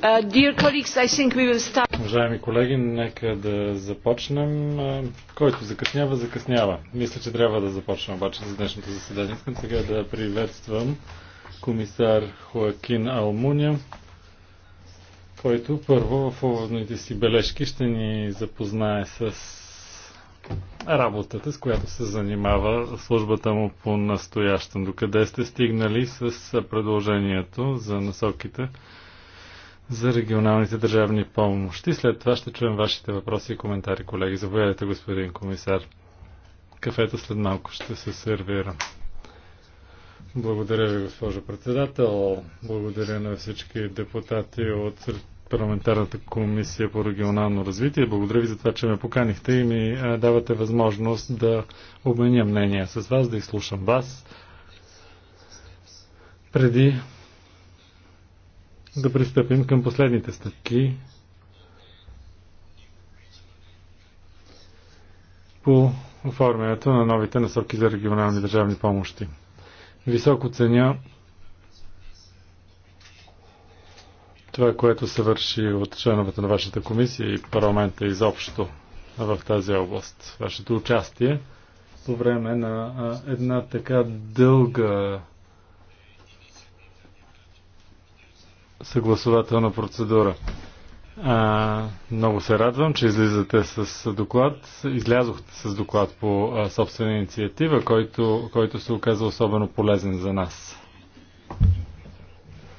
Uh, Уважаеми колеги, нека да започнем. Който закъснява, закъснява. Мисля, че трябва да започнем обаче за днешното заседание. Искам сега да приветствам комисар Хоакин Алмуня, който първо в уводните си бележки ще ни запознае с работата, с която се занимава службата му по настоящен. Докъде сте стигнали с предложението за насоките? за регионалните държавни помощи. След това ще чуем вашите въпроси и коментари, колеги. Заповядайте, господин комисар. Кафето след малко ще се сервира. Благодаря ви, госпожо председател. Благодаря на всички депутати от парламентарната комисия по регионално развитие. Благодаря ви за това, че ме поканихте и ми давате възможност да обменя мнение с вас, да изслушам вас преди да пристъпим към последните стъпки по оформянето на новите насоки за регионални държавни помощи. Високо ценя това, което се върши от членовете на вашата комисия и парламента изобщо в тази област. Вашето участие по време на една така дълга съгласователна процедура. А, много се радвам, че излизате с доклад. Излязохте с доклад по а, собствена инициатива, който, който се оказа особено полезен за нас.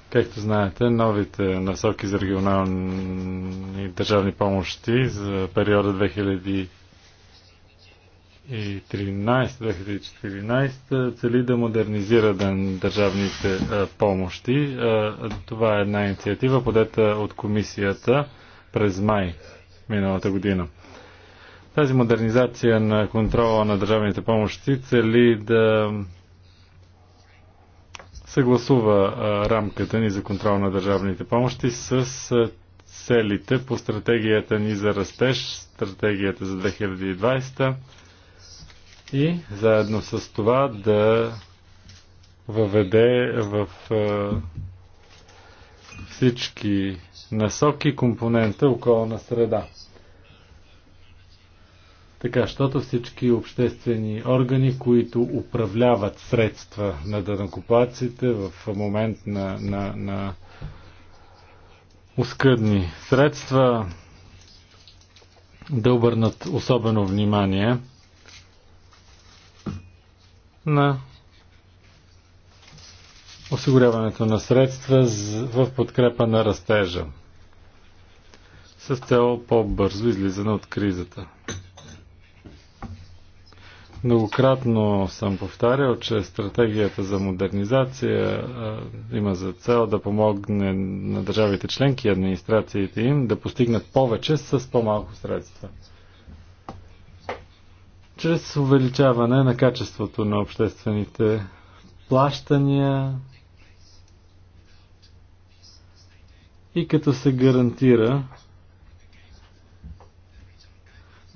Както знаете, новите насоки за регионални държавни помощи за периода 2000 2014 цели да модернизира държавните помощи. Това е една инициатива, подета от комисията през май миналата година. Тази модернизация на контрола на държавните помощи цели да съгласува рамката ни за контрол на държавните помощи с целите по стратегията ни за растеж, стратегията за 2020 и заедно с това да въведе в всички насоки компонента околна среда. Така, защото всички обществени органи, които управляват средства на дънакоплаците в момент на, на, на оскъдни средства, да обърнат особено внимание – на осигуряването на средства в подкрепа на растежа с цел по-бързо излизане от кризата. Многократно съм повтарял, че стратегията за модернизация има за цел да помогне на държавите членки и администрациите им да постигнат повече с по-малко средства чрез увеличаване на качеството на обществените плащания и като се гарантира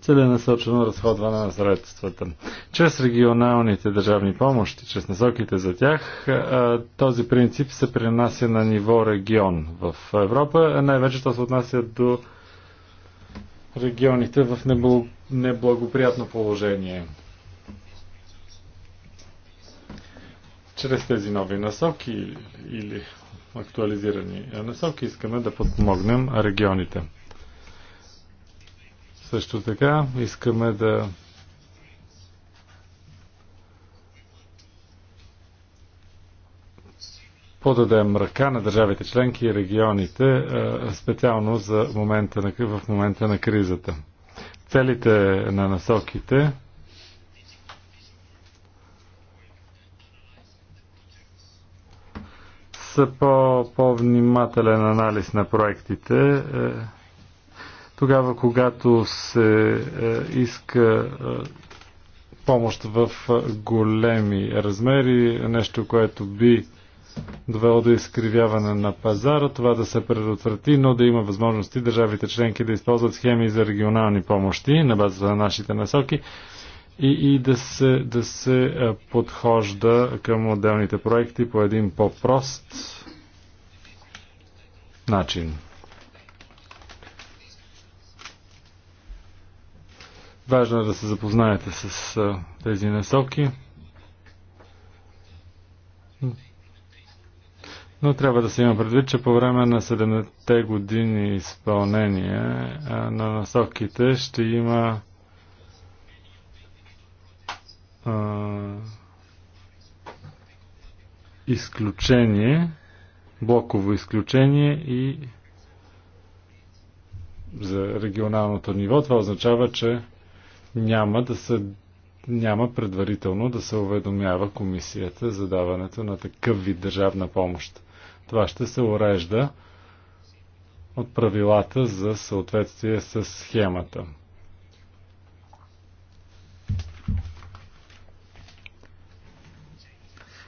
целенасочено разходване на средствата. Чрез регионалните държавни помощи, чрез насоките за тях, този принцип се пренася на ниво регион в Европа. Най-вече то се отнася до регионите в неблагоприятно положение. Чрез тези нови насоки или актуализирани насоки искаме да подпомогнем регионите. Също така искаме да подадем ръка на държавите членки и регионите, е, специално за момента на, в момента на кризата. Целите на насоките са по, по-внимателен анализ на проектите. Е, тогава, когато се е, иска помощ в големи размери, нещо, което би довело до изкривяване на пазара, това да се предотврати, но да има възможности държавите членки да използват схеми за регионални помощи на базата на нашите насоки и, и да, се, да се подхожда към отделните проекти по един по-прост начин. Важно е да се запознаете с тези насоки. Но трябва да се има предвид, че по време на 7-те години изпълнение на насоките ще има а, изключение, блоково изключение и за регионалното ниво. Това означава, че няма да се няма предварително да се уведомява комисията за даването на такъв вид държавна помощ. Това ще се урежда от правилата за съответствие с схемата.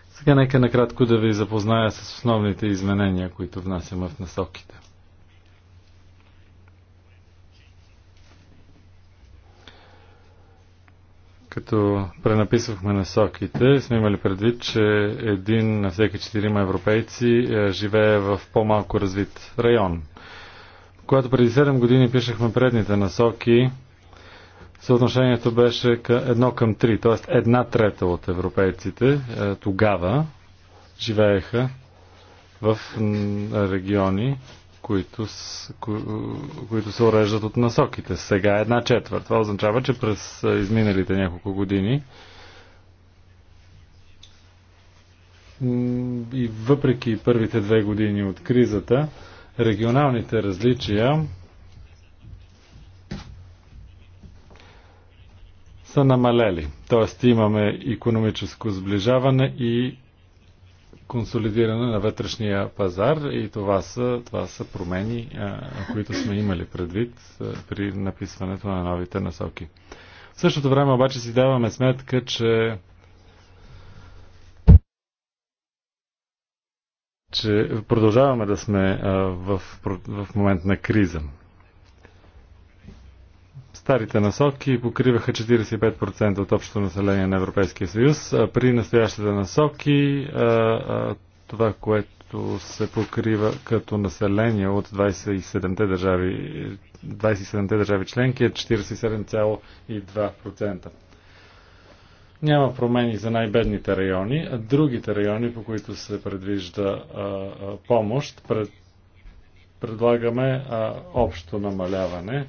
Сега нека накратко да ви запозная с основните изменения, които внасяме в насоките. Като пренаписвахме насоките, сме имали предвид, че един на всеки четирима европейци е, живее в по-малко развит район. Когато преди 7 години пишехме предните насоки, съотношението беше едно към 3, т.е. една трета от европейците е, тогава живееха в региони, които, ко, които се уреждат от насоките. Сега е една четвърт. Това означава, че през изминалите няколко години и въпреки първите две години от кризата, регионалните различия са намалели. Тоест имаме економическо сближаване и консолидиране на вътрешния пазар и това са, това са промени, които сме имали предвид при написването на новите насоки. В същото време обаче си даваме сметка, че че продължаваме да сме в, в момент на криза. Старите насоки покриваха 45% от общото население на Европейския съюз. при настоящите насоки това, което се покрива като население от 27-те държави, 27-те държави членки е 47,2%. Няма промени за най-бедните райони, а другите райони, по които се предвижда а, а, помощ, пред, предлагаме а, общо намаляване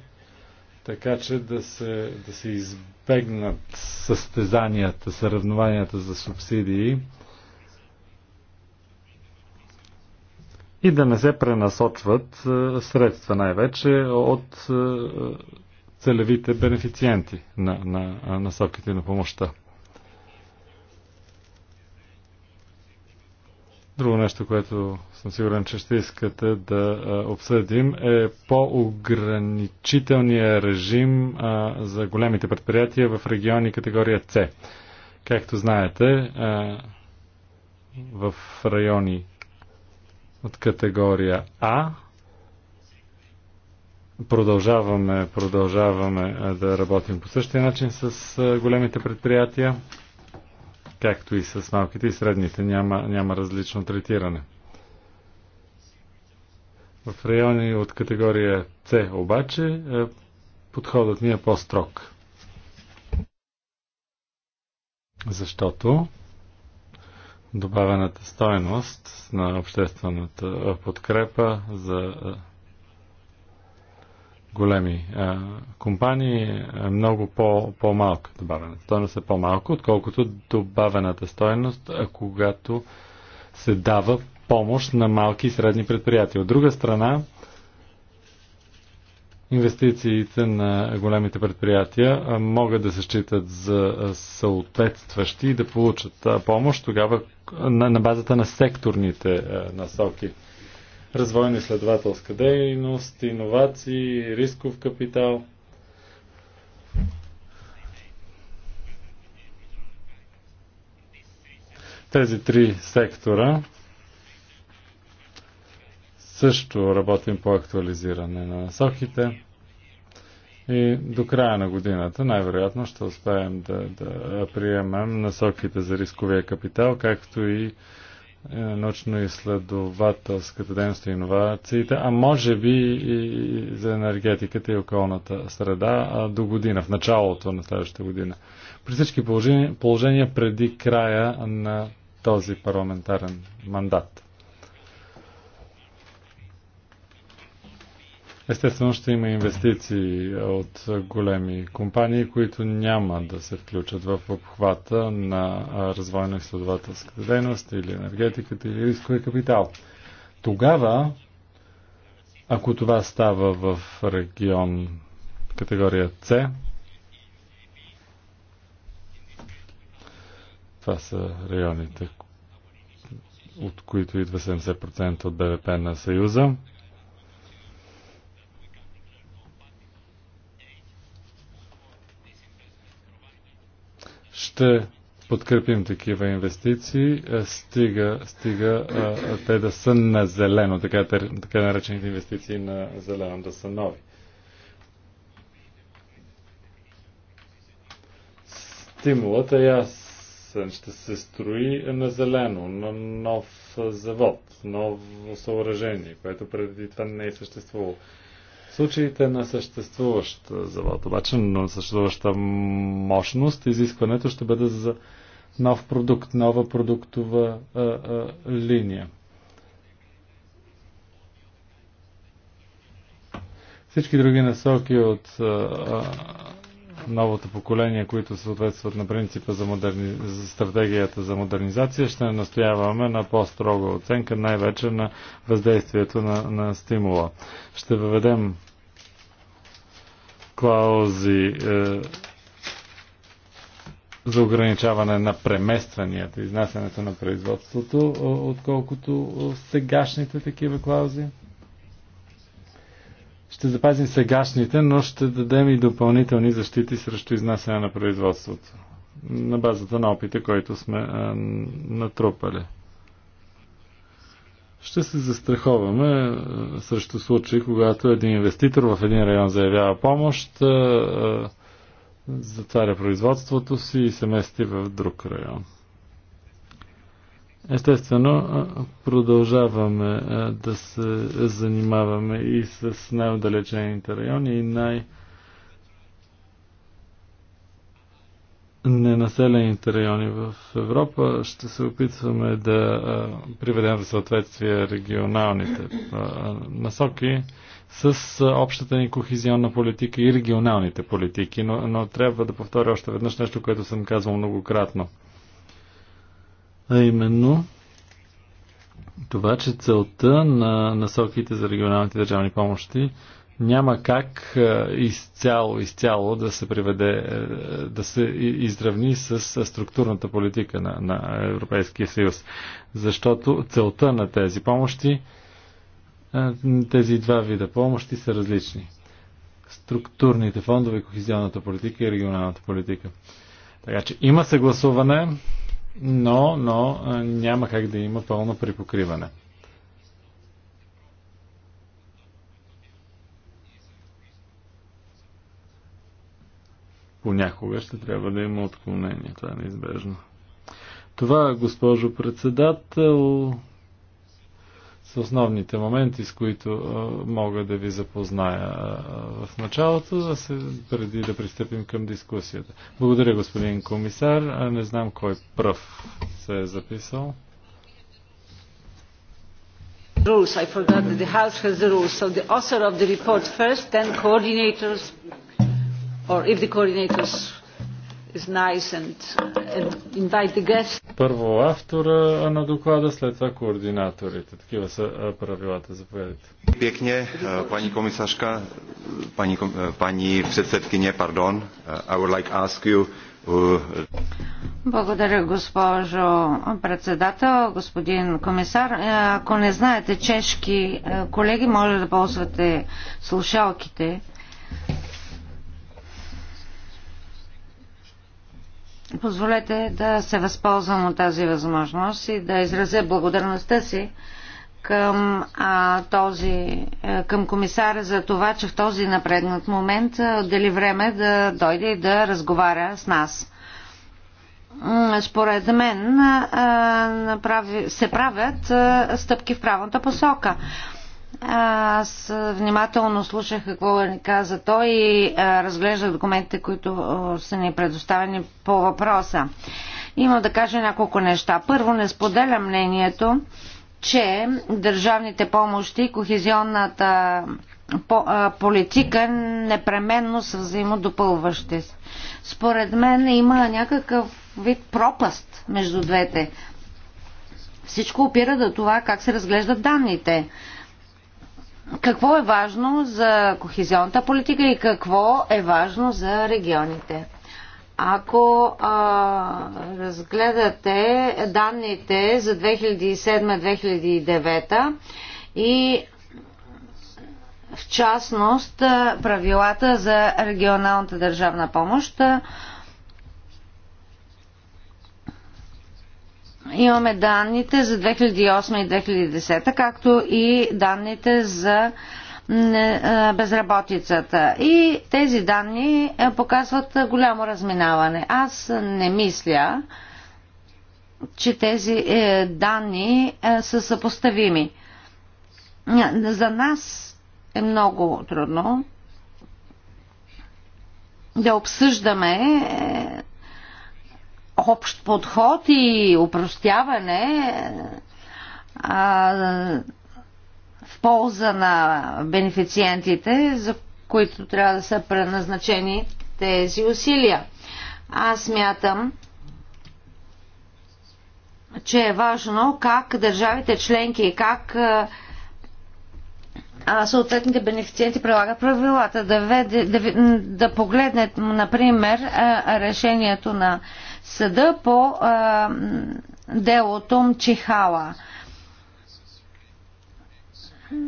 така че да се, да се избегнат състезанията, съревнованията за субсидии и да не се пренасочват е, средства най-вече от е, е, целевите бенефициенти на, на, на насоките на помощта. Друго нещо, което съм сигурен, че ще искате да обсъдим е по-ограничителния режим за големите предприятия в региони категория С. Както знаете, в райони от категория А продължаваме, продължаваме да работим по същия начин с големите предприятия както и с малките и средните. Няма, няма различно третиране. В райони от категория С обаче е, подходът ни е по-строг. Защото добавената стоеност на обществената е, подкрепа за е, големи а, компании е много по, по-малка добавената стойност е по-малко, отколкото добавената стойност, когато се дава помощ на малки и средни предприятия. От друга страна, инвестициите на големите предприятия могат да се считат за съответстващи и да получат помощ тогава на, на базата на секторните насоки развойна изследователска дейност, иновации, рисков капитал. Тези три сектора също работим по актуализиране на насоките. И до края на годината най-вероятно ще успеем да, да приемем насоките за рисковия капитал, както и е, научно-изследователската дейност и иновациите, а може би и за енергетиката и околната среда до година, в началото на следващата година. При всички положения, положения преди края на този парламентарен мандат. Естествено ще има инвестиции от големи компании, които няма да се включат в обхвата на развойно-изследователската дейност или енергетиката или рискови капитал. Тогава, ако това става в регион категория С, това са районите, от които идва 70% от БВП на Съюза, ще подкрепим такива инвестиции, е, стига, стига а, е, те да са на зелено, така, така наречените инвестиции на зелено да са нови. Стимулът е ясен. Ще се строи на зелено, на нов завод, ново съоръжение, което преди това не е съществувало случаите на съществуващ завод, обаче на съществуваща мощност, изискването ще бъде за нов продукт, нова продуктова а, а, линия. Всички други насоки от а, а, новото поколение, които съответстват на принципа за, модерни... за стратегията за модернизация, ще настояваме на по-строга оценка, най-вече на въздействието на, на стимула. Ще въведем клаузи е, за ограничаване на преместванията, изнасянето на производството, е, отколкото е, сегашните такива клаузи? Ще запазим сегашните, но ще дадем и допълнителни защити срещу изнасяне на производството на базата на опита, който сме натрупали ще се застраховаме е, срещу случаи, когато един инвеститор в един район заявява помощ, е, е, затваря производството си и се мести в друг район. Естествено, продължаваме да се занимаваме и с най-отдалечените райони и най- ненаселените райони в Европа. Ще се опитваме да приведем в съответствие регионалните насоки с общата ни кохизионна политика и регионалните политики, но, но трябва да повторя още веднъж нещо, което съм казвал многократно. А именно това, че целта на насоките за регионалните държавни помощи няма как е, изцяло, изцяло да се приведе, е, да се изравни с структурната политика на, на Европейския съюз. Защото целта на тези помощи, е, тези два вида помощи са различни. Структурните фондове, кохезионната политика и регионалната политика. Така че има съгласуване, но, но няма как да има пълно припокриване. понякога ще трябва да има отклонение. Това е неизбежно. Това, госпожо председател, с основните моменти, с които а, мога да ви запозная а, в началото, да се, преди да пристъпим към дискусията. Благодаря, господин комисар. А не знам кой пръв се е записал. Rules. I forgot that the House has the rules. So the author of the report first, then coordinators or if the coordinators is nice and, and invite the guests. Първо автора на доклада, след това координаторите. Такива са правилата. Заповядайте. Пекне, пани комисашка, пани, пани председкиня, пардон. I would like ask you uh, благодаря, госпожо председател, господин комисар. Ако не знаете чешки, колеги, може да ползвате слушалките. Позволете да се възползвам от тази възможност и да изразя благодарността си към, а, този, е, към комисаря за това, че в този напреднат момент е, отдели време да дойде и да разговаря с нас. Според мен а, е, направи, се правят а, стъпки в правната посока. Аз внимателно слушах какво ни каза той и разглеждах документите, които са ни предоставени по въпроса. Има да кажа няколко неща. Първо, не споделя мнението, че държавните помощи и кохезионната политика непременно са взаимодопълващи. Според мен има някакъв вид пропаст между двете. Всичко опира до това как се разглеждат данните какво е важно за кохезионната политика и какво е важно за регионите. Ако а, разгледате данните за 2007-2009 и в частност правилата за регионалната държавна помощ, имаме данните за 2008 и 2010, както и данните за безработицата. И тези данни показват голямо разминаване. Аз не мисля, че тези е, данни е, са съпоставими. За нас е много трудно да обсъждаме е, общ подход и упростяване а, в полза на бенефициентите, за които трябва да са предназначени тези усилия. Аз мятам, че е важно как държавите членки и как а, а съответните бенефициенти прилагат правилата. Да, веде, да, да погледнат, например, решението на съда по а, делото Мчихала.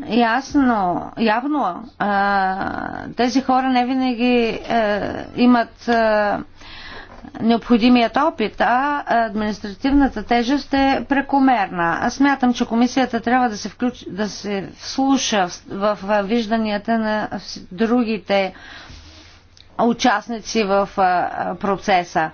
Ясно, явно а, тези хора не винаги а, имат а, необходимият опит, а административната тежест е прекомерна. Аз смятам, че комисията трябва да се, включ... да се вслуша в, в вижданията на другите участници в процеса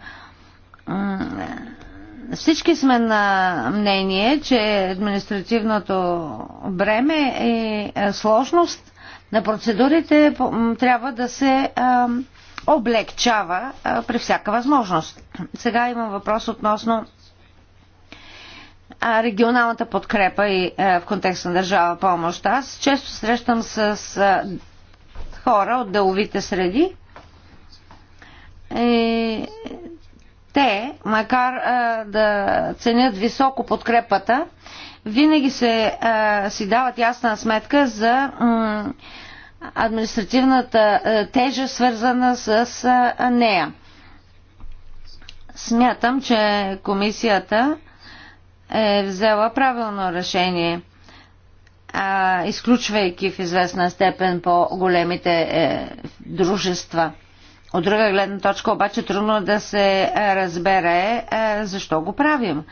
всички сме на мнение, че административното бреме и е, е сложност на процедурите трябва да се облегчава при всяка възможност. Сега имам въпрос относно регионалната подкрепа и в контекста на държава помощ. Аз често срещам с хора от деловите среди и е, те, макар а, да ценят високо подкрепата, винаги се, а, си дават ясна сметка за м, административната а, тежа, свързана с а, нея. Смятам, че комисията е взела правилно решение, а, изключвайки в известна степен по-големите е, дружества. От друга гледна точка обаче трудно да се е, разбере е, защо го правим.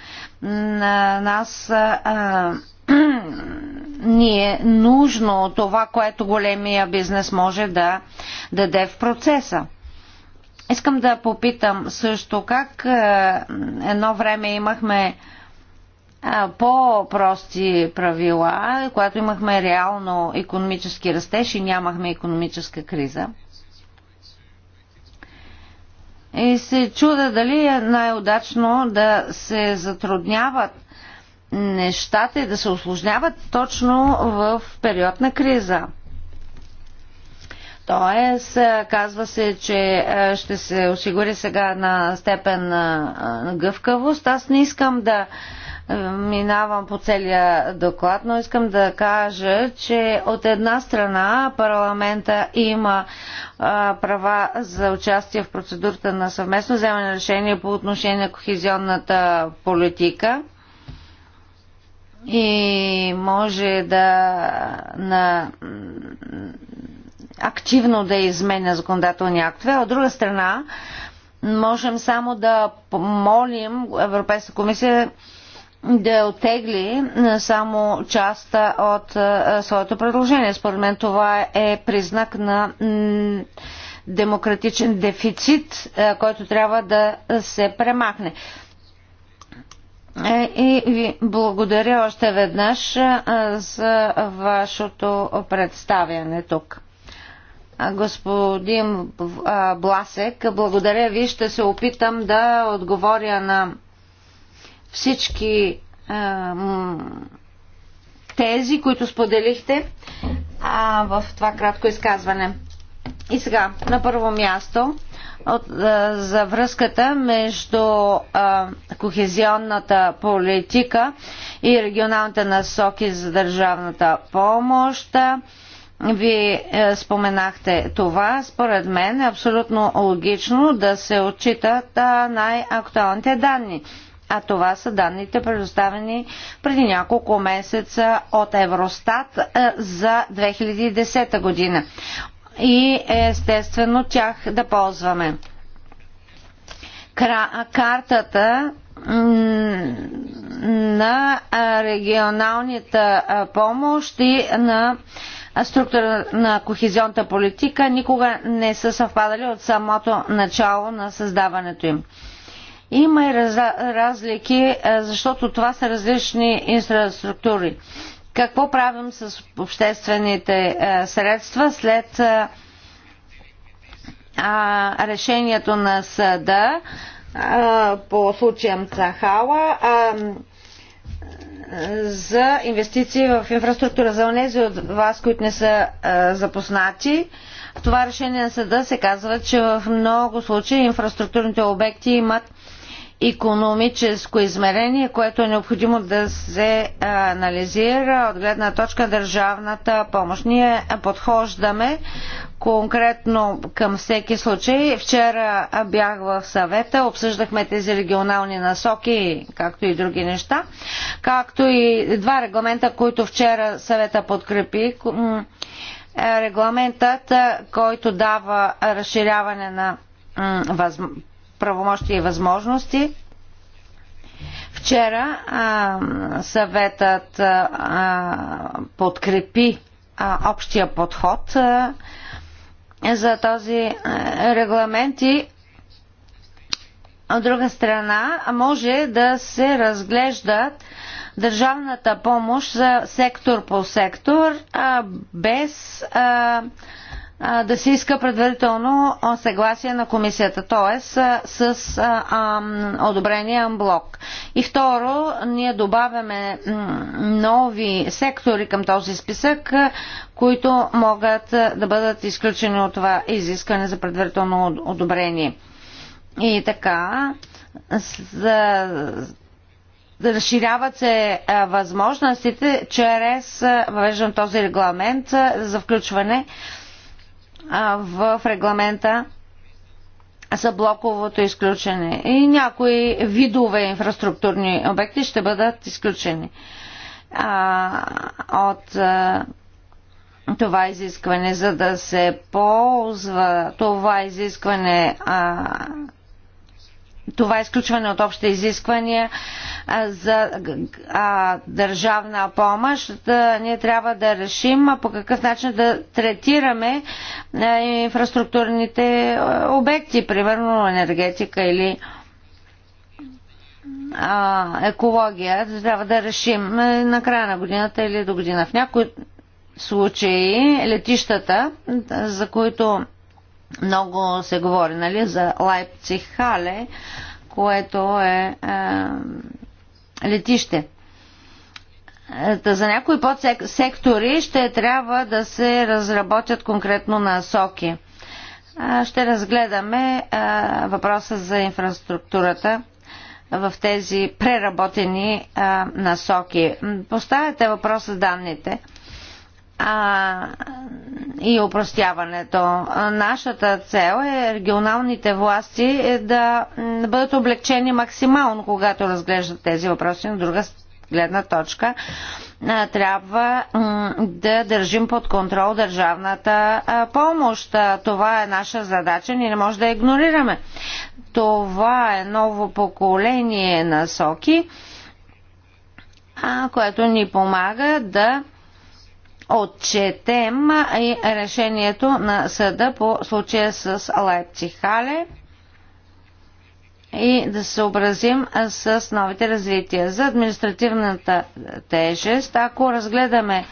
На нас е, ни е нужно това, което големия бизнес може да даде в процеса. Искам да попитам също как едно време имахме по-прости правила, когато имахме реално економически растеж и нямахме економическа криза. И се чуда дали е най-удачно да се затрудняват нещата и да се осложняват точно в период на криза. Тоест, казва се, че ще се осигури сега на степен на гъвкавост. Аз не искам да е, минавам по целия доклад, но искам да кажа, че от една страна парламента има права за участие в процедурата на съвместно вземане на решение по отношение на кохезионната политика и може да на, активно да изменя законодателни актове. От друга страна, можем само да помолим Европейска комисия да оттегли само част от своето предложение. Според мен това е признак на демократичен дефицит, който трябва да се премахне. Е, и ви благодаря още веднъж за вашето представяне тук. Господин Бласек, благодаря ви. Ще се опитам да отговоря на всички а, тези, които споделихте а, в това кратко изказване. И сега, на първо място, от, а, за връзката между а, кохезионната политика и регионалните насоки за държавната помощ. Вие споменахте това. Според мен е абсолютно логично да се отчитат най-актуалните данни а това са данните предоставени преди няколко месеца от Евростат е, за 2010 година. И естествено тях да ползваме. Картата на регионалната помощ и на структура на кохезионната политика никога не са съвпадали от самото начало на създаването им. Има и разлики, е, защото това са различни инфраструктури. Какво правим с обществените е, средства след е, решението на съда по случая Мцахала? за инвестиции в инфраструктура. За тези от вас, които не са запознати, в това решение на съда се казва, че в много случаи инфраструктурните обекти имат економическо измерение, което е необходимо да се анализира от гледна точка държавната помощ. Ние подхождаме конкретно към всеки случай. Вчера бях в съвета, обсъждахме тези регионални насоки, както и други неща, както и два регламента, които вчера съвета подкрепи. Регламентът, който дава разширяване на правомощия и възможности. Вчера а, съветът а, подкрепи а, общия подход а, за този регламент и от друга страна може да се разглеждат държавната помощ за сектор по сектор а, без а, да се иска предварително съгласие на комисията, т.е. с одобрения блок. И второ, ние добавяме нови сектори към този списък, които могат да бъдат изключени от това изискане за предварително одобрение. И така, за разширяват се възможностите чрез въвеждане този регламент за включване в регламента за блоковото изключене. И някои видове инфраструктурни обекти ще бъдат изключени а, от а, това изискване, за да се ползва това изискване а, това е изключване от общите изисквания за държавна помощ, да, ние трябва да решим по какъв начин да третираме инфраструктурните обекти, примерно енергетика или екология, трябва да решим на края на годината или до година. В някои случаи летищата, за които много се говори нали, за Лайпцихале, което е, е летище. за някои подсектори ще трябва да се разработят конкретно насоки. Ще разгледаме е, въпроса за инфраструктурата в тези преработени е, насоки. Поставяте въпроса с данните а, и упростяването. Нашата цел е регионалните власти е да бъдат облегчени максимално, когато разглеждат тези въпроси на друга гледна точка. Трябва да държим под контрол държавната помощ. Това е наша задача, ние не може да игнорираме. Това е ново поколение насоки, което ни помага да отчетем и решението на съда по случая с Лайпцихале и да се съобразим с новите развития. За административната тежест, ако разгледаме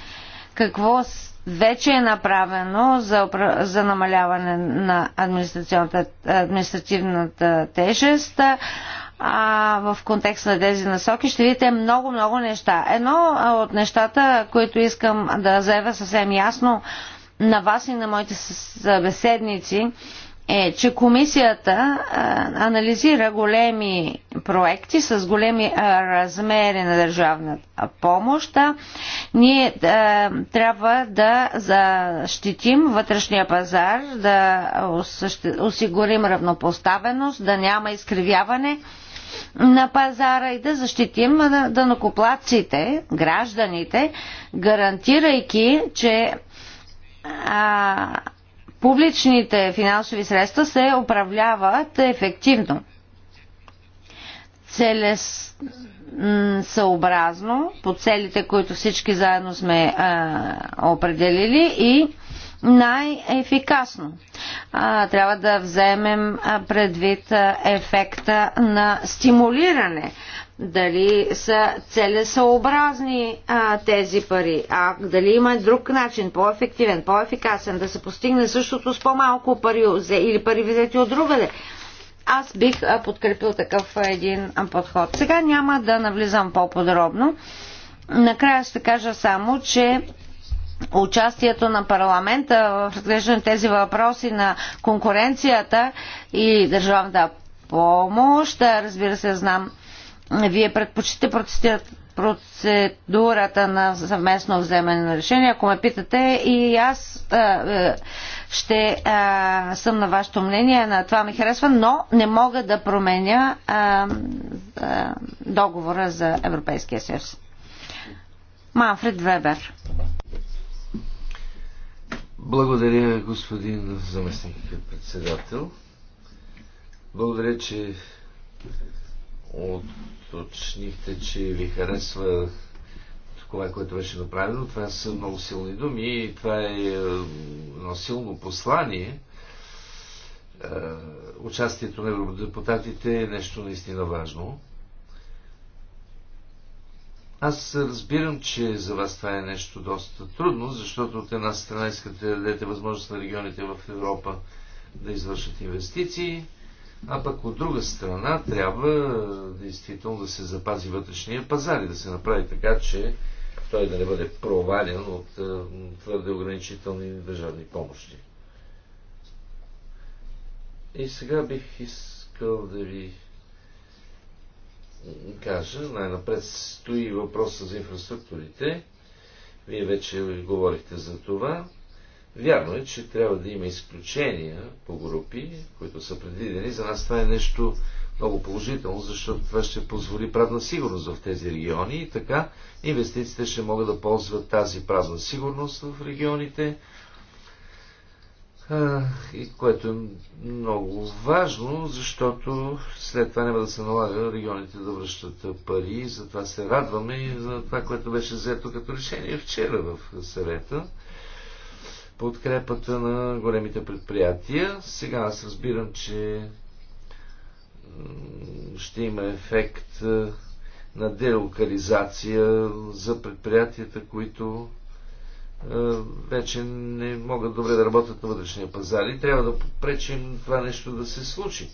какво вече е направено за, за намаляване на административната, административната тежест, а, в контекст на тези насоки ще видите много-много неща. Едно от нещата, които искам да заявя съвсем ясно на вас и на моите събеседници, е, че комисията а, анализира големи проекти с големи а, размери на държавна помощ. Да. Ние а, трябва да защитим вътрешния пазар, да осигурим равнопоставеност, да няма изкривяване на пазара и да защитим данокоплаците, гражданите, гарантирайки, че а, публичните финансови средства се управляват ефективно. Целесъобразно, по целите, които всички заедно сме а, определили и най-ефикасно. трябва да вземем предвид ефекта на стимулиране дали са целесообразни а, тези пари, а дали има друг начин, по-ефективен, по-ефикасен, да се постигне същото с по-малко пари или пари взети от другаде. Аз бих а, подкрепил такъв един подход. Сега няма да навлизам по-подробно. Накрая ще кажа само, че участието на парламента в разглеждане тези въпроси на конкуренцията и държавната помощ. Разбира се, знам, вие предпочитате процедурата на съвместно вземане на решение. Ако ме питате и аз а, ще а, съм на вашето мнение, на това ми харесва, но не мога да променя а, а, договора за Европейския съюз. Манфред Вебер. Благодаря, господин заместник председател. Благодаря, че уточнихте, че ви харесва това, което беше направено. Това са много силни думи и това е, е едно силно послание. Е, участието на евродепутатите е нещо наистина важно. Аз разбирам, че за вас това е нещо доста трудно, защото от една страна искате да дадете възможност на регионите в Европа да извършат инвестиции, а пък от друга страна трябва действително да се запази вътрешния пазар и да се направи така, че той да не бъде провален от твърде ограничителни държавни помощи. И сега бих искал да ви кажа, най-напред стои въпроса за инфраструктурите. Вие вече говорихте за това. Вярно е, че трябва да има изключения по групи, които са предвидени. За нас това е нещо много положително, защото това ще позволи правна сигурност в тези региони и така инвестициите ще могат да ползват тази правна сигурност в регионите, и което е много важно, защото след това няма да се налага регионите да връщат пари. Затова се радваме и за това, което беше взето като решение вчера в съвета. Подкрепата на големите предприятия. Сега аз разбирам, че ще има ефект на делокализация за предприятията, които е, вече не могат добре да работят на вътрешния пазар и трябва да попречим това нещо да се случи.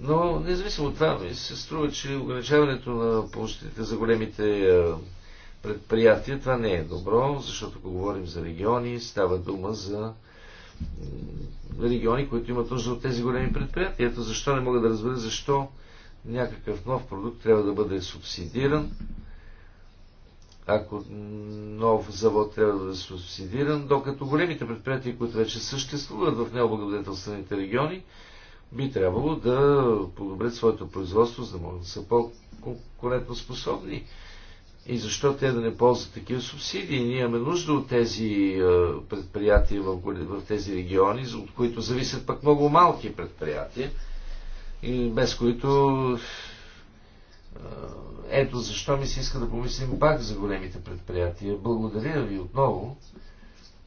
Но независимо от това, ми се струва, че ограничаването на площите за големите е, предприятия, това не е добро, защото ако говорим за региони, става дума за региони, които имат нужда от тези големи предприятия. Ето защо не мога да разбера защо някакъв нов продукт трябва да бъде субсидиран ако нов завод трябва да бъде субсидиран, докато големите предприятия, които вече съществуват в необлагодетелствените региони, би трябвало да подобрят своето производство, за да могат да са по-конкурентно способни. И защо те да не ползват такива субсидии? Ние имаме нужда от тези предприятия в, в тези региони, от които зависят пък много малки предприятия, и без които ето защо ми се иска да помислим пак за големите предприятия. Благодаря ви отново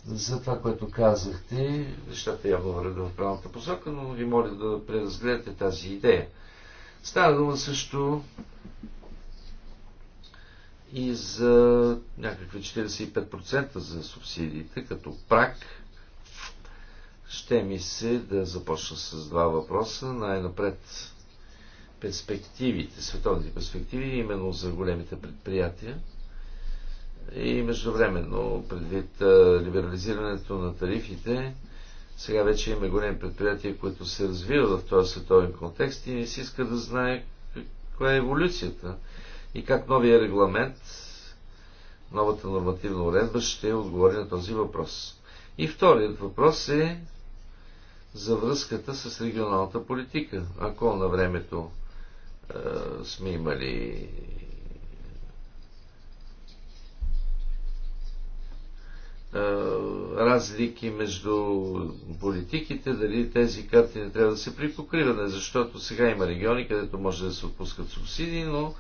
за това, което казахте. Нещата явно вървят в правилната посока, но ви моля да преразгледате тази идея. Става дума също и за някакви 45% за субсидиите, като прак. Ще ми се да започна с два въпроса. Най-напред перспективите, световните перспективи, именно за големите предприятия. И междувременно, предвид либерализирането на тарифите, сега вече има големи предприятия, които се развиват в този световен контекст и не си иска да знае каква е еволюцията и как новия регламент, новата нормативна уредба ще отговори на този въпрос. И вторият въпрос е за връзката с регионалната политика. Ако на времето е, сме имали е, разлики между политиките, дали тези карти не трябва да се припокриват, защото сега има региони, където може да се отпускат субсидии, но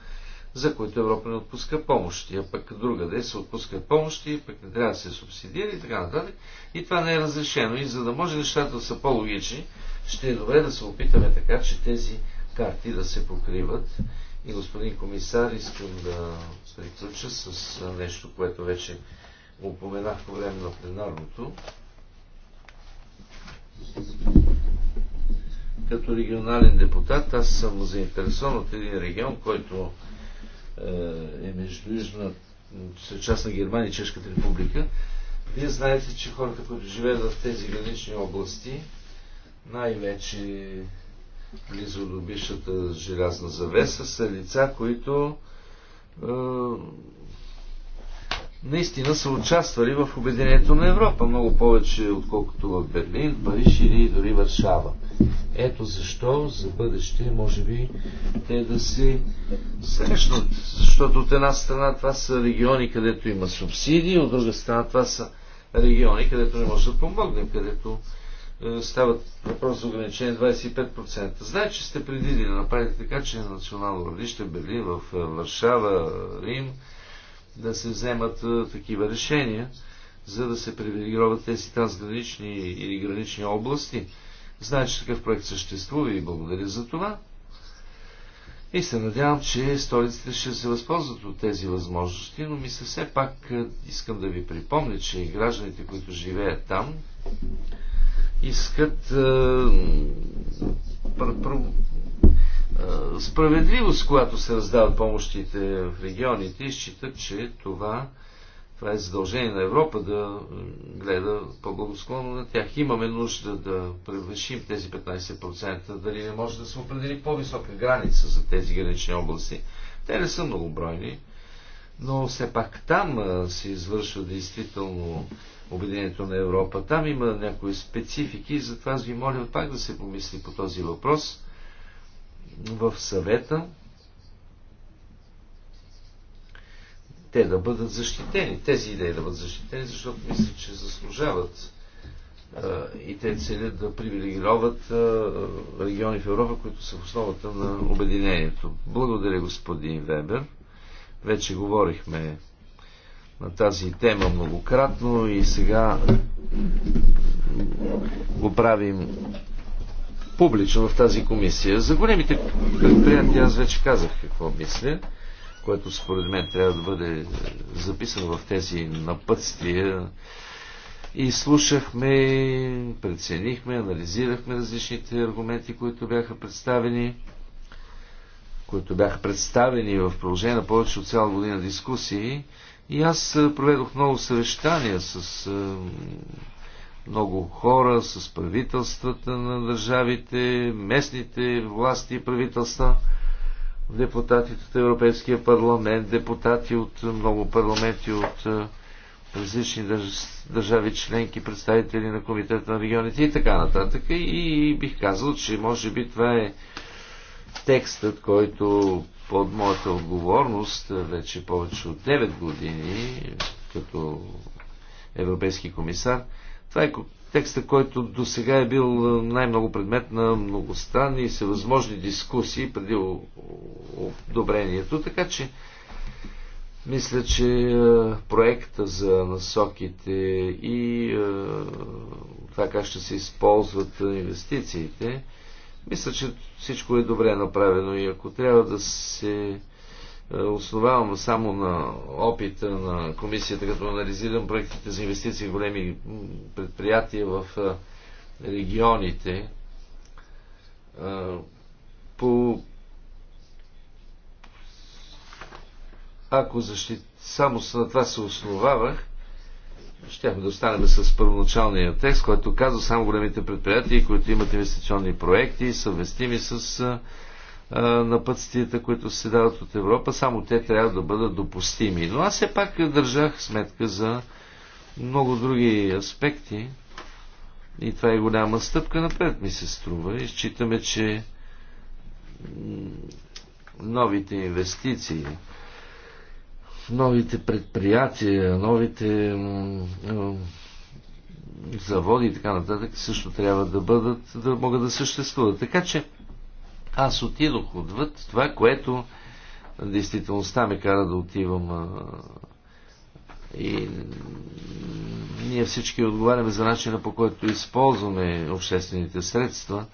за които Европа не отпуска помощи, а пък друга да е, се отпускат помощи, пък не трябва да се субсидира и така нататък. И това не е разрешено. И за да може нещата да са по-логични, ще е добре да се опитаме така, че тези карти да се покриват. И господин комисар, искам да приключа с нещо, което вече упоменах по време на пленарното. Като регионален депутат аз съм заинтересован от един регион, който е, е между Южна е част на Германия и Чешката република. Вие знаете, че хората, които живеят в тези гранични области, най-вече близо до бившата желязна завеса, са лица, които е, наистина са участвали в обединението на Европа, много повече отколкото в Берлин, Париж или дори Варшава. Ето защо за бъдеще може би те да се срещнат, защото от една страна това са региони, където има субсидии, от друга страна това са региони, където не може да помогнем, където е, стават въпрос за ограничение 25%. Знаете, че сте предвидили да направите така, че на национално равнище Берлин, в е, Варшава, Рим, да се вземат е, такива решения, за да се привилегироват тези трансгранични или гранични области. Знаете, че такъв проект съществува и благодаря за това. И се надявам, че столиците ще се възползват от тези възможности, но ми все пак искам да ви припомня, че гражданите, които живеят там, искат е, е, справедливост, когато се раздават помощите в регионите и считат, че това, това е задължение на Европа да гледа по-благосклонно на тях. Имаме нужда да превършим тези 15%, дали не може да се определи по-висока граница за тези гранични области. Те не са многобройни, но все пак там е, се извършва действително Обединението на Европа. Там има някои специфики и затова аз ви моля пак да се помисли по този въпрос в съвета. Те да бъдат защитени, тези идеи да бъдат защитени, защото мисля, че заслужават и те целят да привилегироват региони в Европа, които са в основата на обединението. Благодаря, господин Вебер. Вече говорихме на тази тема многократно и сега го правим публично в тази комисия. За големите предприятия аз вече казах какво мисля, което според мен трябва да бъде записано в тези напътствия. И слушахме, преценихме, анализирахме различните аргументи, които бяха представени които бяха представени в продължение на повече от цяла година дискусии и аз е, проведох много съвещания с е, много хора, с правителствата на държавите, местните власти и правителства, депутатите от Европейския парламент, депутати от много парламенти от е, различни държави членки, представители на Комитета на регионите и така нататък. И бих казал, че може би това е текстът, който под моята отговорност вече повече от 9 години като европейски комисар. Това е текста, който до сега е бил най-много предмет на многостранни и всевъзможни дискусии преди одобрението. Така че мисля, че проекта за насоките и това как ще се използват инвестициите мисля, че всичко е добре направено и ако трябва да се е, основавам само на опита на комисията, като анализирам проектите за инвестиции в големи предприятия в е, регионите, е, по... ако защит... само на това се основавах, щяхме да останем с първоначалния текст, който казва само големите предприятия, които имат инвестиционни проекти, съвместими с а, напътствията, които се дават от Европа, само те трябва да бъдат допустими. Но аз все пак държах сметка за много други аспекти и това е голяма стъпка напред, ми се струва. И считаме, че новите инвестиции, новите предприятия, новите заводи и така нататък също трябва да бъдат, да могат да съществуват. Така че аз отидох отвъд това, което действителността ме кара да отивам и ние всички отговаряме за начина по който използваме обществените средства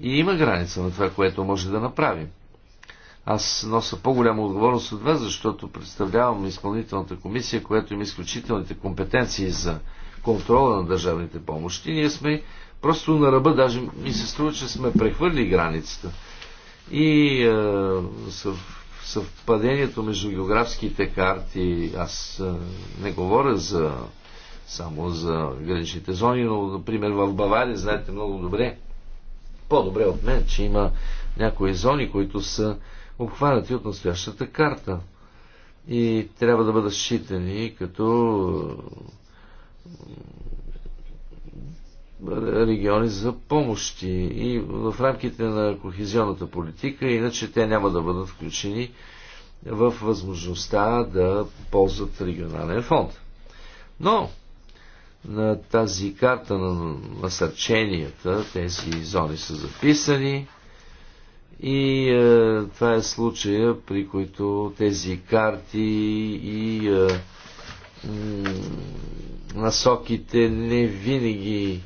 и има граница на това, което може да направим. Аз нося по-голяма отговорност от вас, защото представлявам изпълнителната комисия, която има изключителните компетенции за контрола на държавните помощи. Ние сме просто на ръба, даже ми се струва, че сме прехвърли границата. И е, съвпадението между географските карти, аз е, не говоря за, само за граничните зони, но, например, в Бавария, знаете много добре, по-добре от мен, че има някои зони, които са обхванати от настоящата карта и трябва да бъдат считани като региони за помощи и в рамките на кохезионната политика, иначе те няма да бъдат включени в възможността да ползват регионален фонд. Но на тази карта на насърченията тези зони са записани и е, това е случая, при който тези карти и е, насоките не винаги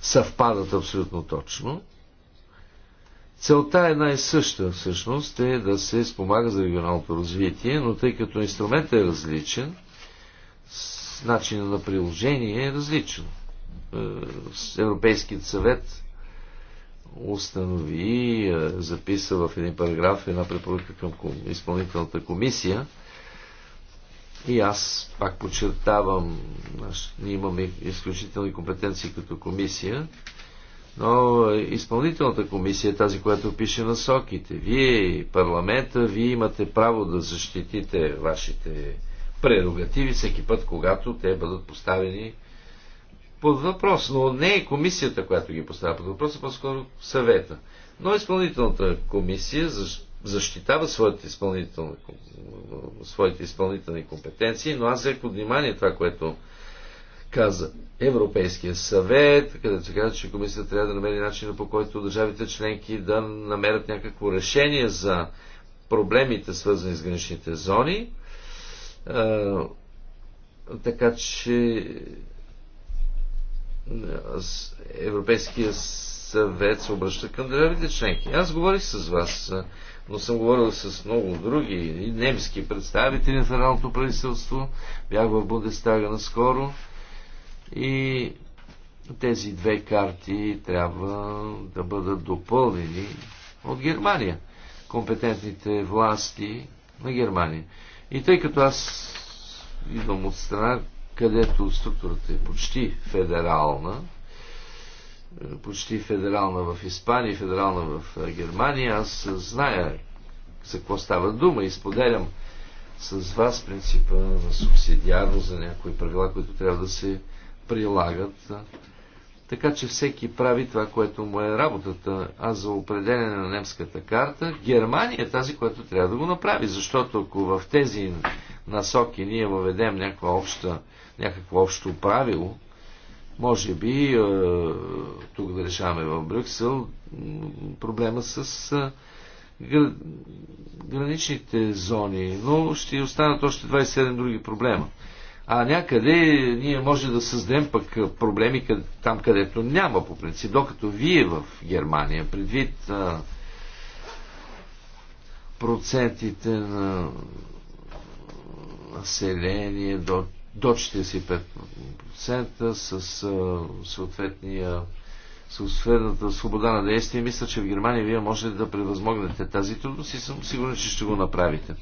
съвпадат абсолютно точно. Целта е една и съща всъщност е да се спомага за регионалното развитие, но тъй като инструментът е различен, начинът на приложение е различен. Е, Европейският съвет установи, е, записа в един параграф една препоръка към изпълнителната комисия. И аз пак подчертавам, ние имаме изключителни компетенции като комисия, но е, изпълнителната комисия е тази, която пише насоките. Вие, парламента, вие имате право да защитите вашите прерогативи всеки път, когато те бъдат поставени под въпрос, но не е комисията, която ги поставя под въпрос, а по-скоро съвета. Но изпълнителната комисия защитава своите изпълнителни, своите изпълнителни компетенции, но аз взех под внимание това, което каза Европейския съвет, където се казва, че комисията трябва да намери начина по който държавите членки да намерят някакво решение за проблемите, свързани с граничните зони. А, така че Европейския съвет се обръща към държавите членки. Аз говорих с вас, но съм говорил с много други и немски представители на федералното правителство. Бях в Бундестага наскоро и тези две карти трябва да бъдат допълнени от Германия, компетентните власти на Германия. И тъй като аз идвам от страна, където структурата е почти федерална, почти федерална в Испания федерална в Германия, аз зная за какво става дума и споделям с вас принципа на субсидиарно за някои правила, които трябва да се прилагат. Така че всеки прави това, което му е работата. А за определение на немската карта, Германия е тази, която трябва да го направи. Защото ако в тези насоки ние въведем някаква обща някакво общо правило, може би е, тук да решаваме в Брюксел проблема с е, граничните зони, но ще останат още 27 други проблема. А някъде ние може да създадем пък проблеми там, където няма по принцип. Докато вие в Германия, предвид а, е, процентите на население до до 45% с съответния съответната свобода на действие. Мисля, че в Германия вие можете да превъзмогнете тази трудност и съм сигурен, че ще го направите.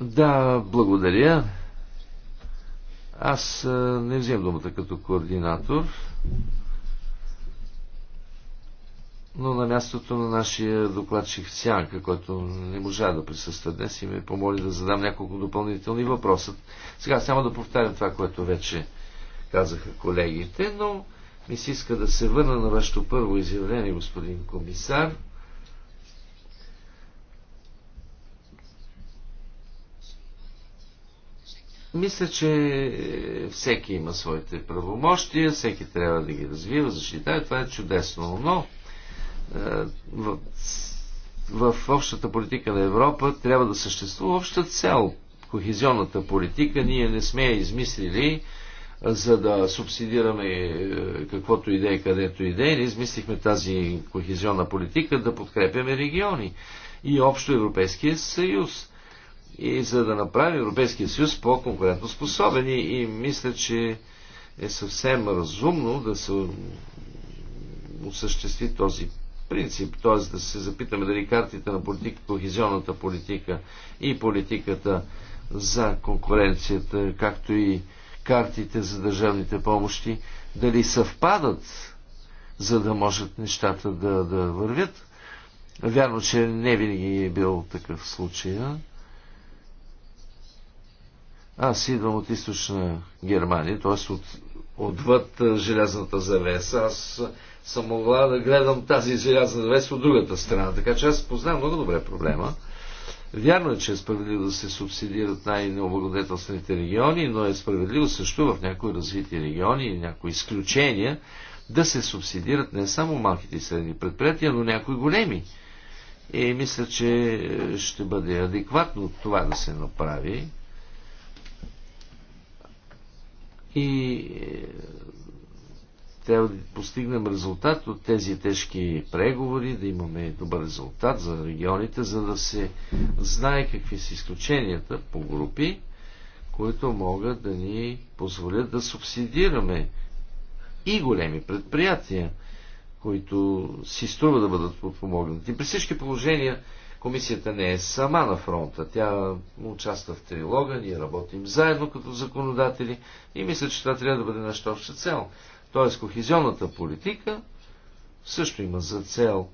Да, благодаря. Аз не взем думата като координатор но на мястото на нашия докладчик Сянка, който не можа да присъства днес и ме помоли да задам няколко допълнителни въпроса. Сега само да повтарям това, което вече казаха колегите, но ми се иска да се върна на вашето първо изявление, господин комисар. Мисля, че всеки има своите правомощия, всеки трябва да ги развива, защитава. Това е чудесно, но е, в, в общата политика на Европа трябва да съществува обща цел. Кохезионната политика ние не сме я измислили, е, за да субсидираме е, каквото е където е. Ние измислихме тази кохезионна политика да подкрепяме региони и общо Европейския съюз. И за да направим Европейския съюз по-конкурентно способен. И мисля, че е съвсем разумно да се осъществи този принцип, т.е. да се запитаме дали картите на политика, кохезионната политика и политиката за конкуренцията, както и картите за държавните помощи, дали съвпадат, за да можат нещата да, да вървят. Вярно, че не винаги е бил такъв случай. А? Аз идвам от източна Германия, т.е. от отвъд е, желязната завеса. Аз съм могла да гледам тази желязна завеса от другата страна. Така че аз познавам много добре проблема. Вярно е, че е справедливо да се субсидират най-необлагодетелствените региони, но е справедливо също в някои развити региони и някои изключения да се субсидират не само малките и средни предприятия, но някои големи. И мисля, че е, ще бъде адекватно това да се направи. и е, трябва да постигнем резултат от тези тежки преговори, да имаме добър резултат за регионите, за да се знае какви са изключенията по групи, които могат да ни позволят да субсидираме и големи предприятия, които си струва да бъдат подпомогнати. При всички положения Комисията не е сама на фронта. Тя участва в трилога, ние работим заедно като законодатели и мисля, че това трябва да бъде нашата обща цел. Тоест, кохезионната политика също има за цел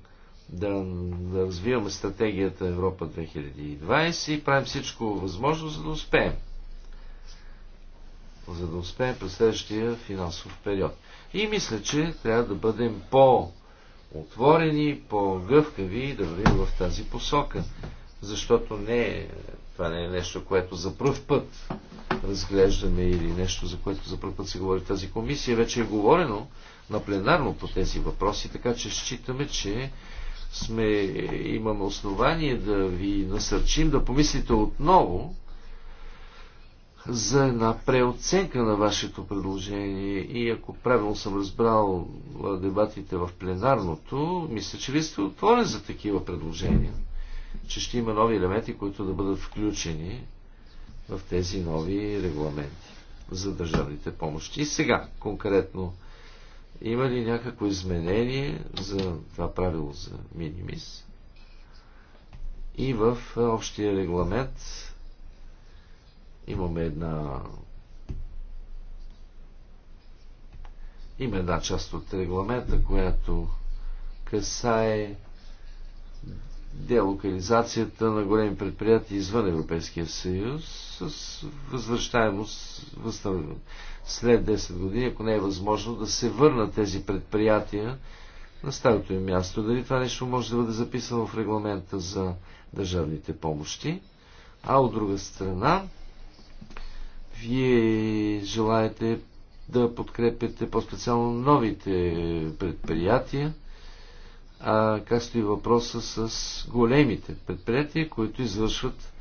да, да развиваме стратегията Европа 2020 и правим всичко възможно, за да успеем. За да успеем през следващия финансов период. И мисля, че трябва да бъдем по- отворени по-гъвкави и да вървим в тази посока. Защото не, това не е нещо, което за пръв път разглеждаме или нещо, за което за първ път се говори тази комисия. Вече е говорено на пленарно по тези въпроси, така че считаме, че сме, имаме основание да ви насърчим да помислите отново за една преоценка на вашето предложение и ако правилно съм разбрал дебатите в пленарното, мисля, че ви сте отворен за такива предложения, че ще има нови елементи, които да бъдат включени в тези нови регламенти за държавните помощи. И сега, конкретно, има ли някакво изменение за това правило за минимис и в общия регламент Имаме една Има една част от регламента, която касае делокализацията на големи предприятия извън Европейския съюз с възвръщаемост след 10 години, ако не е възможно да се върнат тези предприятия на старото им място. Дали това нещо може да бъде записано в регламента за държавните помощи, а от друга страна вие желаете да подкрепяте по-специално новите предприятия, а как стои въпроса с големите предприятия, които извършват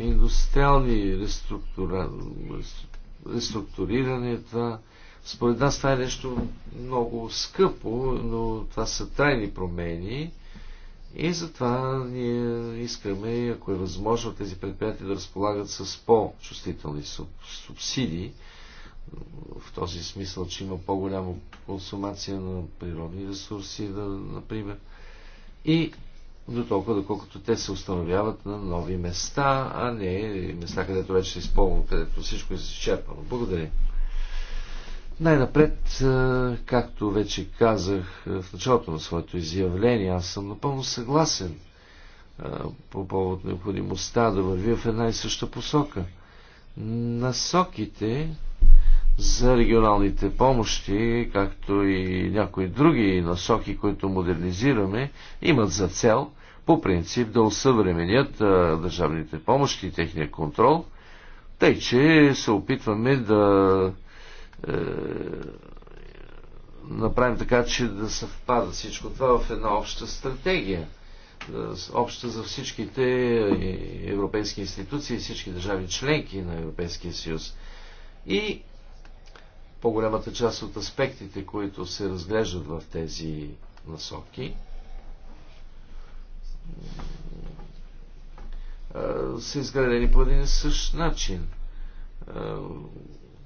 индустриални реструктура... реструктуриране. Това. Според нас това е нещо много скъпо, но това са трайни промени и затова ние искаме, ако е възможно, тези предприятия да разполагат с по-чувствителни субсидии, в този смисъл, че има по-голяма консумация на природни ресурси, да, например. И до толкова, доколкото те се установяват на нови места, а не места, където вече се използва, където всичко е изчерпано. Благодаря. Най-напред, е, както вече казах е, в началото на своето изявление, аз съм напълно съгласен е, по повод необходимостта да върви в една и съща посока. Насоките за регионалните помощи, както и някои други насоки, които модернизираме, имат за цел по принцип да усъвременят държавните помощи и техния контрол, тъй че се опитваме да е, направим така, че да съвпада всичко това в една обща стратегия, е, обща за всичките европейски институции и всички държави членки на Европейския съюз. И по-голямата част от аспектите, които се разглеждат в тези насоки, е, са изградени по един и същ начин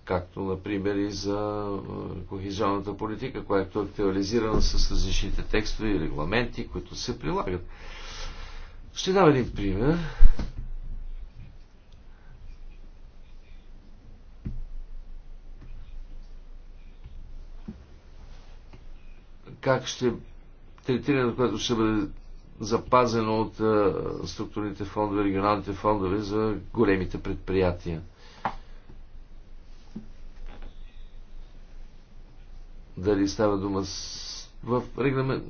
както например и за е, кохезионната политика, която е актуализирана с различните текстове и регламенти, които се прилагат. Ще дам един пример. Как ще третирането, което ще бъде запазено от е, структурните фондове, регионалните фондове за големите предприятия – дали става дума с... в регламент...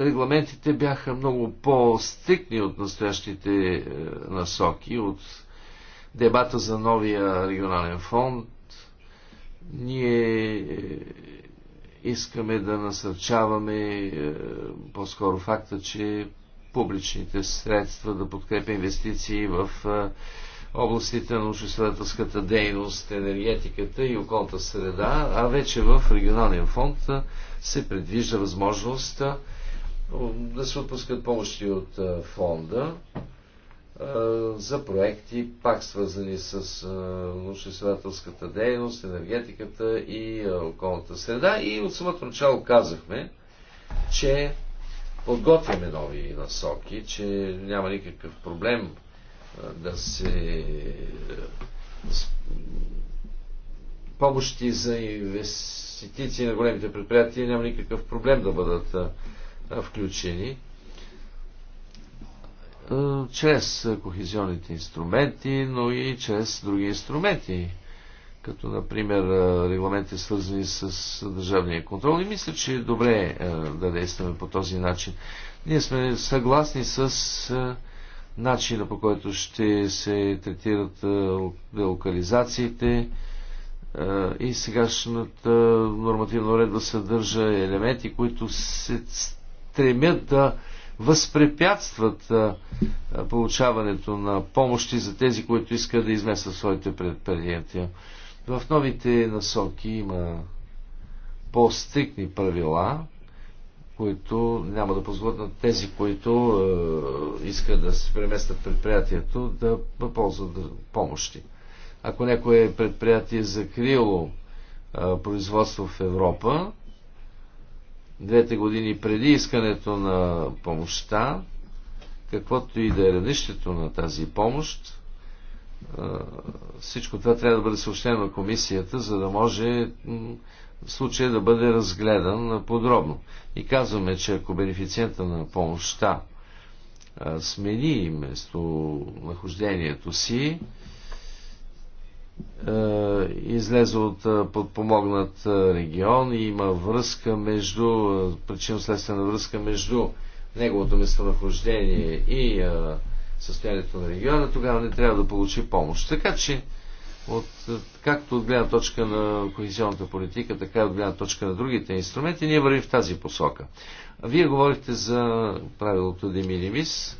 Регламентите бяха много по-стрикни от настоящите е, насоки, от дебата за новия регионален фонд. Ние е, искаме да насърчаваме е, по-скоро факта, че публичните средства да подкрепя инвестиции в областите на научно-изследователската дейност, енергетиката и околната среда, а вече в регионален фонд се предвижда възможност да се отпускат помощи от фонда за проекти, пак свързани с научно-изследователската дейност, енергетиката и околната среда. И от самото начало казахме, че подготвяме нови насоки, че няма никакъв проблем да се помощи за инвестиции на големите предприятия няма никакъв проблем да бъдат включени чрез кохезионните инструменти, но и чрез други инструменти, като например регламенти свързани с държавния контрол. И мисля, че е добре да действаме по този начин. Ние сме съгласни с начина по който ще се третират е, локализациите е, и сегашната нормативна уредба съдържа елементи, които се стремят да възпрепятстват е, получаването на помощи за тези, които искат да изместят своите предприятия. В новите насоки има по-стрикни правила, които няма да позволят на тези, които е, искат да се преместят предприятието, да ползват помощи. Ако някое предприятие е закрило е, производство в Европа, двете години преди искането на помощта, каквото и да е равнището на тази помощ, е, всичко това трябва да бъде съобщено на комисията, за да може случая да бъде разгледан подробно. И казваме, че ако бенефициента на помощта смени нахождението си, излезе от подпомогнат регион и има връзка между, причинно-следствена връзка между неговото местонахождение и състоянието на региона, тогава не трябва да получи помощ. Така че от, е, както от гледна точка на кохезионната политика, така и от гледна точка на другите инструменти, ние вървим в тази посока. Вие говорихте за правилото de minimis.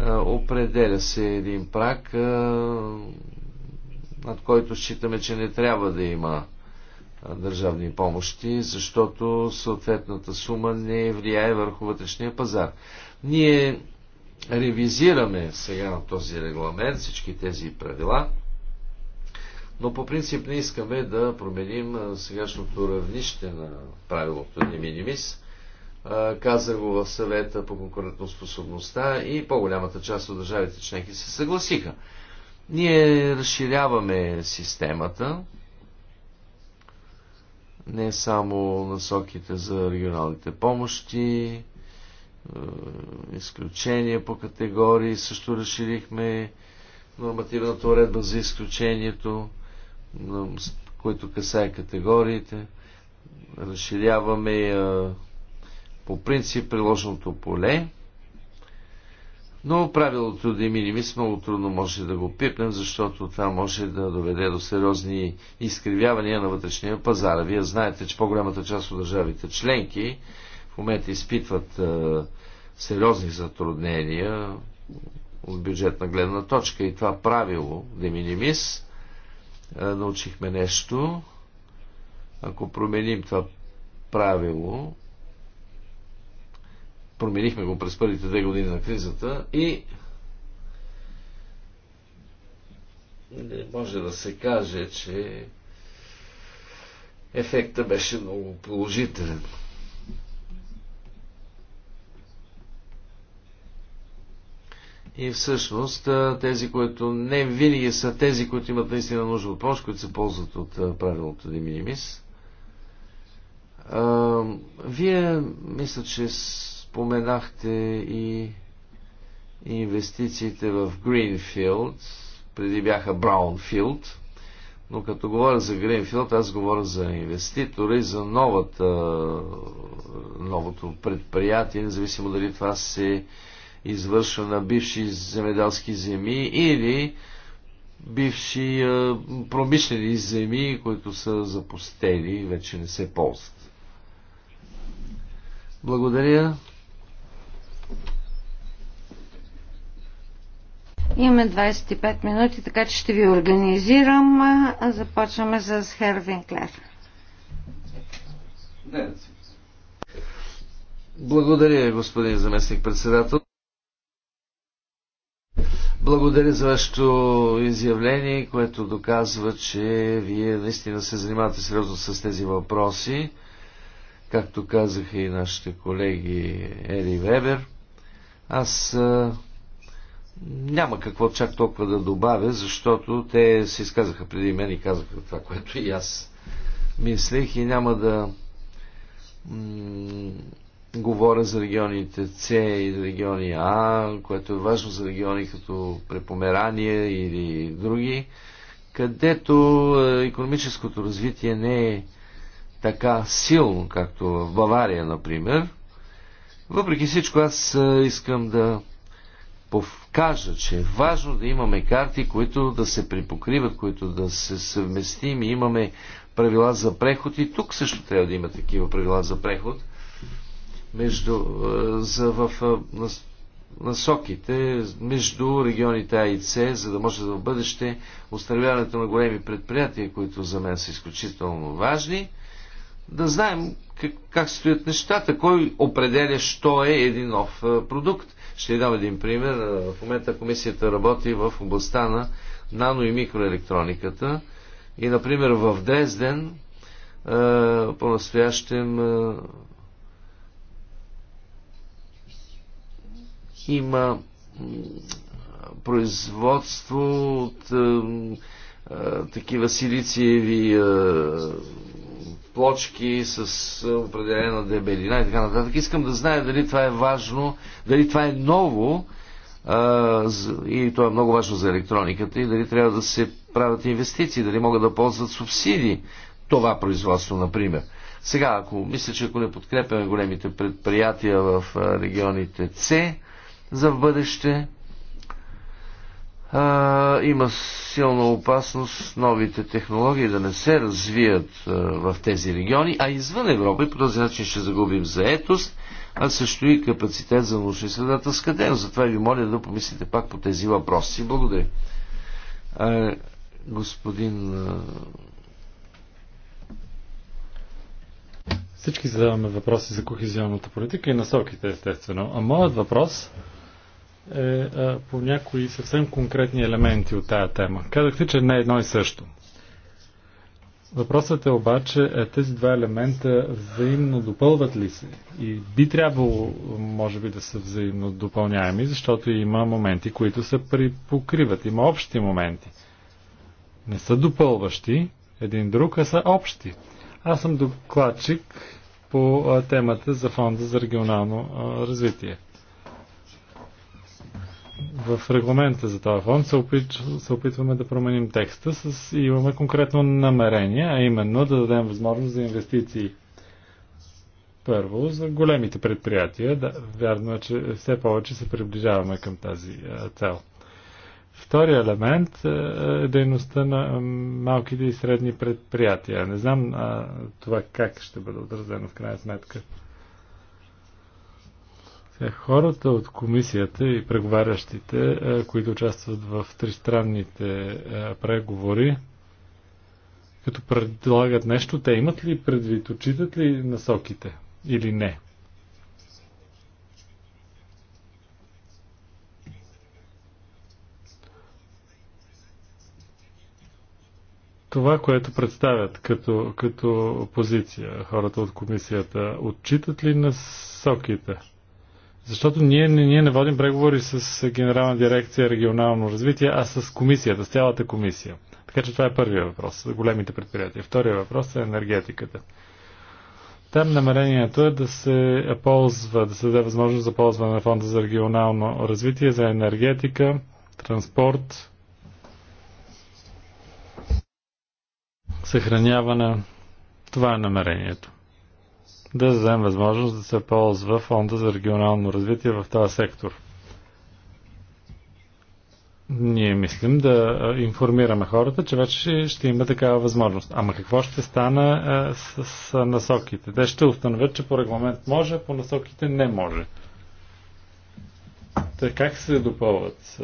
Е, определя се един прак, е, над който считаме, че не трябва да има държавни помощи, защото съответната сума не влияе върху вътрешния пазар. Ние ревизираме сега на този регламент всички тези правила – но по принцип не искаме да променим сегашното равнище на правилото de minimis. каза го в съвета по конкурентоспособността и по-голямата част от държавите членки се съгласиха. Ние разширяваме системата, не само насоките за регионалните помощи, изключения по категории, също разширихме нормативната уредба за изключението който касае категориите. Разширяваме по принцип приложеното поле. Но правилото да минимис много трудно може да го пипнем, защото това може да доведе до сериозни изкривявания на вътрешния пазар. Вие знаете, че по-голямата част от държавите членки в момента изпитват сериозни затруднения от бюджетна гледна точка и това правило, деминимис. минимис, е, научихме нещо. Ако променим това правило, променихме го през първите две години на кризата и може да се каже, че ефекта беше много положителен. И всъщност тези, които не винаги са тези, които имат наистина нужда от помощ, които се ползват от правилото de Минимис. Вие мисля, че споменахте и инвестициите в Greenfield, преди бяха Brownfield, но като говоря за Greenfield, аз говоря за инвеститора и за новата, новото предприятие, независимо дали това се извършва на бивши земеделски земи или бивши а, промишлени земи, които са запустели и вече не се ползват. Благодаря. Имаме 25 минути, така че ще ви организирам. Започваме с Хервин Клер. Благодаря, господин заместник председател. Благодаря за вашето изявление, което доказва, че вие наистина се занимавате сериозно с тези въпроси, както казаха и нашите колеги Ери Вебер. Аз а, няма какво чак толкова да добавя, защото те се изказаха преди мен и казаха това, което и аз мислех и няма да Говоря за регионите С и региони А, което е важно за региони като Препомерание или други, където економическото развитие не е така силно, както в Бавария, например. Въпреки всичко, аз е, искам да повкажа, че е важно да имаме карти, които да се припокриват, които да се съвместим и имаме правила за преход и тук също трябва да има такива правила за преход – между, за, в насоките между регионите А и С, за да може да в бъдеще установяването на големи предприятия, които за мен са изключително важни, да знаем как, как стоят нещата, кой определя, що е един нов продукт. Ще дам един пример. В момента комисията работи в областта на нано и микроелектрониката. И, например, в Дрезден по-настоящем Има производство от е, е, такива силициеви е, плочки с определена дебелина и така нататък. Искам да зная дали това е важно, дали това е ново и то е много важно за електрониката и дали трябва да се правят инвестиции, дали могат да ползват субсидии това производство, например. Сега, ако мисля, че ако не подкрепяме големите предприятия в регионите С, за в бъдеще. А, има силна опасност новите технологии да не се развият а, в тези региони, а извън Европа и по този начин ще загубим заетост, а също и капацитет за научно-изследователска Но Затова ви моля да помислите пак по тези въпроси. Благодаря. А, господин. Всички задаваме въпроси за кохезионната политика и насоките, естествено. А моят въпрос е а, по някои съвсем конкретни елементи от тая тема. Казахте, че не е едно и също. Въпросът е обаче, е, тези два елемента взаимно допълват ли се? И би трябвало, може би, да са взаимно допълняеми, защото има моменти, които се припокриват. Има общи моменти. Не са допълващи един друг, а са общи. Аз съм докладчик по темата за фонда за регионално развитие в регламента за този фонд се, опит, се опитваме да променим текста с, и имаме конкретно намерение, а именно да дадем възможност за инвестиции. Първо, за големите предприятия. Да, вярно е, че все повече се приближаваме към тази цел. Втория елемент е, е дейността на малките и средни предприятия. Не знам а, това как ще бъде отразено в крайна сметка. Е, хората от комисията и преговарящите, е, които участват в тристранните е, преговори, като предлагат нещо, те имат ли предвид, отчитат ли насоките или не? това, което представят като, като позиция хората от комисията, отчитат ли насоките? Защото ние, ние не водим преговори с Генерална дирекция регионално развитие, а с комисията, с цялата комисия. Така че това е първия въпрос за големите предприятия. Втория въпрос е енергетиката. Там намерението е да се ползва, да се даде възможност за ползване на фонда за регионално развитие, за енергетика, транспорт, съхраняване. Това е намерението да вземе възможност да се ползва фонда за регионално развитие в този сектор. Ние мислим да информираме хората, че вече ще има такава възможност. Ама какво ще стане с, с насоките? Те ще установят, че по регламент може, а по насоките не може. Та как се допълват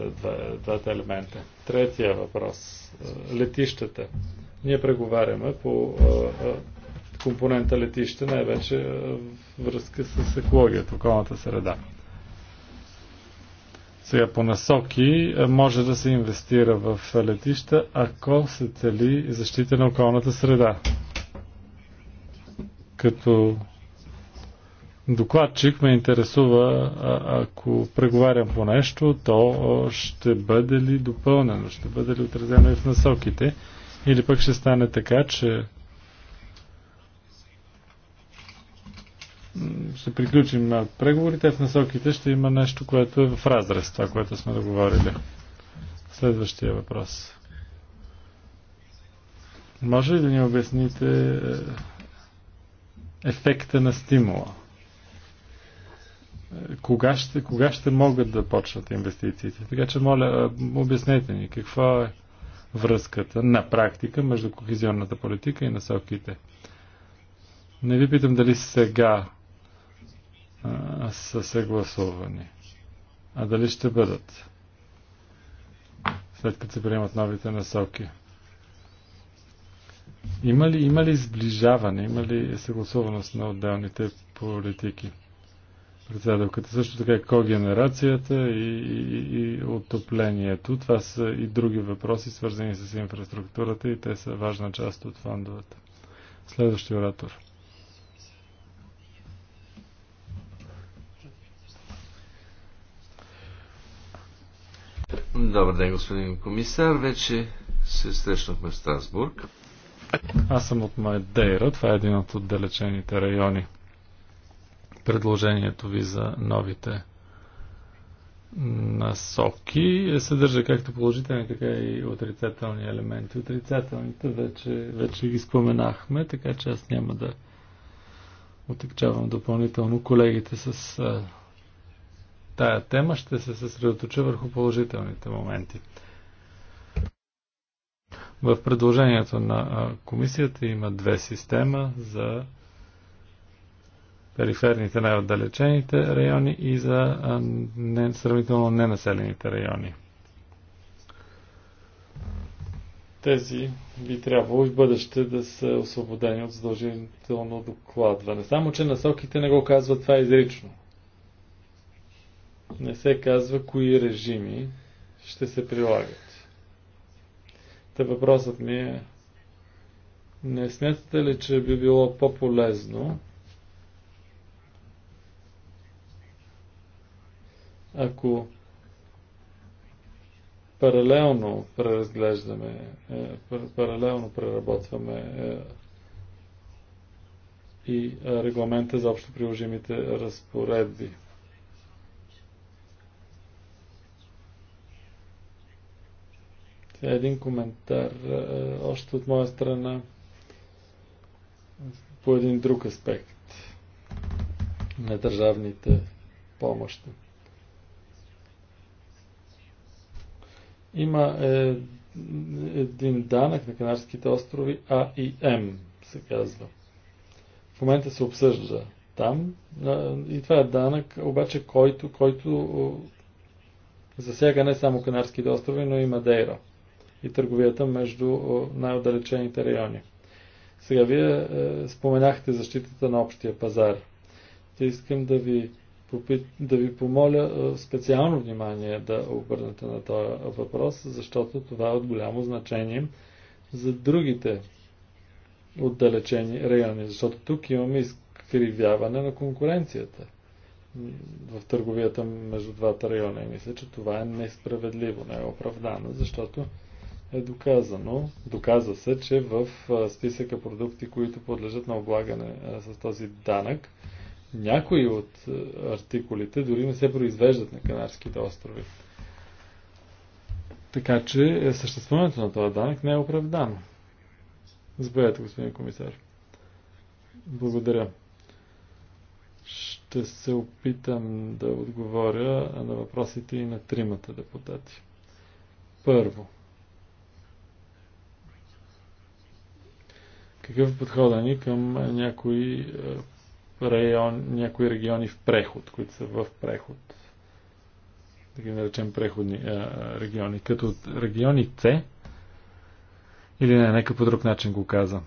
двата елемента? Третия въпрос. Летищата. Ние преговаряме по компонента летище, най-вече връзка с екологията, околната среда. Сега по насоки може да се инвестира в летища, ако се цели защита на околната среда. Като докладчик ме интересува, ако преговарям по нещо, то ще бъде ли допълнено, ще бъде ли отразено и в насоките, или пък ще стане така, че ще приключим преговорите. В насоките ще има нещо, което е в разрез, това, което сме договорили. Следващия въпрос. Може ли да ни обясните е, ефекта на стимула? Е, кога ще, кога ще могат да почнат инвестициите? Така че, моля, обяснете ни какво е връзката на практика между кохезионната политика и насоките. Не ви питам дали сега а, са съгласовани. А дали ще бъдат? След като се приемат новите насоки. Има ли, има ли сближаване, има ли съгласуваност на отделните политики? Председателката също така е когенерацията и, и, и отоплението. Това са и други въпроси, свързани с инфраструктурата и те са важна част от фондовете. Следващия оратор. Добър ден, господин комисар. Вече се срещнахме в Страсбург. Аз съм от Майдейра. Това е един от отдалечените райони. Предложението ви за новите насоки е, съдържа както положителни, така и отрицателни елементи. Отрицателните вече, вече ги споменахме, така че аз няма да отекчавам допълнително колегите с тая тема, ще се съсредоточа върху положителните моменти. В предложението на комисията има две система за периферните, най-отдалечените райони и за не, сравнително ненаселените райони. Тези би трябвало и в бъдеще да са освободени от задължително докладване. Само, че насоките не го казват това изрично не се казва кои режими ще се прилагат. Та въпросът ми е, не смятате ли, че би било по-полезно ако паралелно преразглеждаме, е, паралелно преработваме е, и регламента за общо приложимите разпоредби. Един коментар е, още от моя страна по един друг аспект на държавните помощи. Има е, един данък на Канарските острови А и М, се казва. В момента се обсъжда там. И това е данък, обаче, който, който засяга не само Канарските острови, но и Мадейра и търговията между най-отдалечените райони. Сега вие е, споменахте защитата на общия пазар. Те искам да ви, попит... да ви помоля е, специално внимание да обърнете на този въпрос, защото това е от голямо значение за другите отдалечени райони, защото тук имаме изкривяване на конкуренцията в търговията между двата района. И мисля, че това е несправедливо, не е оправдано, защото е доказано, доказва се, че в списъка продукти, които подлежат на облагане с този данък, някои от артикулите дори не се произвеждат на Канарските острови. Така че е, съществуването на този данък не е оправдано. Заповядайте, господин комисар. Благодаря. Ще се опитам да отговоря на въпросите и на тримата депутати. Първо, Какъв е подхода ни към е, някои, е, район, някои региони в преход, които са в преход? Да ги наречем преходни а, е, региони. Като региони С, или не, нека по друг начин го каза.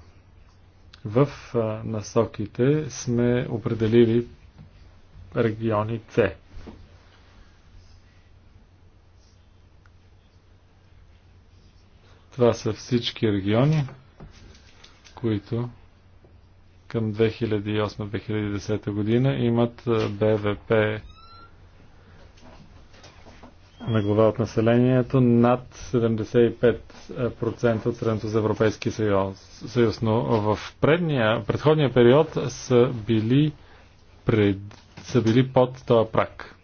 В а, насоките сме определили региони С. Това са всички региони, които към 2008-2010 година имат БВП на глава от населението над 75% от средното за Европейски съюз. съюз. Но в предния, предходния период са били, пред, са били под този прак.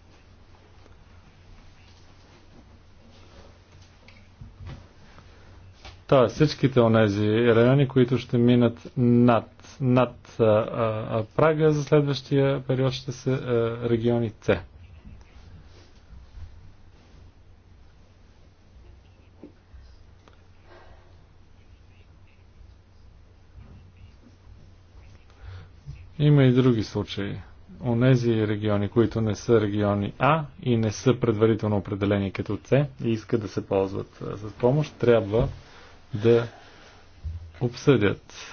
Тоест всичките от тези райони, които ще минат над, над а, а, прага за следващия период, ще са а, региони С. Има и други случаи. Онези региони, които не са региони А и не са предварително определени като С и искат да се ползват с помощ, трябва да обсъдят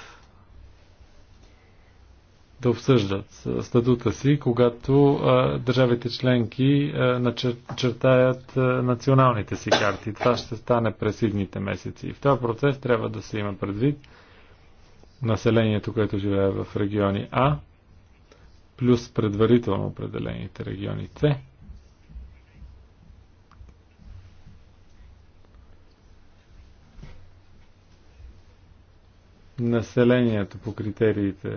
да обсъждат статута си, когато а, държавите членки а, начертаят а, националните си карти. Това ще стане през идните месеци. И в този процес трябва да се има предвид населението, което живее в региони А, плюс предварително определените региони С, населението по критериите,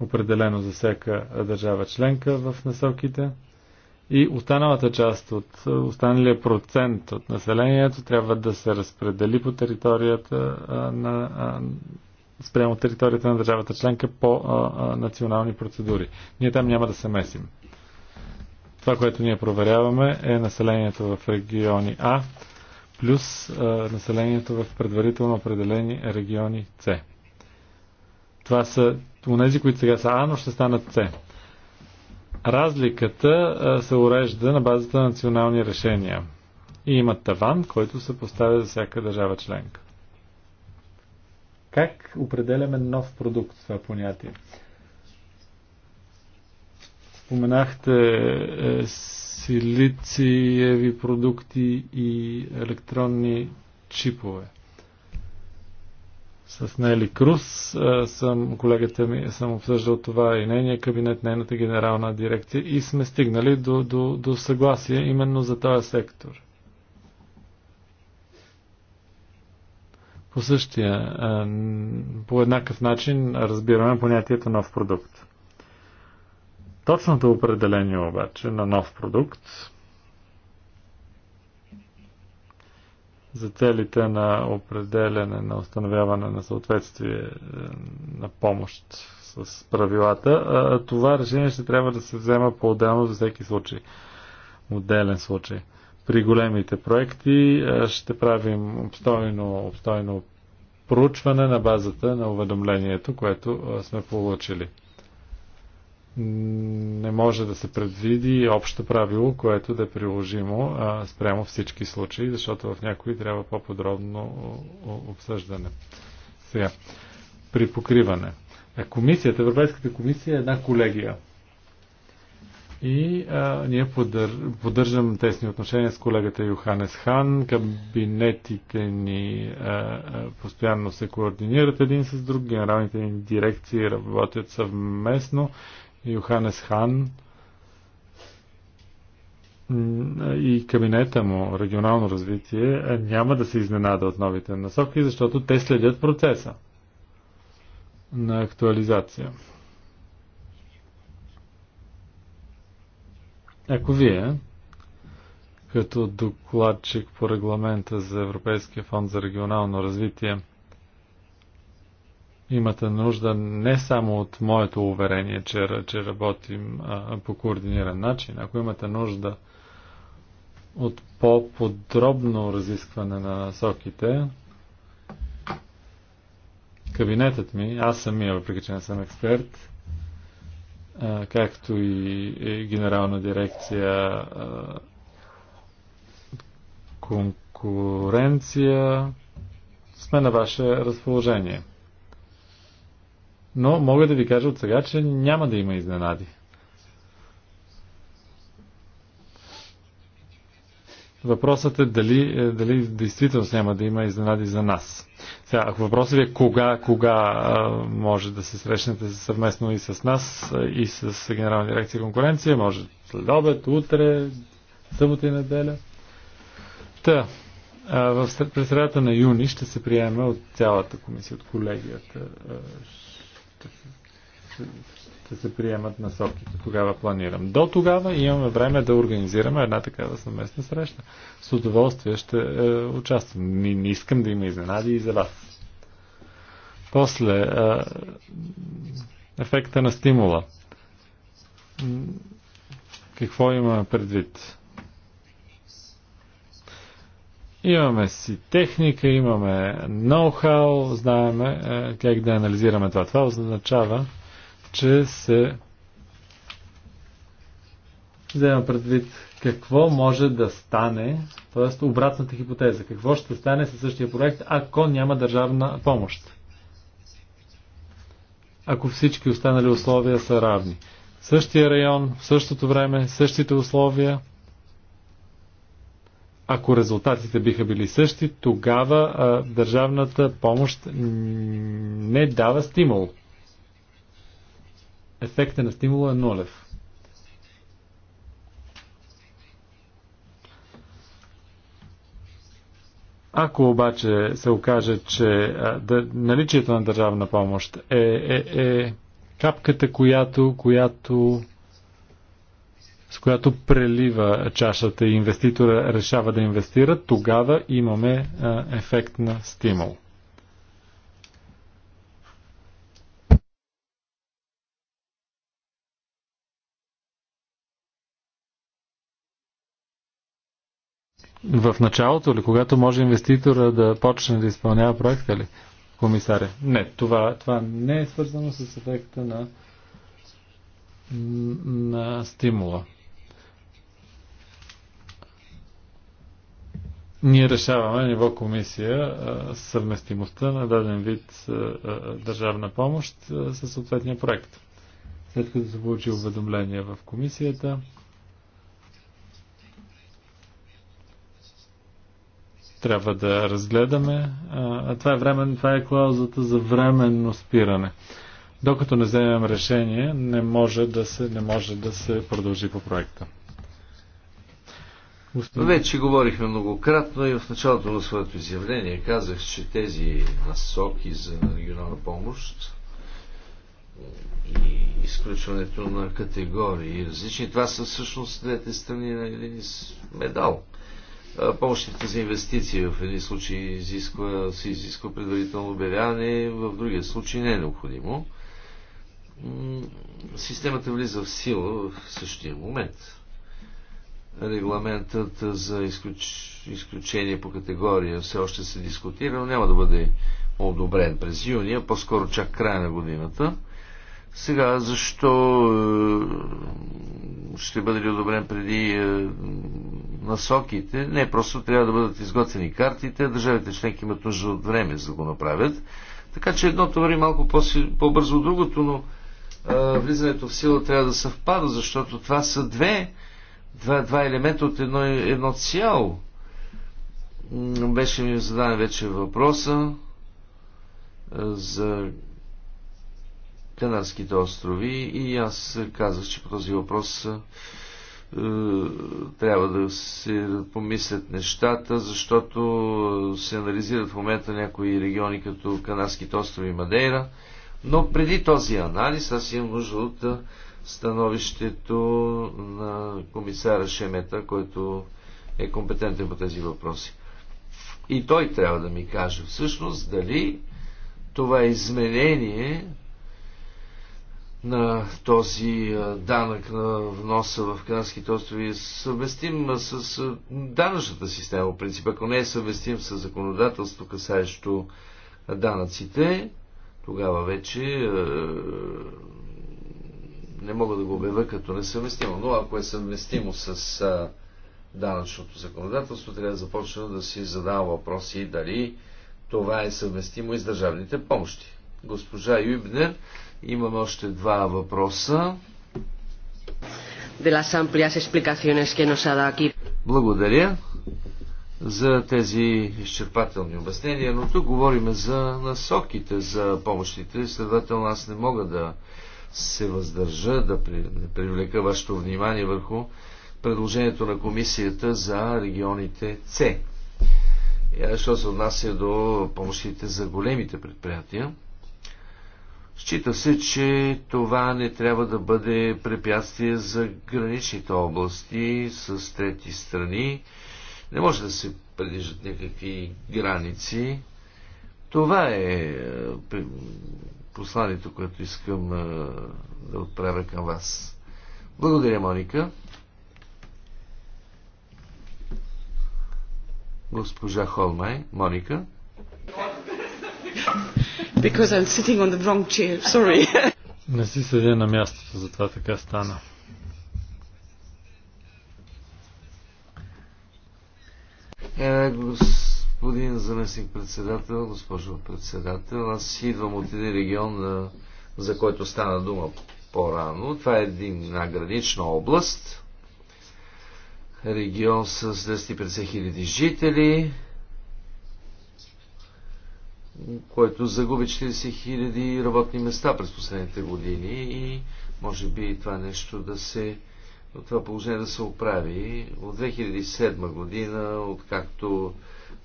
определено за всяка държава членка в насоките. И останалата част от останалия процент от населението трябва да се разпредели по територията на спрямо територията на държавата членка по национални процедури. Ние там няма да се месим. Това, което ние проверяваме е населението в региони А плюс а, населението в предварително определени региони С. Това са унези, които сега са А, но ще станат С. Разликата а, се урежда на базата на национални решения и има таван, който се поставя за всяка държава членка. Как определяме нов продукт това понятие? Споменахте е, силициеви продукти и електронни чипове. С Нели Круз. съм, колегата ми, съм обсъждал това и нейния кабинет, нейната генерална дирекция и сме стигнали до, до, до съгласие именно за този сектор. По същия, по еднакъв начин разбираме понятието нов продукт. Точното определение обаче на нов продукт за целите на определене, на установяване на съответствие е, на помощ с правилата, това решение ще трябва да се взема по-отделно за всеки случай. Отделен случай. При големите проекти е, ще правим обстойно, обстойно проучване на базата на уведомлението, което е, сме получили не може да се предвиди общо правило, което да е приложимо а, спрямо всички случаи, защото в някои трябва по-подробно обсъждане. Сега, при покриване. А е, комисията, Европейската комисия е една колегия. И а, ние подър... поддържам тесни отношения с колегата Йоханес Хан. Кабинетите ни а, а, постоянно се координират един с друг. Генералните ни дирекции работят съвместно. Йоханес Хан и кабинета му регионално развитие няма да се изненада от новите насоки, защото те следят процеса на актуализация. Ако вие, като докладчик по регламента за Европейския фонд за регионално развитие, имате нужда не само от моето уверение, че, че работим а, по координиран начин, ако имате нужда от по-подробно разискване на насоките, кабинетът ми, аз самия, въпреки че не съм експерт, а, както и, и генерална дирекция а, конкуренция, сме на ваше разположение. Но мога да ви кажа от сега, че няма да има изненади. Въпросът е дали, е, дали действително няма да има изненади за нас. Сега, ако въпросът ви е кога, кога може да се срещнете съвместно и с нас, и с Генерална дирекция конкуренция, може след обед, утре, събота и неделя. Та, в, през средата на юни ще се приеме от цялата комисия, от колегията ще се приемат насоките. Тогава планирам. До тогава имаме време да организираме една такава съвместна среща. С удоволствие ще е, участвам. Не, не искам да има изненади и за вас. После, е, ефекта на стимула. Какво имаме предвид? Имаме си техника, имаме ноу-хау, знаем е, как да анализираме това. Това означава, че се взема предвид какво може да стане, т.е. обратната хипотеза. Какво ще стане със същия проект, ако няма държавна помощ? Ако всички останали условия са равни. Същия район, в същото време, същите условия – ако резултатите биха били същи, тогава а, държавната помощ не дава стимул. Ефекта на стимула е нулев. Ако обаче се окаже, че а, да, наличието на държавна помощ е, е, е капката, която, която с която прелива чашата и инвеститора решава да инвестира, тогава имаме ефект на стимул. В началото ли, когато може инвеститора да почне да изпълнява проекта ли, комисаря? Не, това, това не е свързано с ефекта на, на стимула. ние решаваме ниво комисия съвместимостта на даден вид държавна помощ със съответния проект. След като се получи уведомление в комисията, трябва да разгледаме. А, това, е времен, това е клаузата за временно спиране. Докато не вземем решение, не може да се, не може да се продължи по проекта. Господин... Вече говорихме многократно и в началото на своето изявление казах, че тези насоки за регионална помощ и изключването на категории различни, това са всъщност двете страни на един медал. Помощите за инвестиции в един случай изисква, се изисква предварително обявяване, в другия случай не е необходимо. Системата влиза в сила в същия момент регламентът за изключ... изключение по категория все още се дискутира, но няма да бъде одобрен през юни, а по-скоро чак края на годината. Сега, защо е, ще бъде ли одобрен преди е, насоките? Не, просто трябва да бъдат изготвени картите. Държавите членки имат нужда от време, за да го направят. Така че едното върви малко по-бързо от другото, но е, влизането в сила трябва да съвпада, защото това са две два, два елемента от едно, едно цяло. Беше ми зададен вече въпроса за Канарските острови и аз казах, че по този въпрос е, трябва да се помислят нещата, защото се анализират в момента някои региони като Канарските острови и Мадейра. Но преди този анализ аз имам нужда от становището на комисара Шемета, който е компетентен по тези въпроси. И той трябва да ми каже всъщност дали това изменение на този данък на вноса в Канадските острови е съвместим с данъчната система, в принцип. Ако не е съвместим с законодателство, касаещо данъците, тогава вече не мога да го обявя като несъвместимо. Но ако е съвместимо с а, данъчното законодателство, трябва да започна да си задавам въпроси дали това е съвместимо и с държавните помощи. Госпожа Юбнер, имаме още два въпроса. Благодаря за тези изчерпателни обяснения, но тук говорим за насоките за помощите, следователно аз не мога да се въздържа да привлека вашето внимание върху предложението на комисията за регионите С. Е, що се отнася до помощите за големите предприятия, счита се, че това не трябва да бъде препятствие за граничните области с трети страни. Не може да се предвиждат някакви граници. Това е, е посланието, което искам да отправя към вас. Благодаря, Моника. Госпожа Холмай, Моника. Because I'm sitting on the wrong chair, sorry. Не си седя на мястото, затова така стана. Uh, Господин заместник председател, госпожо председател, аз идвам от един регион, за който стана дума по-рано. Това е една гранична област, регион с 250 хиляди жители, който загуби 40 хиляди работни места през последните години и може би това нещо да се това положение да се оправи. От 2007 година, откакто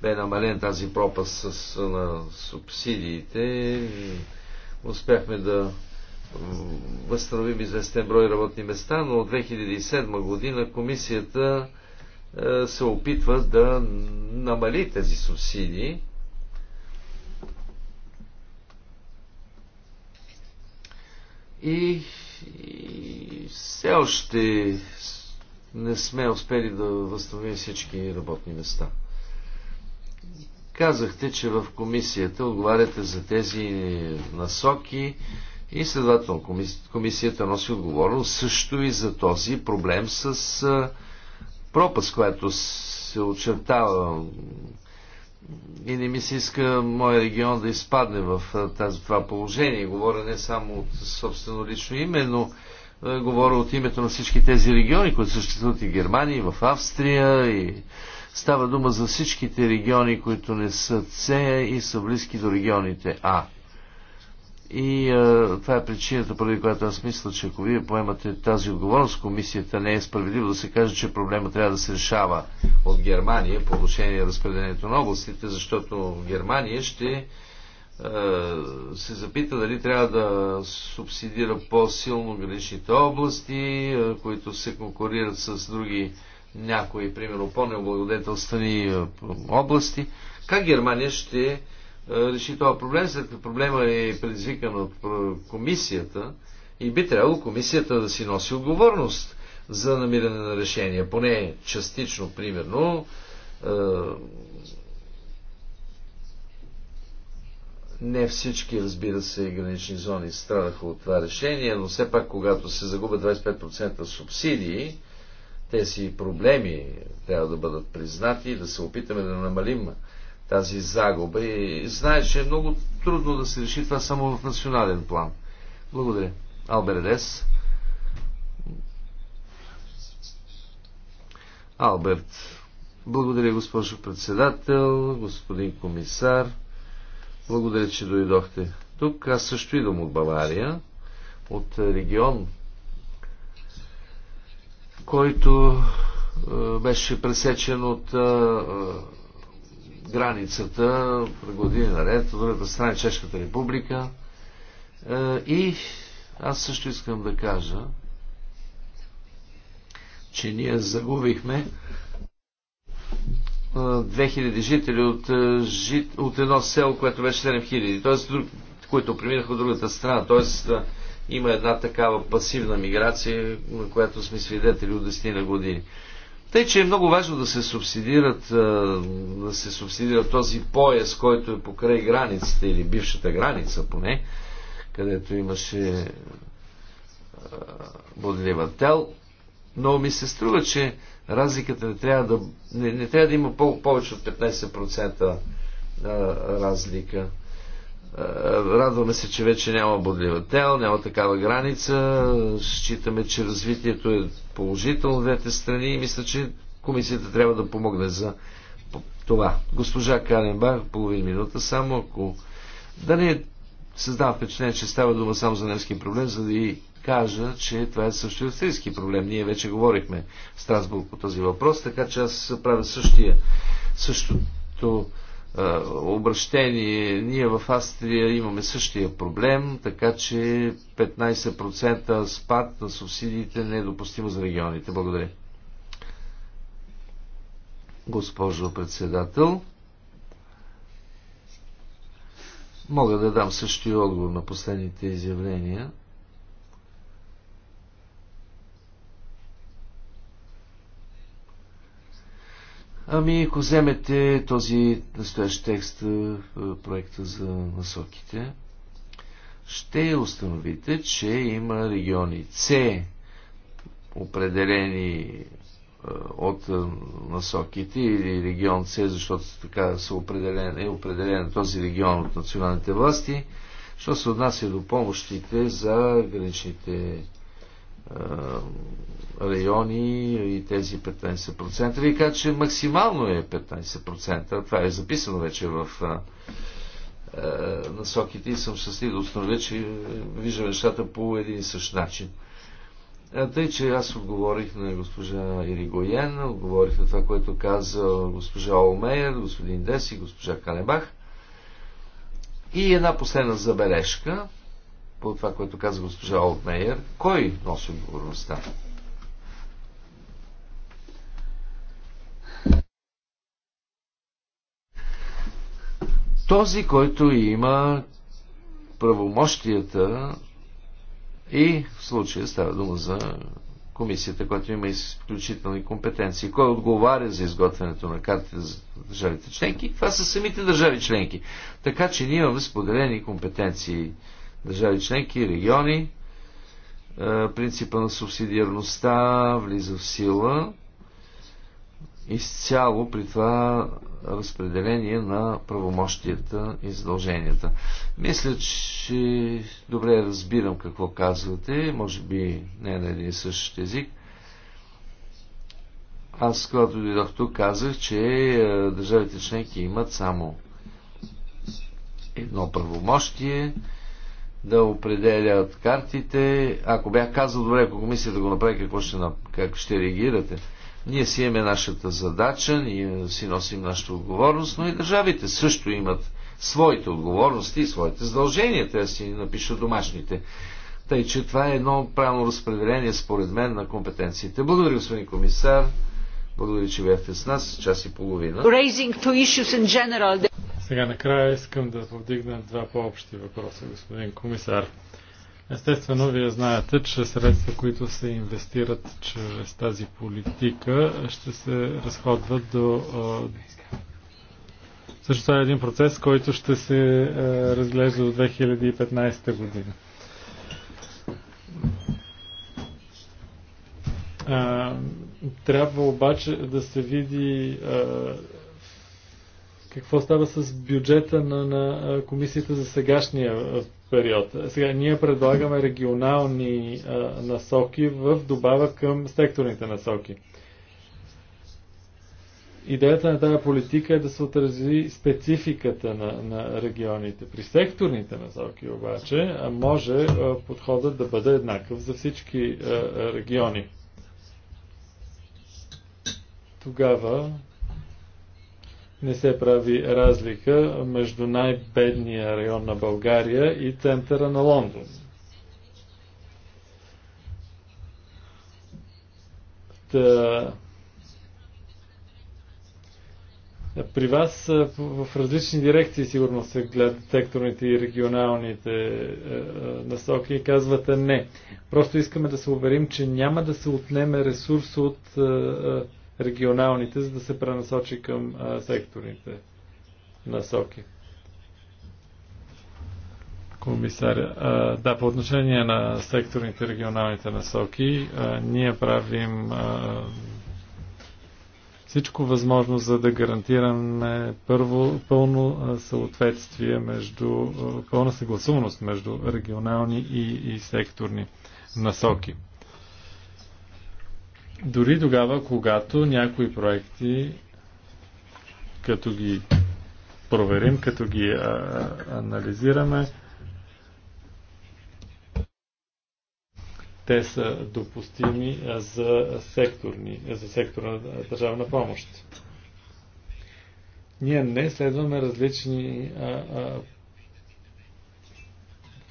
бе намален тази пропаст с, на субсидиите. Успяхме да възстановим известен брой работни места, но от 2007 година комисията е, се опитва да намали тези субсидии. И, и все още не сме успели да възстановим всички работни места. Казахте, че в комисията отговаряте за тези насоки и следователно комисията носи отговорност също и за този проблем с пропаст, която се очертава и не ми се иска моя регион да изпадне в тази, това положение. Говоря не само от собствено лично име, но говоря от името на всички тези региони, които съществуват и в Германия, и в Австрия, и Става дума за всичките региони, които не са С и са близки до регионите А. И а, е, това е причината, поради която аз мисля, че ако вие поемате тази отговорност, комисията не е справедливо да се каже, че проблема трябва да се решава от Германия по отношение на разпределението на областите, защото Германия ще е, се запита дали трябва да субсидира по-силно граничните области, е, които се конкурират с други някои, примерно, по-необлагодетелствени е, области. Как Германия ще е, реши това проблем, след като проблема е предизвикан от е, комисията и би трябвало комисията да си носи отговорност за намиране на решение, поне частично, примерно, не всички, разбира се, гранични зони страдаха от това решение, но все пак, когато се загубят 25% субсидии, тези проблеми трябва да бъдат признати и да се опитаме да намалим тази загуба. И знае, че е много трудно да се реши това само в национален план. Благодаря. Албердес. Алберт. Благодаря, госпожо председател, господин комисар. Благодаря, че дойдохте тук. Аз също идвам от Бавария, от регион, който е, беше пресечен от е, е, границата години наред, от другата страна Чешката република. И аз също искам да кажа, че ние загубихме 2000 жители от, от едно село, което беше 7000, т.е. които преминаха от другата страна. Т.е има една такава пасивна миграция, на която сме свидетели от 10 на години. Тъй, че е много важно да се субсидират, да се субсидира този пояс, който е покрай границите или бившата граница поне, където имаше бодлива тел. Но ми се струва, че разликата не трябва да, не, не трябва да има повече от 15% разлика. Е, радваме се, че вече няма бодлива тел, няма такава граница. Считаме, че развитието е положително в двете страни и мисля, че комисията трябва да помогне за това. Госпожа Каленбах, половин минута, само ако да не създава впечатление, че става дума само за немски проблем, за да ви кажа, че това е също и австрийски проблем. Ние вече говорихме в Страсбург по този въпрос, така че аз правя същия, същото обращение. Ние в Австрия имаме същия проблем, така че 15% спад на субсидиите не е допустимо за регионите. Благодаря. Госпожо председател, мога да дам същия отговор на последните изявления. Ами, ако вземете този настоящ текст, е, е, проекта за насоките, ще установите, че има региони С, определени е, от насоките или регион С, защото така са определен, е определен този регион от националните власти, що се отнася до помощите за граничните е, райони и тези 15%. Вие казвате, че максимално е 15%. Това е записано вече в е, е, насоките и съм щастлив да установя, че виждам нещата по един и същ начин. Тъй, че аз отговорих на госпожа Иригоен, отговорих на това, което каза госпожа Олмейер, господин Деси, госпожа Калебах. И една последна забележка – по това, което каза госпожа Олдмейер, кой носи отговорността? Този, който има правомощията и в случая става дума за комисията, която има изключителни компетенции. Кой отговаря за изготвянето на картите за държавите членки? Това са самите държави членки. Така че ние имаме споделени компетенции държави членки, региони. Е, принципа на субсидиарността влиза в сила изцяло при това разпределение на правомощията и задълженията. Мисля, че добре разбирам какво казвате, може би не на един и същ език. Аз, когато дойдох тук, казах, че е, държавите членки имат само едно правомощие да определят картите. Ако бях казал, добре, ако комисията го направи, какво ще, как ще реагирате? Ние си имаме нашата задача, ние си носим нашата отговорност, но и държавите също имат своите отговорности и своите задължения. Те си напишат домашните. Тъй, че това е едно правилно разпределение, според мен, на компетенциите. Благодаря, господин комисар. Благодаря, че бяхте с нас. Час и половина. Сега накрая искам да повдигна два по-общи въпроса, господин комисар. Естествено, вие знаете, че средства, които се инвестират чрез тази политика, ще се разходват до. Също това е един процес, който ще се разглежда до 2015 година. трябва обаче да се види какво става с бюджета на, на комисията за сегашния период. Сега ние предлагаме регионални а, насоки в добава към секторните насоки. Идеята на тази политика е да се отрази спецификата на, на регионите. При секторните насоки обаче може подходът да бъде еднакъв за всички а, региони. Тогава не се прави разлика между най-бедния район на България и центъра на Лондон. Та... При вас в различни дирекции сигурно се гледат секторните и регионалните е, е, насоки и казвате не. Просто искаме да се уверим, че няма да се отнеме ресурс от е, регионалните, за да се пренасочи към а, секторните насоки. Комисаря, а, да, по отношение на секторните регионалните насоки, а, ние правим а, всичко възможно, за да гарантираме първо пълно съответствие между, пълна съгласуваност между регионални и, и секторни насоки. Дори тогава, когато някои проекти, като ги проверим, като ги а, анализираме, те са допустими за, секторни, за секторна държавна помощ. Ние не следваме различни а, а,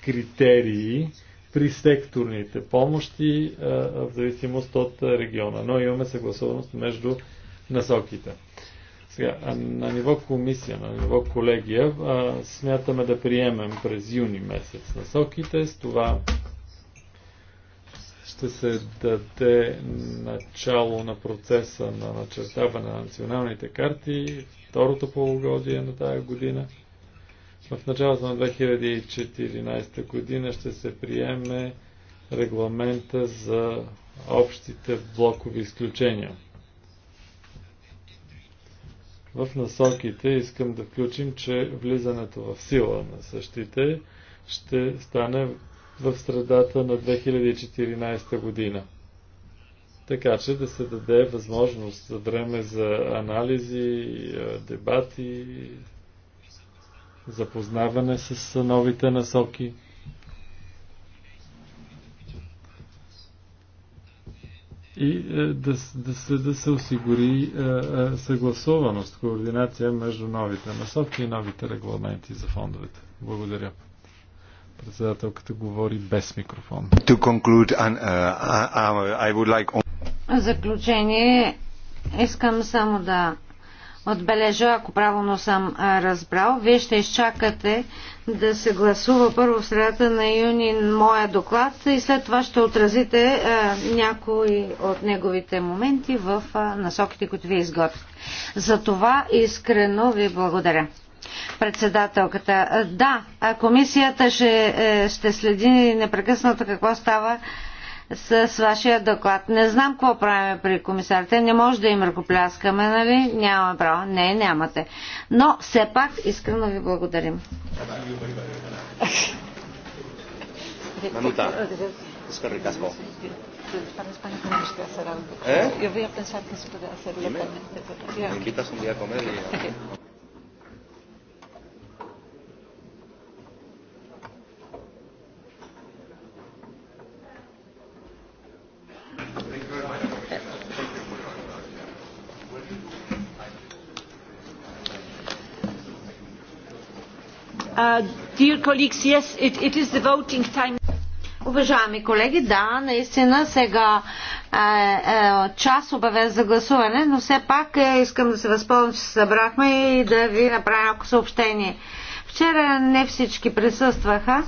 критерии, при секторните помощи в зависимост от региона. Но имаме съгласуваност между насоките. Сега, на ниво комисия, на ниво колегия, смятаме да приемем през юни месец насоките. С това ще се даде начало на процеса на начертаване на националните карти, второто полугодие на тая година – в началото на 2014 година ще се приеме регламента за общите блокови изключения. В насоките искам да включим, че влизането в сила на същите ще стане в средата на 2014 година. Така че да се даде възможност за време за анализи, дебати, запознаване с новите насоки. И е, да, да, се, да се осигури е, е, съгласуваност, координация между новите насоки и новите регламенти за фондовете. Благодаря. Председателката говори без микрофон. Заключение искам само да отбележа, ако правилно съм разбрал, вие ще изчакате да се гласува първо в средата на юни моя доклад и след това ще отразите някои от неговите моменти в насоките, които вие изготвите. За това искрено ви благодаря председателката. Да, комисията ще, е, ще следи непрекъснато какво става с с вашия доклад. Не знам какво правим при комисарите. Не може да им ръкопляскаме, нали? Нямаме право. Не, нямате. Но все пак искрено ви благодарим. ¿Eh? Yo voy a pensar que se puede hacer localmente. Pero... Me invitas un día a comer y... Uh, Уважаеми колеги, да, наистина сега е, е, час обявен за гласуване, но все пак е, искам да се възползвам, че се събрахме и да ви направя някакво съобщение. Вчера не всички присъстваха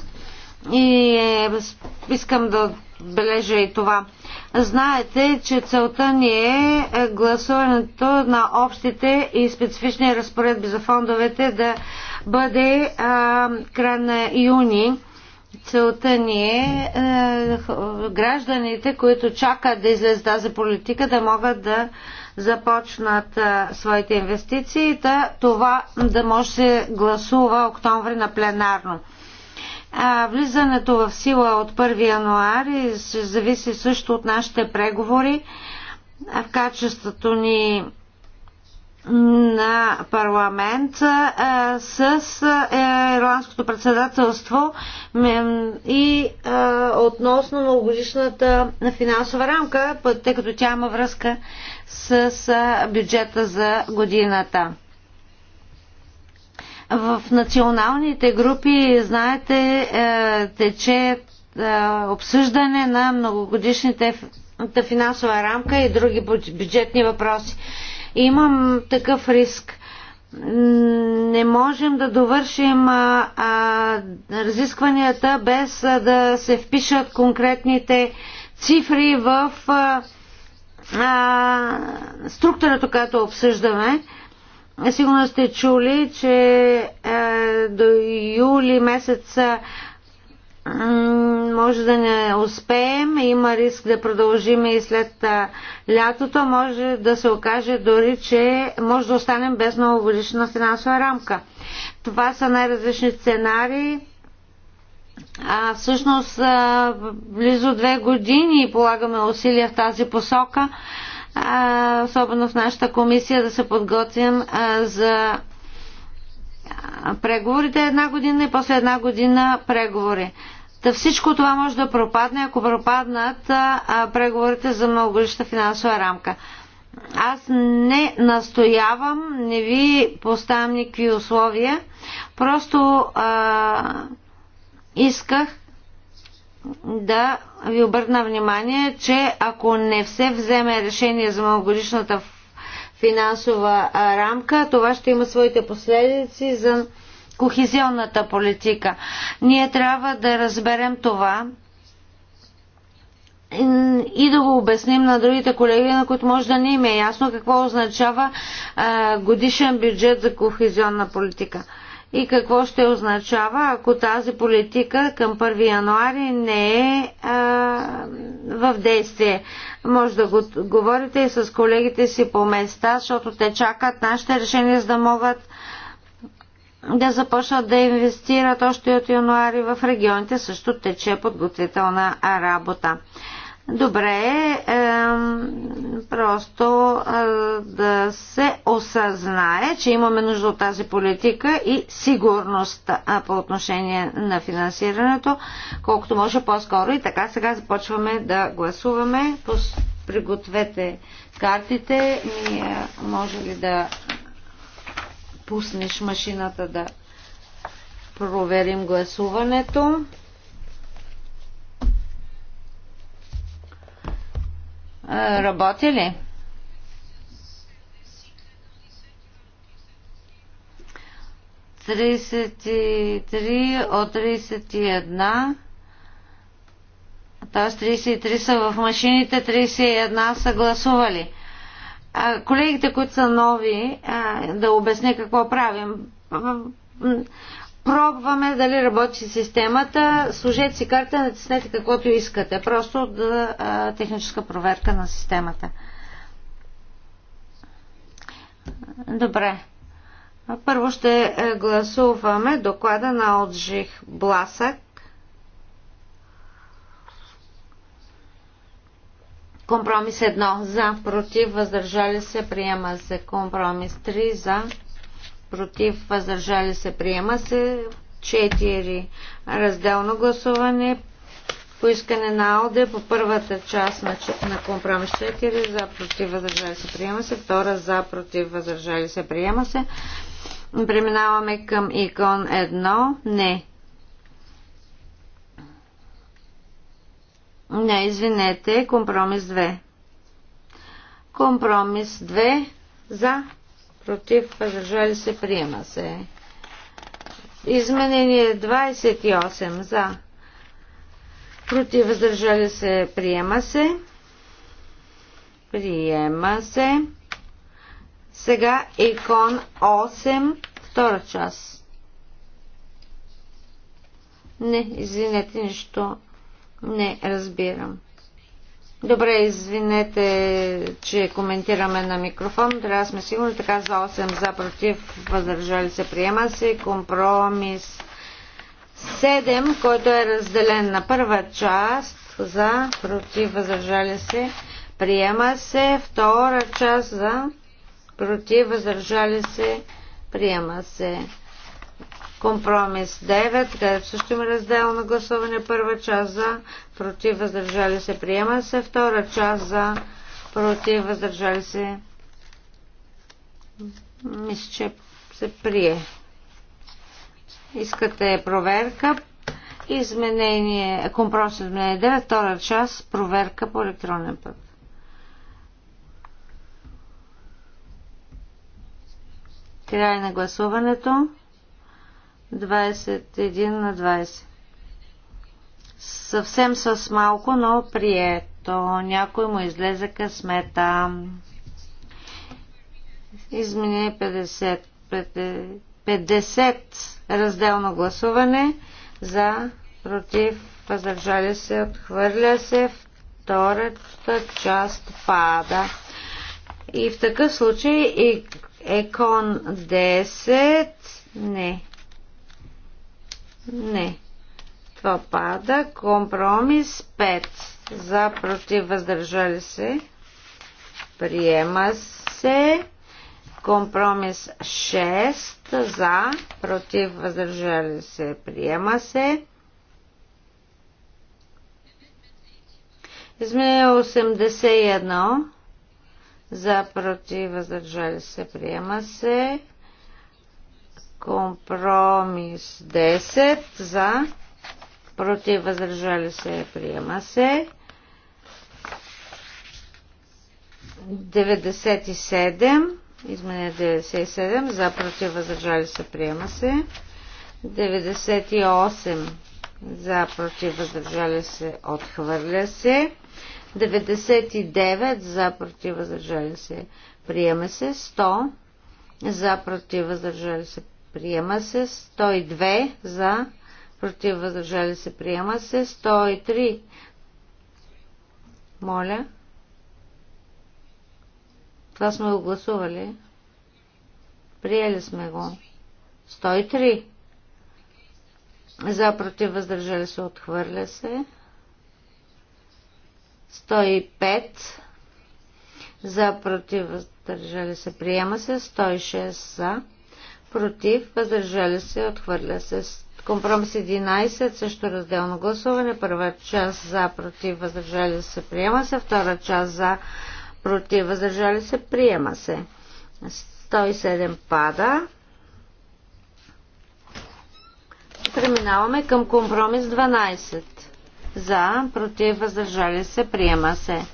и е, искам да отбележа и това. Знаете, че целта ни е гласуването на общите и специфични разпоредби за фондовете да бъде край на юни. Целта ни е, е гражданите, които чакат да излезе тази политика, да могат да започнат е, своите инвестиции, да това да може да се гласува октомври на пленарно. А, влизането в сила от 1 януари се зависи също от нашите преговори в качеството ни на парламент с ирландското председателство и относно многогодишната финансова рамка, тъй като тя има връзка с бюджета за годината. В националните групи, знаете, е, тече е, обсъждане на многогодишните финансова рамка и други бюджетни въпроси. Имам такъв риск. Не можем да довършим а, а, разискванията без а, да се впишат конкретните цифри в а, а, структурата, която обсъждаме. Сигурно сте чули, че е, до юли месеца е, може да не успеем, има риск да продължим и след е, лятото, може да се окаже дори, че може да останем без новогодишна финансова рамка. Това са най-различни сценарии. А, всъщност, а, е, близо две години полагаме усилия в тази посока а, особено в нашата комисия, да се подготвим а, за преговорите една година и после една година преговори. Та всичко това може да пропадне, ако пропаднат а, преговорите за многогодишна финансова рамка. Аз не настоявам, не ви поставям никакви условия, просто а, исках да ви обърна внимание, че ако не се вземе решение за многогодишната финансова рамка, това ще има своите последици за кохезионната политика. Ние трябва да разберем това и да го обясним на другите колеги, на които може да не им е ясно какво означава годишен бюджет за кохезионна политика и какво ще означава, ако тази политика към 1 януари не е а, в действие. Може да го, говорите и с колегите си по места, защото те чакат нашите решения, за да могат да започнат да инвестират още от януари в регионите. Също тече подготвителна работа. Добре е просто е, да се осъзнае, че имаме нужда от тази политика и сигурност по отношение на финансирането, колкото може по-скоро. И така сега започваме да гласуваме. Пригответе картите. Ние може ли да пуснеш машината да проверим гласуването. Работи ли? Тридесет и от 31. Т.е. 33 са в машините, 31 са гласували. А, колегите, които са нови, а, да обясня какво правим пробваме дали работи системата, служете си карта, натиснете каквото искате. Просто да, а, техническа проверка на системата. Добре. Първо ще е, гласуваме доклада на Отжих Бласък. Компромис 1 за, против, въздържали се, приема се. Компромис 3 за, против, въздържали се, приема се. 4. Разделно гласуване по искане на Алде по първата част на, на компромис 4 за против въздържали се приема се, втора за против въздържали се приема се. Преминаваме към икон 1. Не. Не, извинете, компромис 2. Компромис 2 за против, въздържали се, приема се. Изменение 28 за, против, въздържали се, приема се. Приема се. Сега икон 8, втора част. Не, извинете, нищо не разбирам. Добре, извинете, че коментираме на микрофон. Трябва сме сигурни така за 8 за против, въздържали се, приема се. Компромис 7, който е разделен на първа част за против, въздържали се, приема се. Втора част за против, въздържали се, приема се. Компромис 9, където също има раздел на гласуване. Първа част за, против, въздържали се, приема се. Втора част за, против, въздържали се. Мисля, че се прие. Искате проверка. Изменение, компромис изменение 9, втора част, проверка по електронен път. Край на гласуването. 21 на 20. Съвсем с малко, но прието. Някой му излезе късмета. Измени 50. 50, разделно гласуване за против въздържали се, отхвърля се, втората част пада. И в такъв случай екон 10 не не. Това пада. Компромис 5. За, против, въздържали се. Приема се. Компромис 6. За, против, въздържали се. Приема се. Изменение 81. За, против, въздържали се. Приема се. Компромис 10 за, против въздържали се, приема се. 97, изменя 97, за, против въздържали се, приема се. 98 за, против въздържали се, отхвърля се. 99 за, против въздържали се, приема се. 100 за, против въздържали се, Приема се 102 за, против въздържали се. Приема се 103. Моля. Това сме го гласували. Приели сме го. 103. За против въздържали се отхвърля се. 105. За против въздържали се приема се. 106 за против, въздържали се, отхвърля се. Компромис 11, също разделно гласуване. Първа част за, против, въздържали се, приема се. Втора част за, против, въздържали се, приема се. 107 пада. Преминаваме към компромис 12. За, против, въздържали се, приема се.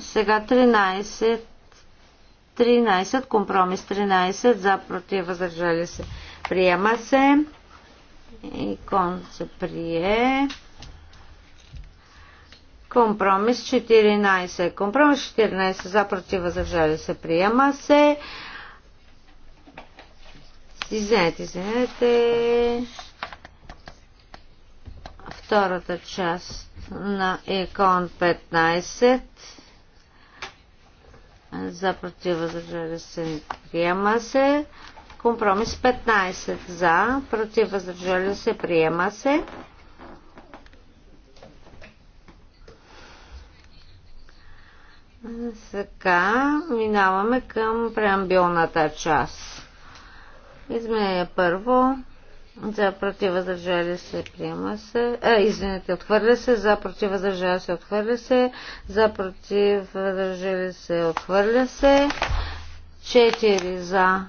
Сега 13 13, компромис 13, за против въздържали се. Приема се. Икон се прие. Компромис 14. Компромис 14 за против въздържали се. Приема се. Извинете, извинете. Втората част на Икон 15 за против въздържали се приема се. Компромис 15 за против въздържали се приема се. Сега минаваме към преамбилната част. Изменение първо за против въздържали се приема се. А, извинете, отхвърля се. За против въздържали се отхвърля се. За против въздържали се отхвърля се. 4 за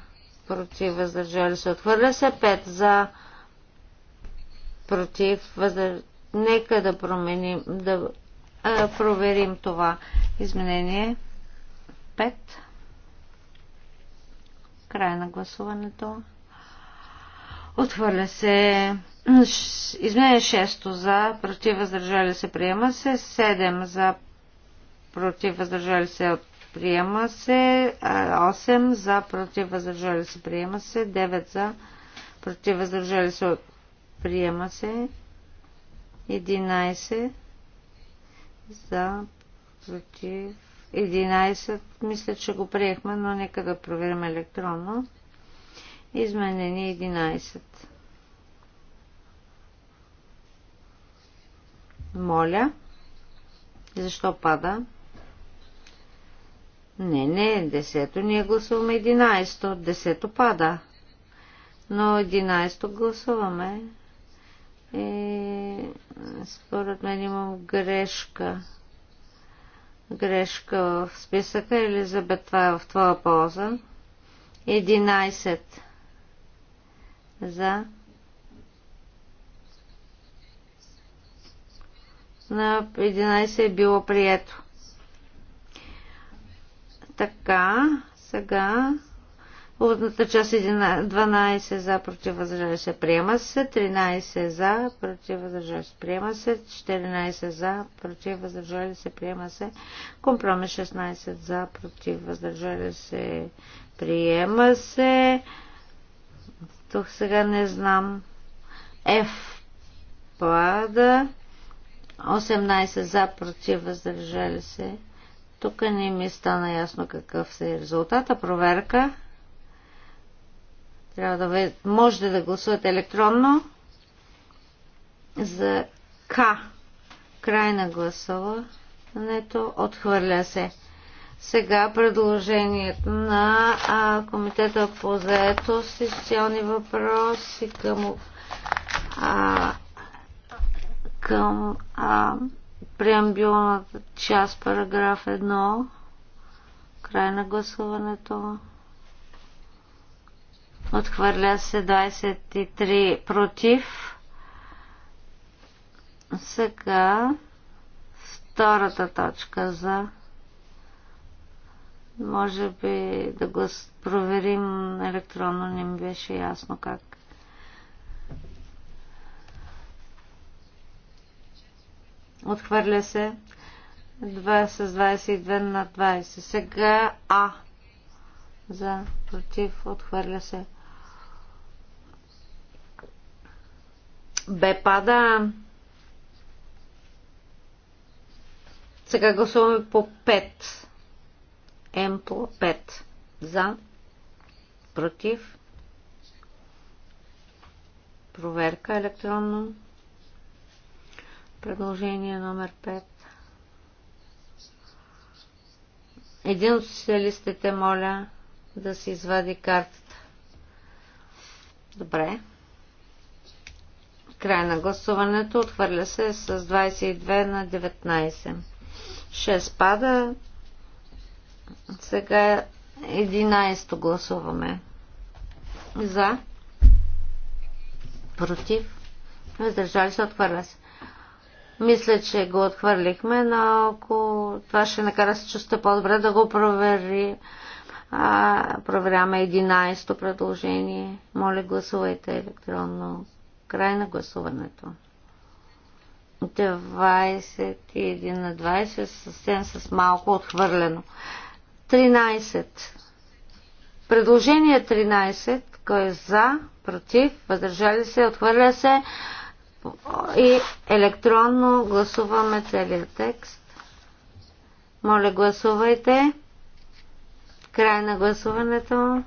против въздържали се отхвърля се. 5 за против въздържали Нека да променим, да а, проверим това изменение. 5. Край на гласуването. Отхвърля се изменение 6 за, против въздържали се, приема се. 7 за, против въздържали се, приема се. 8 за, против въздържали се, приема се. 9 за, против въздържали се, приема се. 11 за, против 11, мисля, че го приехме, но нека да проверим електронно. Изменени 11. Моля. Защо пада? Не, не, десето ние гласуваме 11. Десето пада. Но 11 гласуваме. И е, според мен имам грешка. Грешка в списъка. Елизабет, това е в твоя полза. 11 за на 11 е било прието. Така, сега Лудната част 12 за против се приема се, 13 за против въздържали се приема се, 14 за против въздържали се приема се, компромис 16 за против въздържали се приема се, тук сега не знам. F пада. 18 за, против, въздържали се. Тук не ми стана ясно какъв е резултата. Проверка. Трябва да ве... Можете да гласувате електронно за К. Край на Нето Отхвърля се. Сега предложението на а, Комитета по заетост и социални въпроси към, а, към а, преамбилната част, параграф 1, край на гласуването. Отхвърля се 23 против. Сега втората точка за може би да го проверим електронно, не ми беше ясно как. Отхвърля се 2 с 22 на 20. Сега А за против отхвърля се. Бе пада. Сега гласуваме по 5 по 5. За. Против. Проверка електронно. Предложение номер 5. Един от социалистите моля да се извади картата. Добре. Край на гласуването. Отхвърля се с 22 на 19. 6 пада. Сега 11 гласуваме. За. Против. Въздържали се, отхвърля се. Мисля, че го отхвърлихме, но ако това ще накара се чувства по-добре да го провери. А, проверяваме 11-то предложение. Моля, гласувайте електронно. Край на гласуването. 21 на 20 съвсем с малко отхвърлено. 13. Предложение 13. Кой е за, против, въздържали се, отхвърля се и електронно гласуваме целият текст. Моля, гласувайте. Край на гласуването.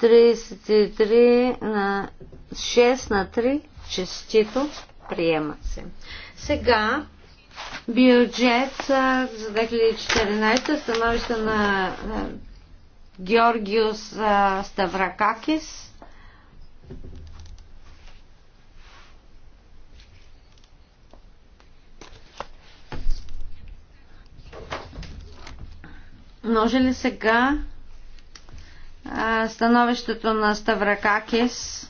33 на 6 на 3. Честито. Приема се. Сега бюджет за 2014 становище на Георгиус Ставракакис. Може ли сега становището на Ставракакис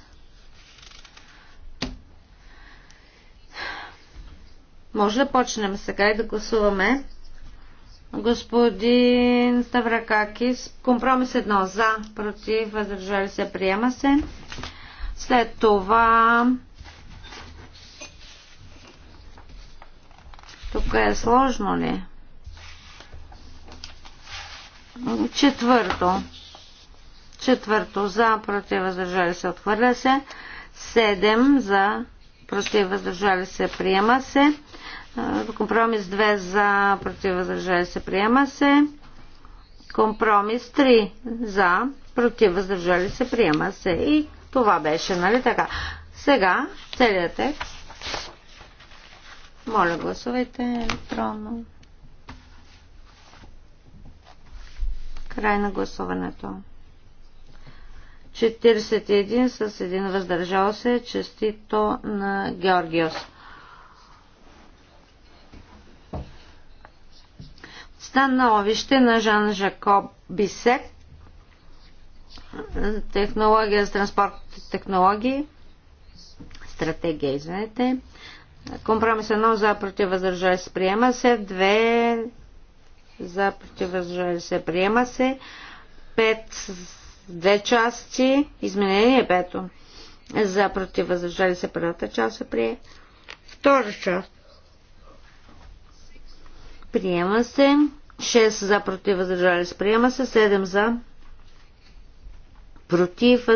Може да почнем сега и да гласуваме. Господин Ставракакис, компромис едно за, против, въздържали се, приема се. След това тук е сложно ли? Четвърто. Четвърто за, против, въздържали се, отхвърля се. Седем за, против въздържали се приема се. Компромис 2 за против въздържали се приема се. Компромис 3 за против въздържали се приема се. И това беше, нали така? Сега целият текст. Моля, гласувайте електронно. Край на гласуването. 41 с един въздържал се. Честито на Георгиос. Становище на Жан Жакоб Бисек. Технология за транспорт технологии. Стратегия, извинете. Компромис 1 за против се приема се. 2 за против се приема се. 5 две части. Изменение пето. За против се първата част се прие. Втора част. Приема се. 6 за против се. Приема се. 7 за против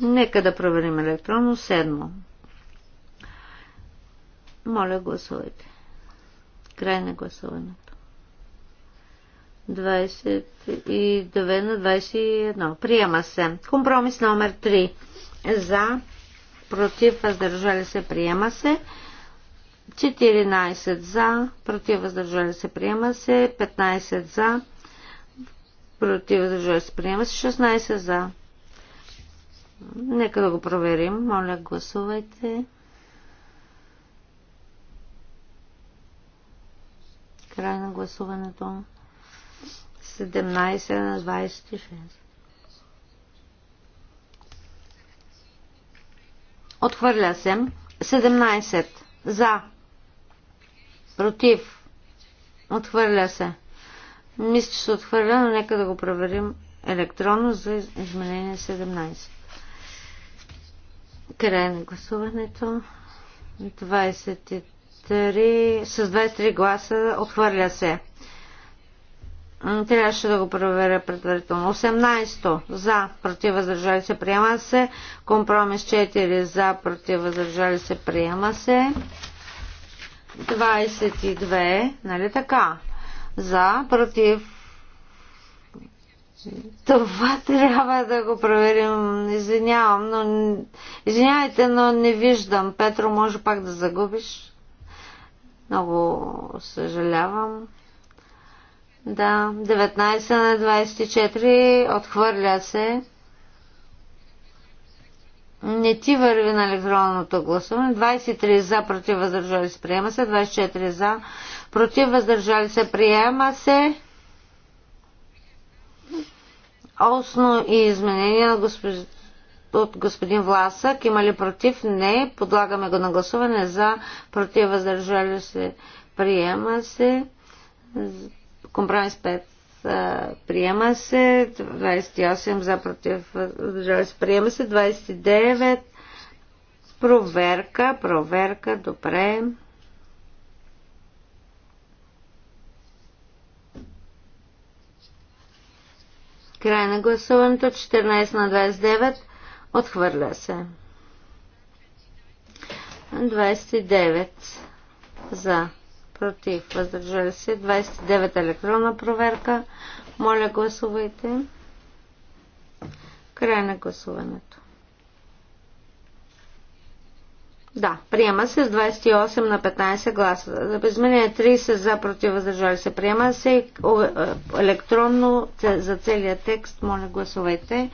Нека да проверим електронно. 7. Моля гласувайте. Край на гласуването. 29 на 21. Приема се. Компромис номер 3. За, против, въздържали се, приема се. 14 за, против, въздържали се, приема се. 15 за, против, въздържали се, приема се. 16 за. Нека да го проверим. Моля, гласувайте. Край на гласуването. 17 на 26. Отхвърля се. 17. За. Против. Отхвърля се. Мисля, че се отхвърля, но нека да го проверим електронно за изменение 17. Край на гласуването. 23, с 23 гласа отхвърля се. Трябваше да го проверя предварително. 18 за, против въздържали се, приема се. Компромис 4 за, против въздържали се, приема се. 22, нали така? За, против. Това трябва да го проверим. Извинявам, но... Извинявайте, но не виждам. Петро, може пак да загубиш. Много съжалявам. Да, 19 на 24 отхвърля се. Не ти върви на електронното гласуване. 23 за, против въздържали се, приема се. 24 за, против въздържали се, приема се. Осно и изменение на от господин Власък. Има ли против? Не. Подлагаме го на гласуване за, против въздържали се, приема се. Компромис 5 приема се, 28 за против, въздържали се, приема се, 29 проверка, проверка, добре. Край на гласуването, 14 на 29, отхвърля се. 29 за против, въздържали се. 29 електронна проверка. Моля, гласувайте. Край на гласуването. Да, приема се с 28 на 15 гласа. за Изменение 30 за против въздържали се. Приема се е, електронно за целия текст. Моля, гласувайте.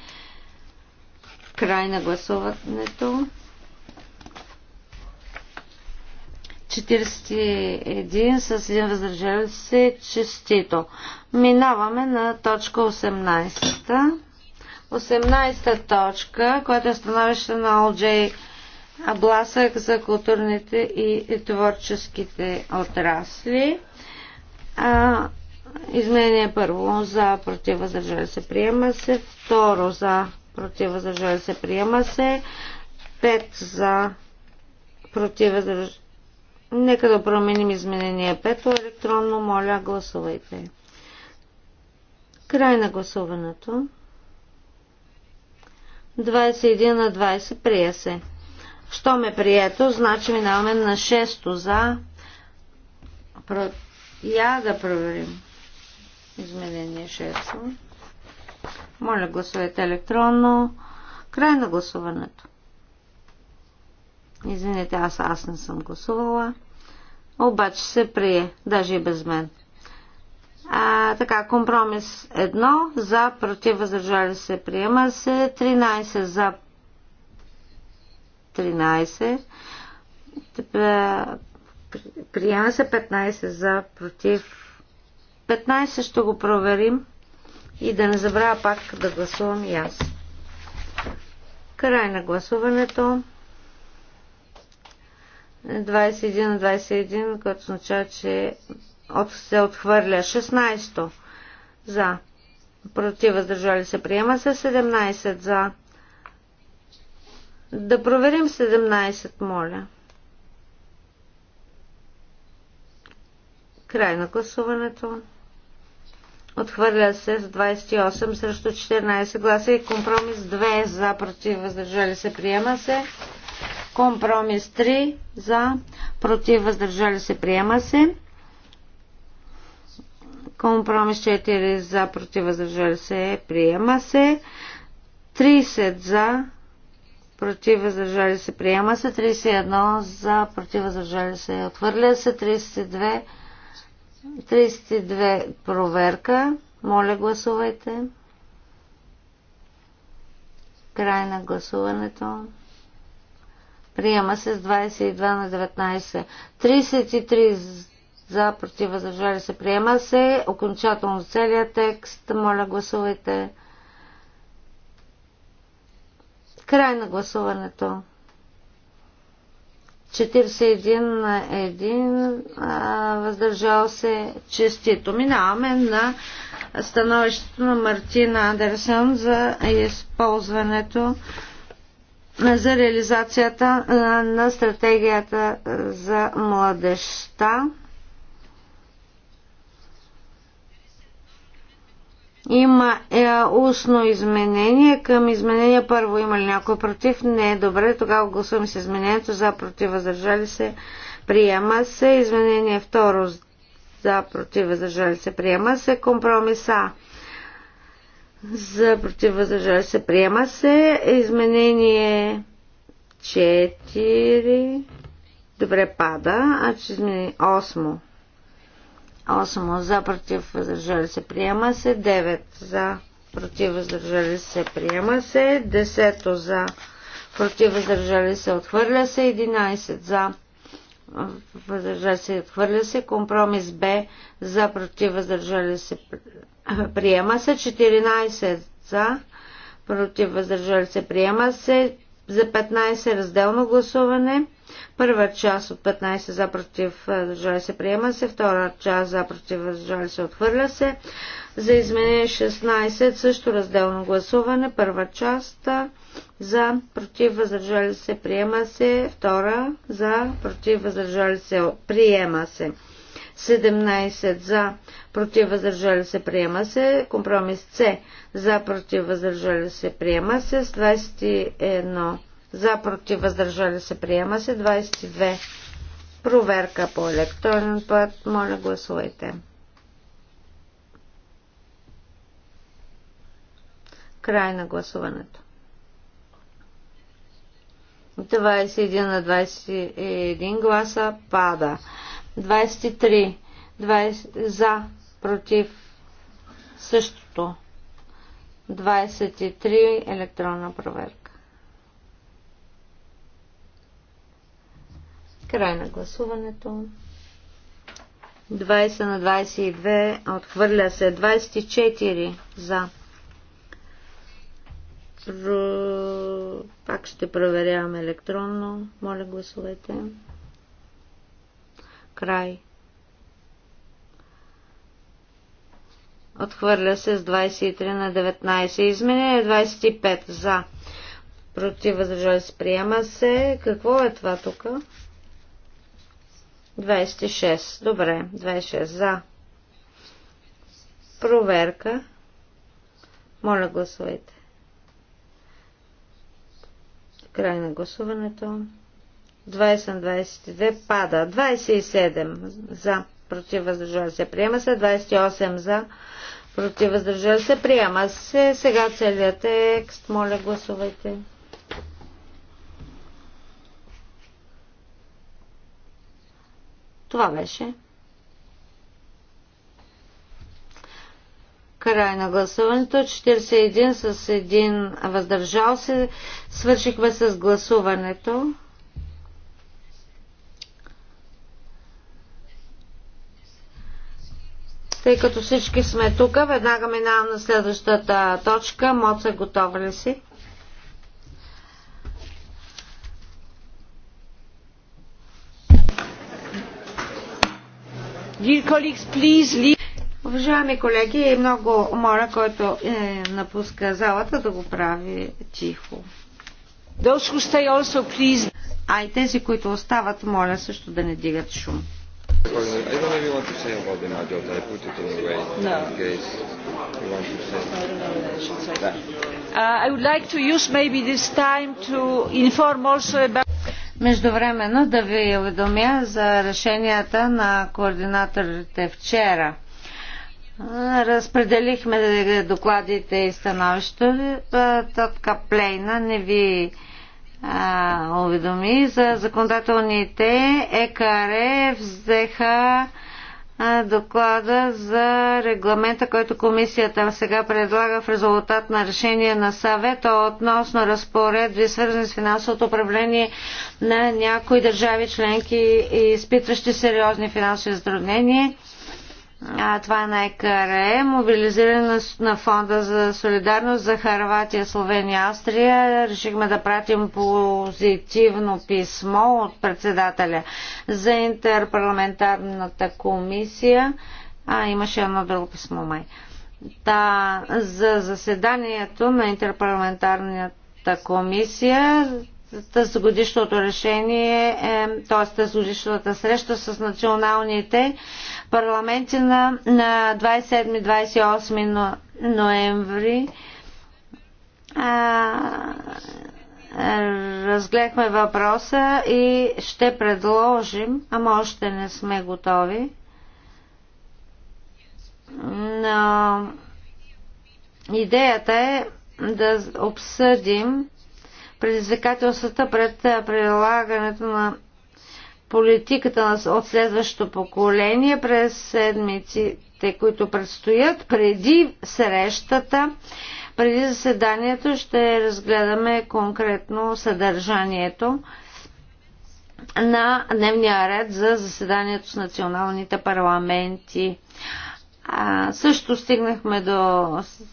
Край на гласуването. 41 с един въздържал се честито. Минаваме на точка 18. 18 точка, която е становище на Олджей Абласък за културните и творческите отрасли. А, изменение първо за против въздържали се приема се, второ за против се приема се, пет за против въздържали Нека да променим изменение 5 електронно. Моля, гласувайте. Край на гласуването. 21 на 20 прия се. Що ме прието, значи минаваме на 6 за. Про... Я да проверим. Изменение 6. Моля, гласувайте електронно. Край на гласуването. Извинете, аз, аз не съм гласувала. Обаче се прие, даже и без мен. А, така, компромис 1 за, против, въздържали се, приема се. 13 за 13. Приема се 15 за, против. 15 ще го проверим и да не забравя пак да гласувам и аз. Край на гласуването. 21 на 21, което означава, че от, се отхвърля. 16 за. Против въздържали се. Приема се 17 за. Да проверим 17, моля. Край на гласуването. Отхвърля се с 28 срещу 14 гласа и компромис 2 за против въздържали се. Приема се. Компромис 3 за, против, въздържали се, приема се. Компромис 4 за, против, въздържали се, приема се. 30 за, против, въздържали се, приема се. 31 за, против, въздържали се, отвърля се. 32, 32 проверка. Моля, гласувайте. Край на гласуването. Приема се с 22 на 19. 33 за, против, въздържали се. Приема се. Окончателно целият текст. Моля, гласувайте. Край на гласуването. 41 на 1 въздържал се честито. Минаваме на становището на Мартина Андерсон за използването за реализацията на стратегията за младеща. Има е, устно изменение към изменение първо. Има ли някой против? Не е добре. Тогава гласуваме с изменението за против. Въздържали се. Приема се. Изменение второ за против. Въздържали се. Приема се. Компромиса за против въздържали се приема се. Изменение 4. Добре пада. А че измени 8. 8 за против въздържали се приема се. 9 за против въздържали се приема се. 10 за против въздържали се отхвърля се. 11 за въздържали се отхвърля се. Компромис Б за против въздържали се Приема се 14 за, против въздържали се. Приема се за 15 разделно гласуване. Първа част от 15 за против въздържали се приема се, втора част за против въздържали се отхвърля се. За изменение 16 също разделно гласуване. Първа част за против въздържали се приема се, втора за против въздържали се приема се. 17 за, против въздържали се, приема се. Компромис С за, против въздържали се, приема се. С 21 за, против въздържали се, приема се. 22 проверка по електронен път. Моля, гласувайте. Край на гласуването. 21 на 21 гласа пада. 23. 20, за, против, същото. 23. Електронна проверка. Край на гласуването. 20 на 22. Отхвърля се. 24. За. Пак ще проверявам електронно. Моля, гласувайте. Край. Отхвърля се с 23 на 19. Изменение 25. За. Против въздържали се. Приема се. Какво е това тук? 26. Добре. 26. За. Проверка. Моля гласувайте. Край на гласуването. 20 22 пада. 27 за, против въздържал се, приема се. 28 за, против въздържал се, приема се. Сега целият текст, моля гласувайте. Това беше. край на гласуването. 41 с 1 въздържал се. Свършихме с гласуването. Тъй като всички сме тук, веднага минавам на следващата точка. Моца, готова ли си? Уважаеми колеги, много моля, който е, напуска залата, да го прави тихо. А и тези, които остават, моля също да не дигат шум. I don't really want to say about the Majot. I put it in a way no. in case you want to say. I don't know what I should say. Yeah. Uh, I would like to use maybe this time to inform also about... Междувременно да ви уведомя за решенията на координаторите вчера. Разпределихме докладите и становището. Тотка Плейна не ви а, уведоми за законодателните ЕКР взеха а, доклада за регламента, който комисията сега предлага в резултат на решение на съвета относно разпоредби, свързани с финансовото управление на някои държави членки, изпитващи сериозни финансови затруднения а, това е най-каре. Мобилизиране на фонда за солидарност за Харватия, Словения, Австрия. Решихме да пратим позитивно писмо от председателя за интерпарламентарната комисия. А, имаше едно друго писмо май. Та, за заседанието на интерпарламентарната комисия тази годишното решение, е, т.е. тази годишната среща с националните парламенти на, на 27-28 ноември а, разгледахме въпроса и ще предложим, ама още не сме готови, но идеята е да обсъдим предизвикателствата пред прилагането на политиката от следващото поколение през седмиците, които предстоят, преди срещата, преди заседанието ще разгледаме конкретно съдържанието на дневния ред за заседанието с националните парламенти. А, също стигнахме до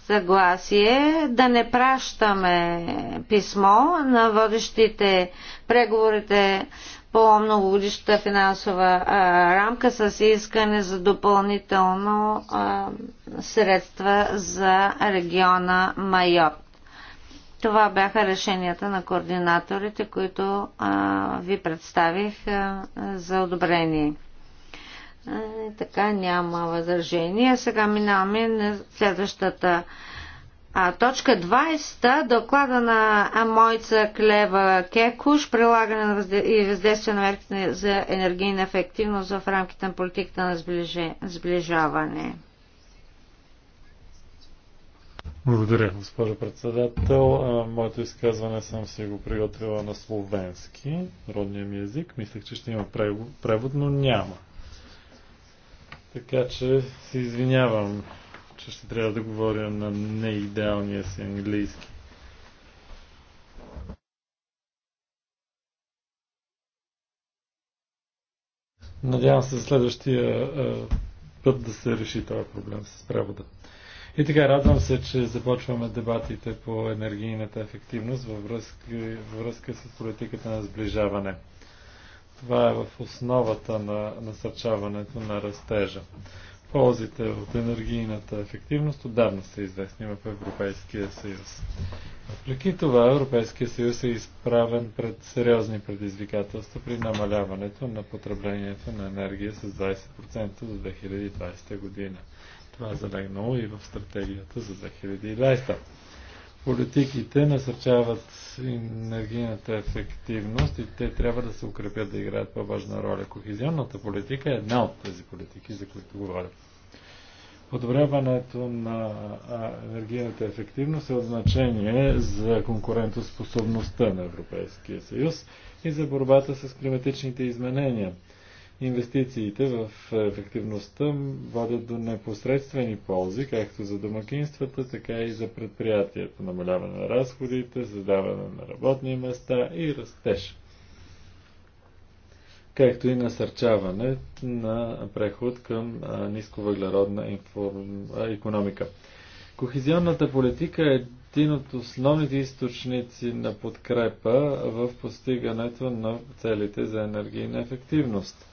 съгласие да не пращаме писмо на водещите преговорите по многогодишната финансова а, рамка с искане за допълнително а, средства за региона Майот. Това бяха решенията на координаторите, които а, ви представих а, за одобрение. А, така няма възражение. Сега минаваме на следващата а точка 20, доклада на Амойца Клева Кекуш, прилагане и въздействие на мерките за енергийна ефективност в рамките на политиката на сближаване. Благодаря, госпожо председател. Моето изказване съм си го приготвила на словенски, родния ми език. Мислех, че ще има превод, но няма. Така че се извинявам че ще трябва да говоря на неидеалния си английски. Надявам се за следващия път да се реши този проблем с превода. И така, радвам се, че започваме дебатите по енергийната ефективност във връзка, във връзка с политиката на сближаване. Това е в основата на насърчаването на растежа. Ползите от енергийната ефективност отдавна са известни в Европейския съюз. Въпреки това, Европейския съюз е изправен пред сериозни предизвикателства при намаляването на потреблението на енергия с 20% за 2020 година. Това е залегнало и в стратегията за 2020. Политиките насърчават енергийната ефективност и те трябва да се укрепят да играят по-важна роля. Кохезионната политика е една от тези политики, за които говоря. Подобряването на енергийната ефективност е от значение за конкурентоспособността на Европейския съюз и за борбата с климатичните изменения – Инвестициите в ефективността водят до непосредствени ползи, както за домакинствата, така и за предприятията, намаляване на разходите, създаване на работни места и растеж както и насърчаване на преход към нисковъглеродна економика. Кохизионната политика е един от основните източници на подкрепа в постигането на целите за енергийна ефективност.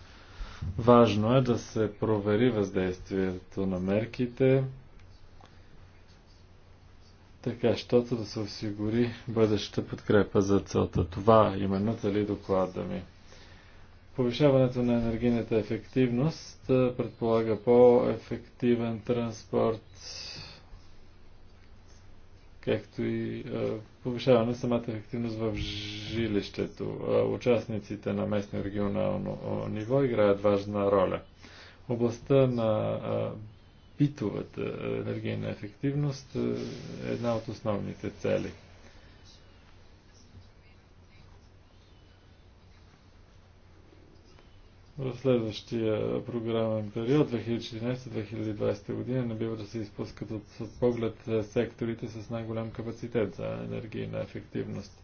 Важно е да се провери въздействието на мерките, така, щото да се осигури бъдеща подкрепа за целта. Това именно цели доклада ми. Повишаването на енергийната ефективност предполага по-ефективен транспорт, както и повишаване самата ефективност в жилището. Участниците на местно и регионално ниво играят важна роля. Областта на битовата енергийна ефективност е една от основните цели – в следващия програмен период 2014-2020 година не бива да се изпускат от, от поглед е, секторите с най-голям капацитет за енергийна ефективност.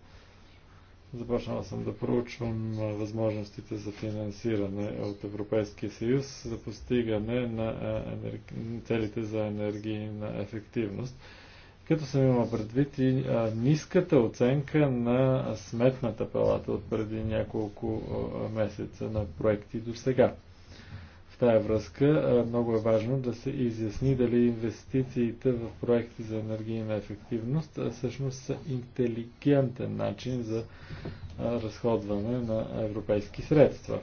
Започнал съм да проучвам възможностите за финансиране от Европейския съюз за постигане на целите за енергийна ефективност като съм имал предвид и а, ниската оценка на сметната палата от преди няколко а, месеца на проекти до сега. В тази връзка а, много е важно да се изясни дали инвестициите в проекти за енергийна ефективност а, всъщност са интелигентен начин за а, разходване на европейски средства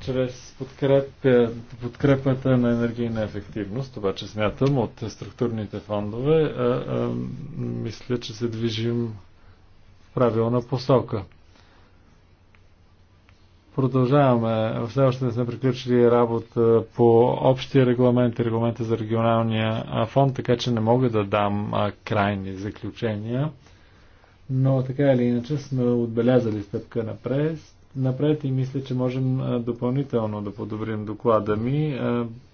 чрез подкрепя, подкрепата на енергийна ефективност, обаче смятам от структурните фондове, а, а, мисля, че се движим в правилна посока. Продължаваме. Все още не сме приключили работа по общия регламент и регламента за регионалния фонд, така че не мога да дам а, крайни заключения. Но така или иначе сме отбелязали стъпка напред напред и мисля, че можем допълнително да подобрим доклада ми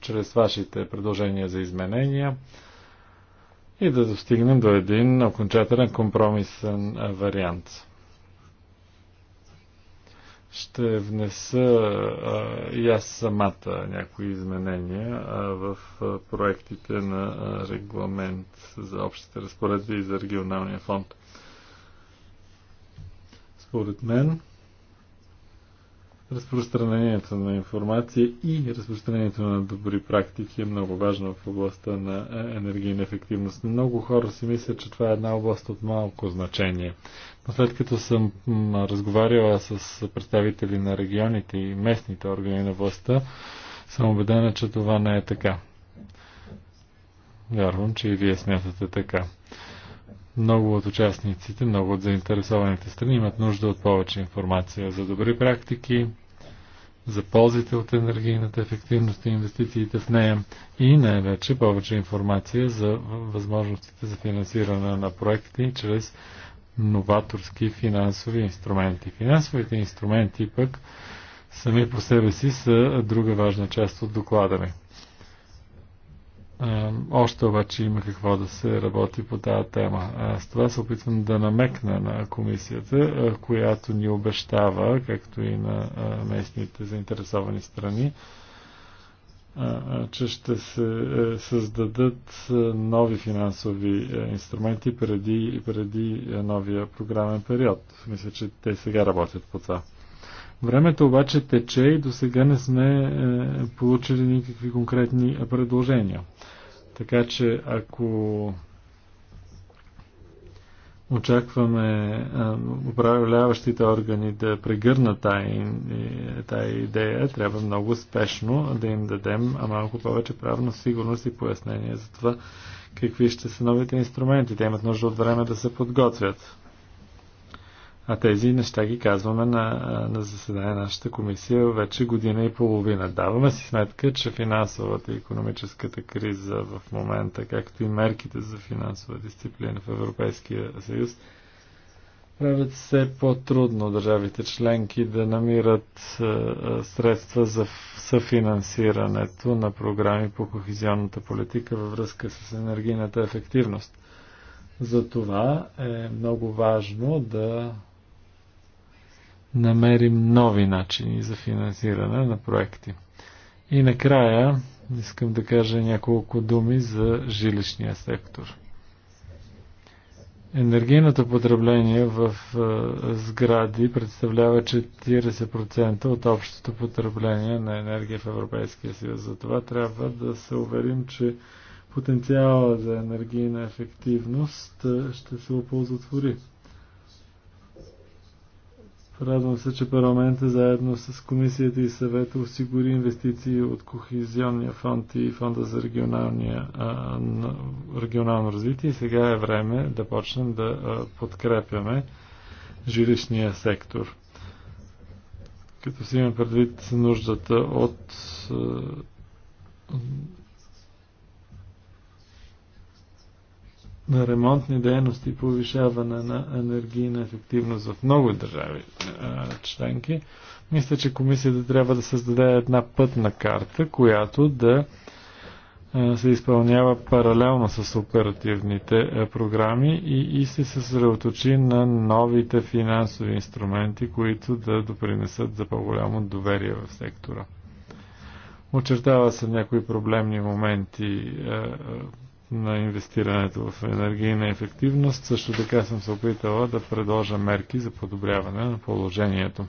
чрез вашите предложения за изменения и да достигнем до един окончателен компромисен вариант. Ще внеса и аз самата някои изменения в проектите на регламент за общите разпоредби и за регионалния фонд. Според мен, Разпространението на информация и разпространението на добри практики е много важно в областта на е, енергийна ефективност. Много хора си мислят, че това е една област от малко значение. Но след като съм разговаряла с представители на регионите и местните органи на властта, съм убедена, че това не е така. Вярвам, че и вие смятате така. Много от участниците, много от заинтересованите страни имат нужда от повече информация за добри практики, за ползите от енергийната ефективност и инвестициите в нея и най-вече повече информация за възможностите за финансиране на проекти чрез новаторски финансови инструменти. Финансовите инструменти пък сами по себе си са друга важна част от доклада ми. Още обаче има какво да се работи по тази тема. С това се опитвам да намекна на комисията, която ни обещава, както и на местните заинтересовани страни, че ще се създадат нови финансови инструменти преди, преди новия програмен период. Мисля, че те сега работят по това. Времето обаче тече и до сега не сме е, получили никакви конкретни предложения. Така че ако очакваме е, управляващите органи да прегърнат тая, идея, трябва много спешно да им дадем а малко повече правна сигурност и пояснение за това какви ще са новите инструменти. Те имат нужда от време да се подготвят. А тези неща ги казваме на, на заседание на нашата комисия вече година и половина. Даваме си сметка, че финансовата и економическата криза в момента, както и мерките за финансова дисциплина в Европейския съюз, правят все по-трудно държавите членки да намират средства за съфинансирането на програми по кохезионната политика във връзка с енергийната ефективност. Затова е много важно да намерим нови начини за финансиране на проекти. И накрая искам да кажа няколко думи за жилищния сектор. Енергийното потребление в сгради представлява 40% от общото потребление на енергия в Европейския съюз. Затова трябва да се уверим, че потенциала за енергийна ефективност ще се оползотвори. Радвам се, че парламента заедно с комисията и съвета осигури инвестиции от Кохизионния фонд и фонда за а, регионално развитие сега е време да почнем да а, подкрепяме жилищния сектор. Като си имаме предвид нуждата от а, на ремонтни дейности и повишаване на енергийна ефективност в много държави членки, мисля, че комисията трябва да създаде една пътна карта, която да се изпълнява паралелно с оперативните програми и, и се съсредоточи на новите финансови инструменти, които да допринесат за по-голямо доверие в сектора. Очертава се някои проблемни моменти на инвестирането в енергийна ефективност. Също така съм се опитала да предложа мерки за подобряване на положението.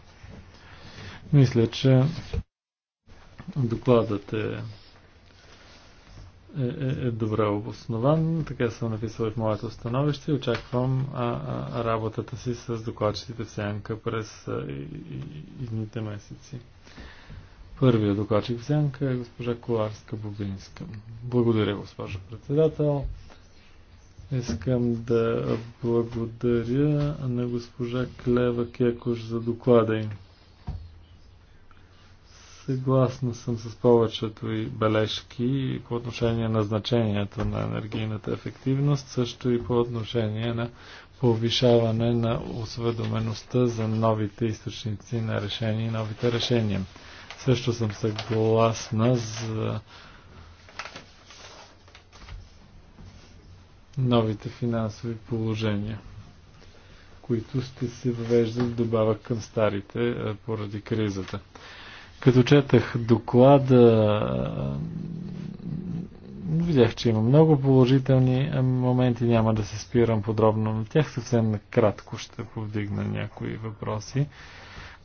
Мисля, че докладът е, е, е, е добре обоснован. Така съм написал и в моето становище и очаквам а, а, работата си с докладчиците в Сянка през а, и, и, идните месеци. Първия докладчик в сянка е госпожа Коларска-Бубинска. Благодаря, госпожа председател. Искам да благодаря на госпожа Клева Кекош за доклада им. Съгласна съм с повечето и бележки по отношение на значението на енергийната ефективност, също и по отношение на повишаване на осведомеността за новите източници на решения и новите решения. Също съм съгласна за новите финансови положения, които ще се въвеждат добавък към старите поради кризата. Като четах доклада, видях, че има много положителни моменти, няма да се спирам подробно на тях, съвсем накратко ще повдигна някои въпроси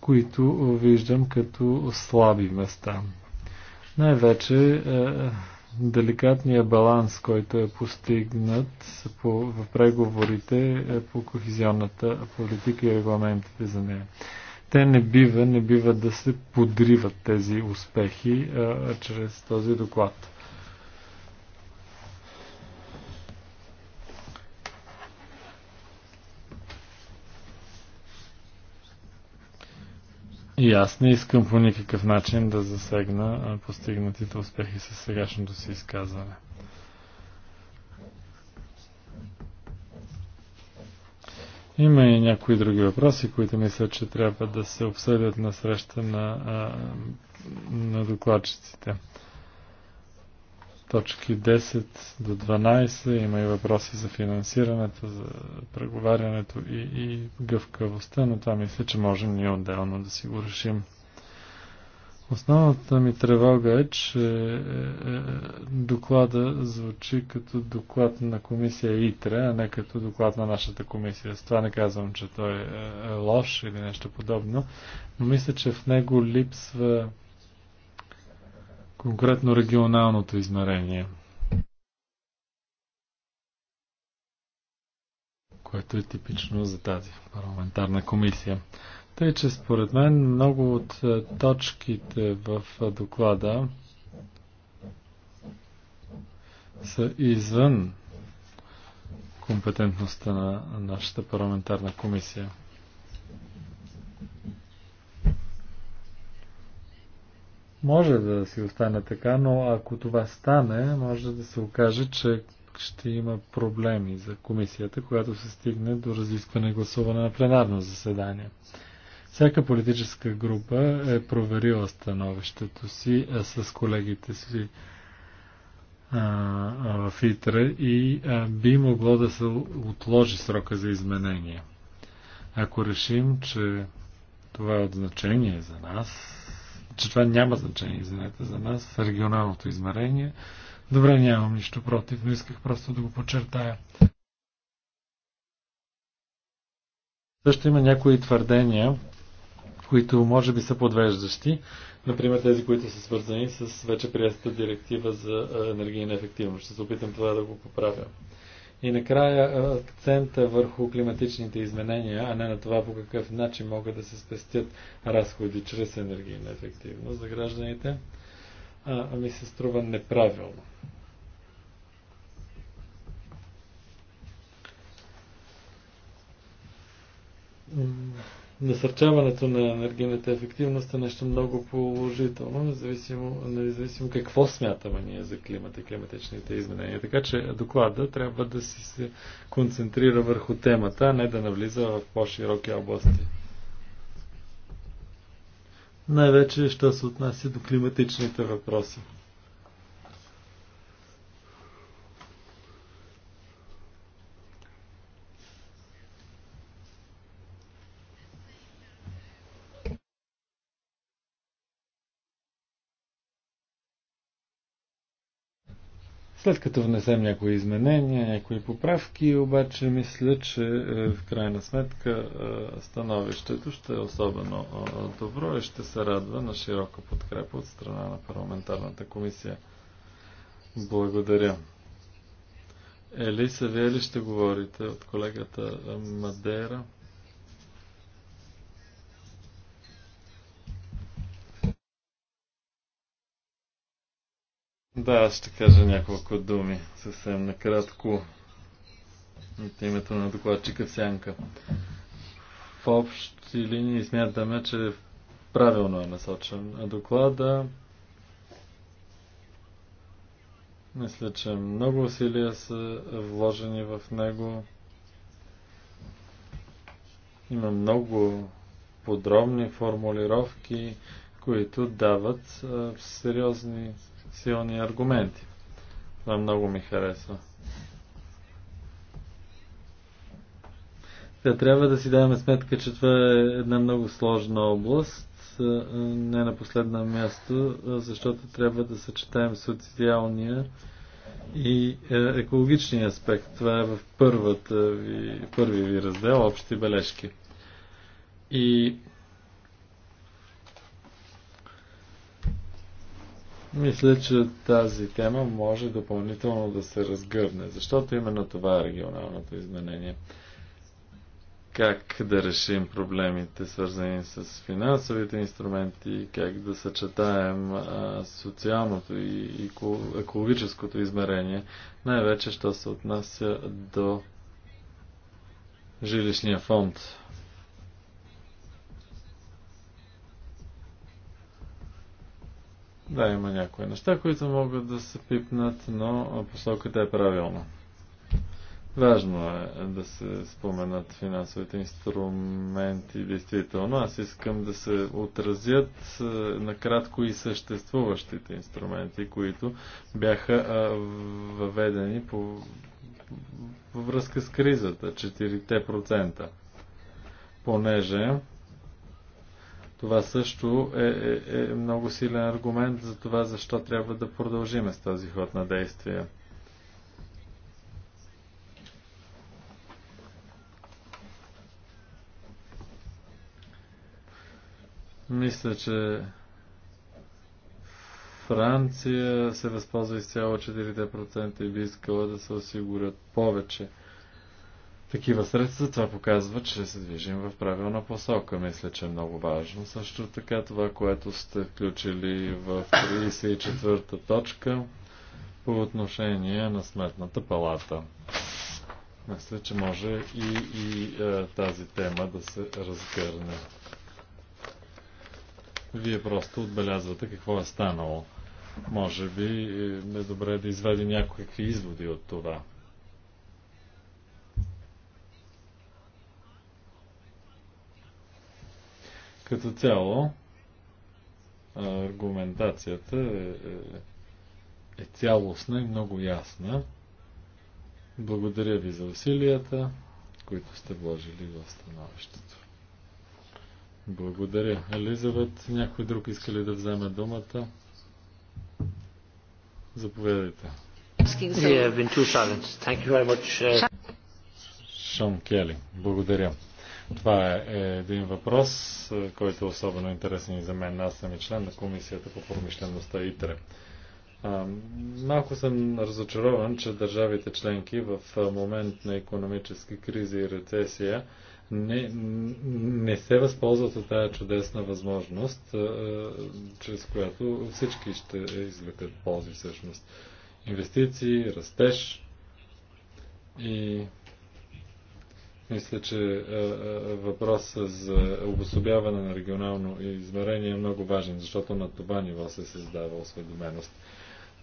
които виждам като слаби места. Най-вече е, деликатният баланс, който е постигнат по, в преговорите е, по кохезионната политика и регламентите за нея. Те не бива, не бива да се подриват тези успехи е, чрез този доклад. И аз не искам по никакъв начин да засегна постигнатите успехи с сегашното си изказване. Има и някои други въпроси, които мисля, че трябва да се обсъдят на среща на, на докладчиците точки 10 до 12 има и въпроси за финансирането, за преговарянето и, и гъвкавостта, но това мисля, че можем ние отделно да си го решим. Основната ми тревога е, че е, е, доклада звучи като доклад на комисия ИТРЕ, а не като доклад на нашата комисия. С това не казвам, че той е, е лош или нещо подобно, но мисля, че в него липсва конкретно регионалното измерение, което е типично за тази парламентарна комисия. Тъй, че според мен много от е, точките в е, доклада са извън компетентността на нашата парламентарна комисия. Може да си остане така, но ако това стане, може да се окаже, че ще има проблеми за комисията, когато се стигне до разискване и гласуване на пленарно заседание. Всяка политическа група е проверила становището си с колегите си в ИТРА и би могло да се отложи срока за изменение. Ако решим, че това е от значение за нас, че това няма значение, извинете, за нас, регионалното измерение. Добре, нямам нищо против, но исках просто да го подчертая. Също има някои твърдения, които може би са подвеждащи. Например, тези, които са свързани с вече приятата директива за енергийна ефективност. Ще се опитам това да го поправя. И накрая акцента върху климатичните изменения, а не на това по какъв начин могат да се спестят разходи чрез енергийна ефективност за гражданите, а, ми се струва неправилно. Mm насърчаването на енергийната ефективност е нещо много положително, независимо, независимо какво смятаме ние за климата и климатичните изменения. Така че доклада трябва да си се концентрира върху темата, а не да навлиза в по-широки области. Най-вече, що се отнася до климатичните въпроси. След като внесем някои изменения, някои поправки, обаче мисля, че е, в крайна сметка е, становището ще е особено е, добро и ще се радва на широка подкрепа от страна на парламентарната комисия. Благодаря. Елиса, вие ли ще говорите от колегата Мадера? Да, аз ще кажа няколко думи, съвсем накратко, от името на докладчика Сянка. В общи линии смятаме, че правилно е насочен доклада. Мисля, че много усилия са вложени в него. Има много подробни формулировки, които дават сериозни силни аргументи. Това много ми харесва. Сега трябва да си даваме сметка, че това е една много сложна област, не на последно място, защото трябва да съчетаем социалния и е, екологичния аспект. Това е в първата ви, първи ви раздел, общи бележки. И Мисля, че тази тема може допълнително да се разгърне, защото именно това е регионалното изменение. Как да решим проблемите, свързани с финансовите инструменти, как да съчетаем а, социалното и екологическото измерение, най-вече, що се отнася до жилищния фонд. Да, има някои неща, които могат да се пипнат, но посоката е правилна. Важно е да се споменат финансовите инструменти, действително. Аз искам да се отразят е, накратко и съществуващите инструменти, които бяха е, въведени по, във връзка с кризата, 4%. Понеже това също е, е, е много силен аргумент за това, защо трябва да продължиме с този ход на действия. Мисля, че Франция се възползва изцяло 4% и би искала да се осигурят повече такива средства, това показва, че се движим в правилна посока. Мисля, че е много важно. Също така това, което сте включили в 34-та точка по отношение на сметната палата. Мисля, че може и, и е, тази тема да се разгърне. Вие просто отбелязвате какво е станало. Може би е, е добре да извади някакви изводи от това. Като цяло, аргументацията е, е, е цялостна и много ясна. Благодаря ви за усилията, които сте вложили в становището. Благодаря. Елизабет, някой друг иска ли да вземе думата? Заповядайте. Uh, Шон Кели, благодаря. Това е един въпрос, който е особено интересен и за мен. Аз съм и член на Комисията по промишлеността ИТРЕ. Малко съм разочарован, че държавите членки в момент на економически кризи и рецесия не, не се възползват от тази чудесна възможност, чрез която всички ще извлекат ползи всъщност. Инвестиции, растеж и мисля, че е, е, въпроса за обособяване на регионално измерение е много важен, защото на това ниво се създава осведоменост.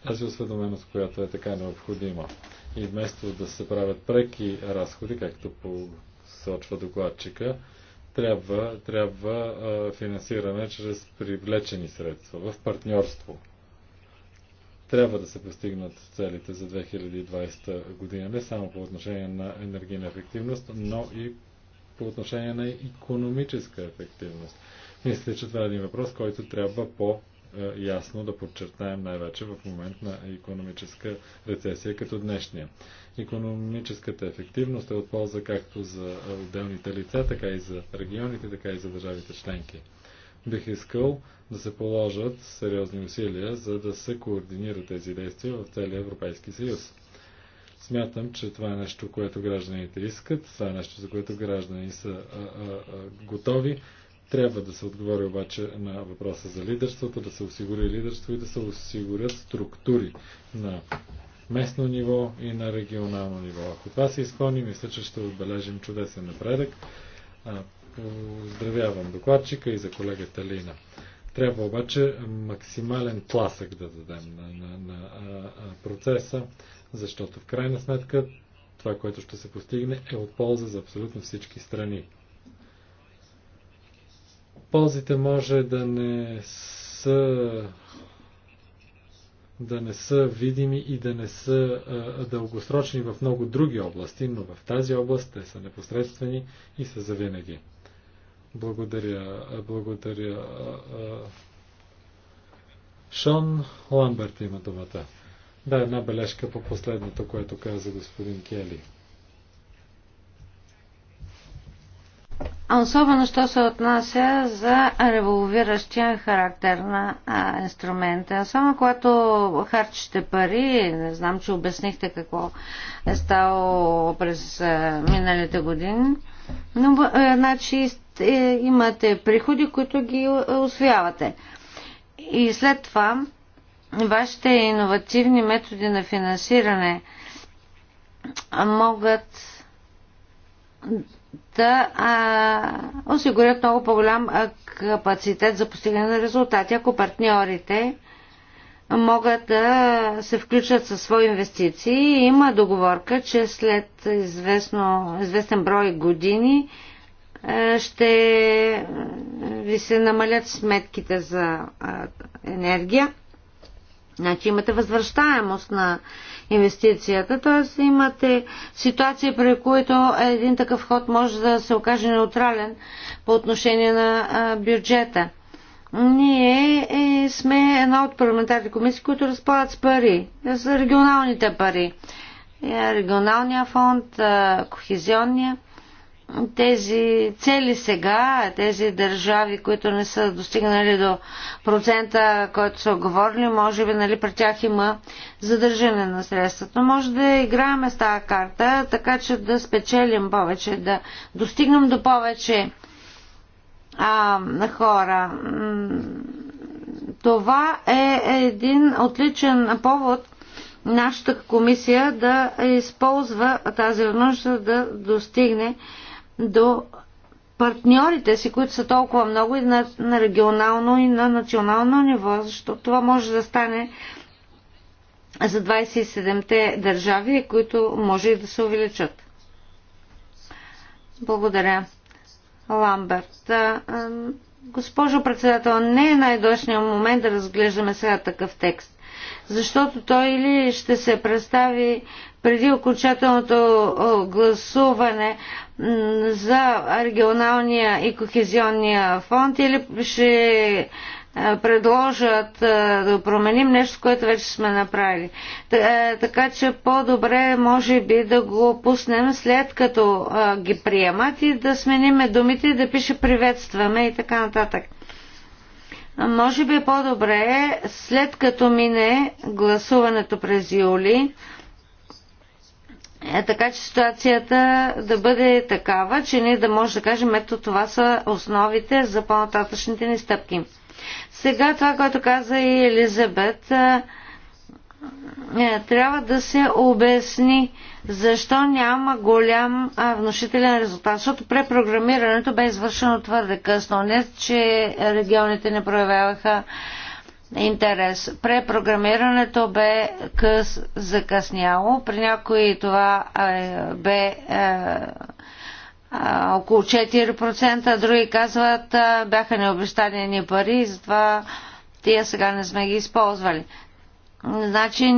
Тази осведоменост, която е така необходима. И вместо да се правят преки разходи, както посочва докладчика, трябва, трябва е, финансиране чрез привлечени средства в партньорство трябва да се постигнат целите за 2020 година, не само по отношение на енергийна ефективност, но и по отношение на економическа ефективност. Мисля, че това е един въпрос, който трябва по ясно да подчертаем най-вече в момент на економическа рецесия като днешния. Економическата ефективност е от полза както за отделните лица, така и за регионите, така и за държавите членки бих искал да се положат сериозни усилия, за да се координират тези действия в целия Европейски съюз. Смятам, че това е нещо, което гражданите искат, това е нещо, за което граждани са а, а, а, готови. Трябва да се отговори обаче на въпроса за лидерството, да се осигури лидерство и да се осигурят структури на местно ниво и на регионално ниво. Ако това се изпълни, мисля, че ще отбележим чудесен напредък. Поздравявам докладчика и за колегата Лина. Трябва обаче максимален тласък да дадем на, на, на а, процеса, защото в крайна сметка това, което ще се постигне, е от полза за абсолютно всички страни. Ползите може да не са да не са видими и да не са а, дългосрочни в много други области, но в тази област те са непосредствени и са завинаги. Благодаря. Благодаря. Шон Ламберт има думата. Да, една бележка по последното, което каза господин Кели. А особено, що се отнася за револвиращия характер на а, инструмента. Само когато харчите пари, не знам, че обяснихте какво е стало през а, миналите години, но а, е, значи е, имате приходи, които ги е, освоявате. И след това вашите иновативни методи на финансиране могат да а, осигурят много по-голям капацитет за постигане на резултати, ако партньорите могат да се включат със свои инвестиции. Има договорка, че след известно, известен брой години е, ще е, ви се намалят сметките за е, енергия. Значи имате възвръщаемост на инвестицията, т.е. имате ситуации, при които един такъв ход може да се окаже неутрален по отношение на бюджета. Ние сме една от парламентарните комисии, които разполагат с пари, с регионалните пари. Регионалния фонд, кохезионния тези цели сега, тези държави, които не са достигнали до процента, който са оговорили, може би нали, при тях има задържане на средствата. Може да играем с тази карта, така че да спечелим повече, да достигнем до повече а, хора. Това е един отличен повод нашата комисия да използва тази възможност да достигне до партньорите си, които са толкова много и на, на регионално и на национално ниво, защото това може да стане за 27-те държави, които може и да се увеличат. Благодаря. Ламберт. Госпожо председател, не е най-дошният момент да разглеждаме сега такъв текст, защото той или ще се представи преди окончателното гласуване за регионалния и кохезионния фонд или ще е, предложат е, да променим нещо, което вече сме направили. Е, така че по-добре може би да го пуснем след като ги приемат и да смениме думите и да пише приветстваме и така нататък. Може би е по-добре след като мине гласуването през юли, е, така че ситуацията да бъде такава, че ние да може да кажем, ето това са основите за по-нататъчните ни стъпки. Сега това, което каза и Елизабет, е, е, трябва да се обясни защо няма голям внушителен резултат, защото препрограмирането бе извършено твърде късно. Не, че регионите не проявяваха интерес. Препрограмирането бе къс, закъсняло. При някои това е, бе е, около 4%, а други казват бяха необещани ни пари и затова тия сега не сме ги използвали. Значи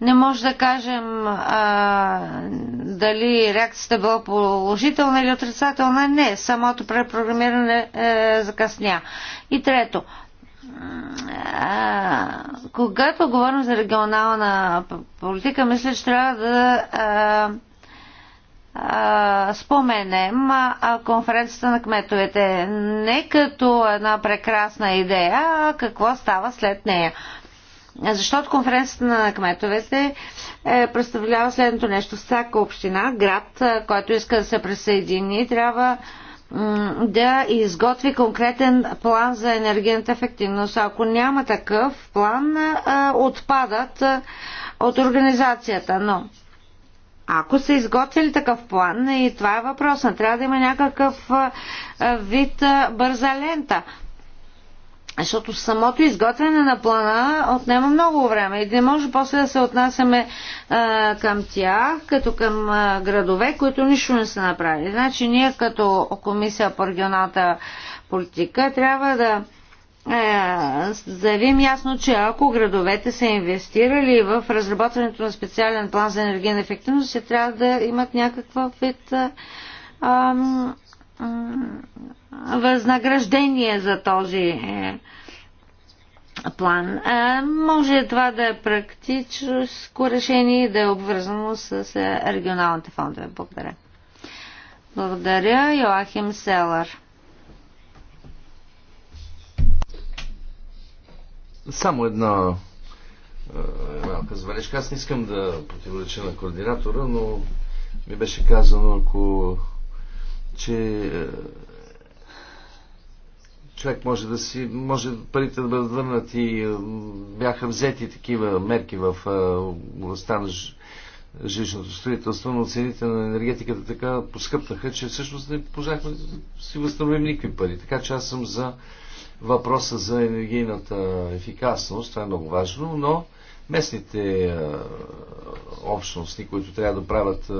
не може да кажем а, дали реакцията е била положителна или отрицателна. Не, самото препрограмиране е, закъсня. И трето, когато говорим за регионална политика, мисля, че трябва да споменем конференцията на кметовете не като една прекрасна идея, а какво става след нея. Защото конференцията на кметовете е, представлява следното нещо. Всяка община, град, който иска да се присъедини, трябва да изготви конкретен план за енергийната ефективност. Ако няма такъв план, отпадат от организацията. Но ако са изготвили такъв план, и това е въпрос, трябва да има някакъв вид бърза лента. Защото самото изготвяне на плана отнема много време и не може после да се отнасяме а, към тях, като към а, градове, които нищо не са направили. Значи ние като комисия по регионалната политика трябва да а, заявим ясно, че ако градовете са инвестирали в разработването на специален план за енергийна ефективност, ще трябва да имат някаква вид а, а, възнаграждение за този е, план. може това да е практическо решение и да е обвързано с е, регионалните фондове. Благодаря. Благодаря, Йоахим Селър. Само една е, малка звалечка. Аз не искам да противореча на координатора, но ми беше казано, ако че е, човек може да си, може парите да бъдат върнати. Е, бяха взети такива мерки в е, областта на жилищното строителство, но цените на енергетиката така поскъпнаха, че всъщност не пожахме да си възстановим никакви пари. Така че аз съм за въпроса за енергийната ефикасност, това е много важно, но местните общности, които трябва да правят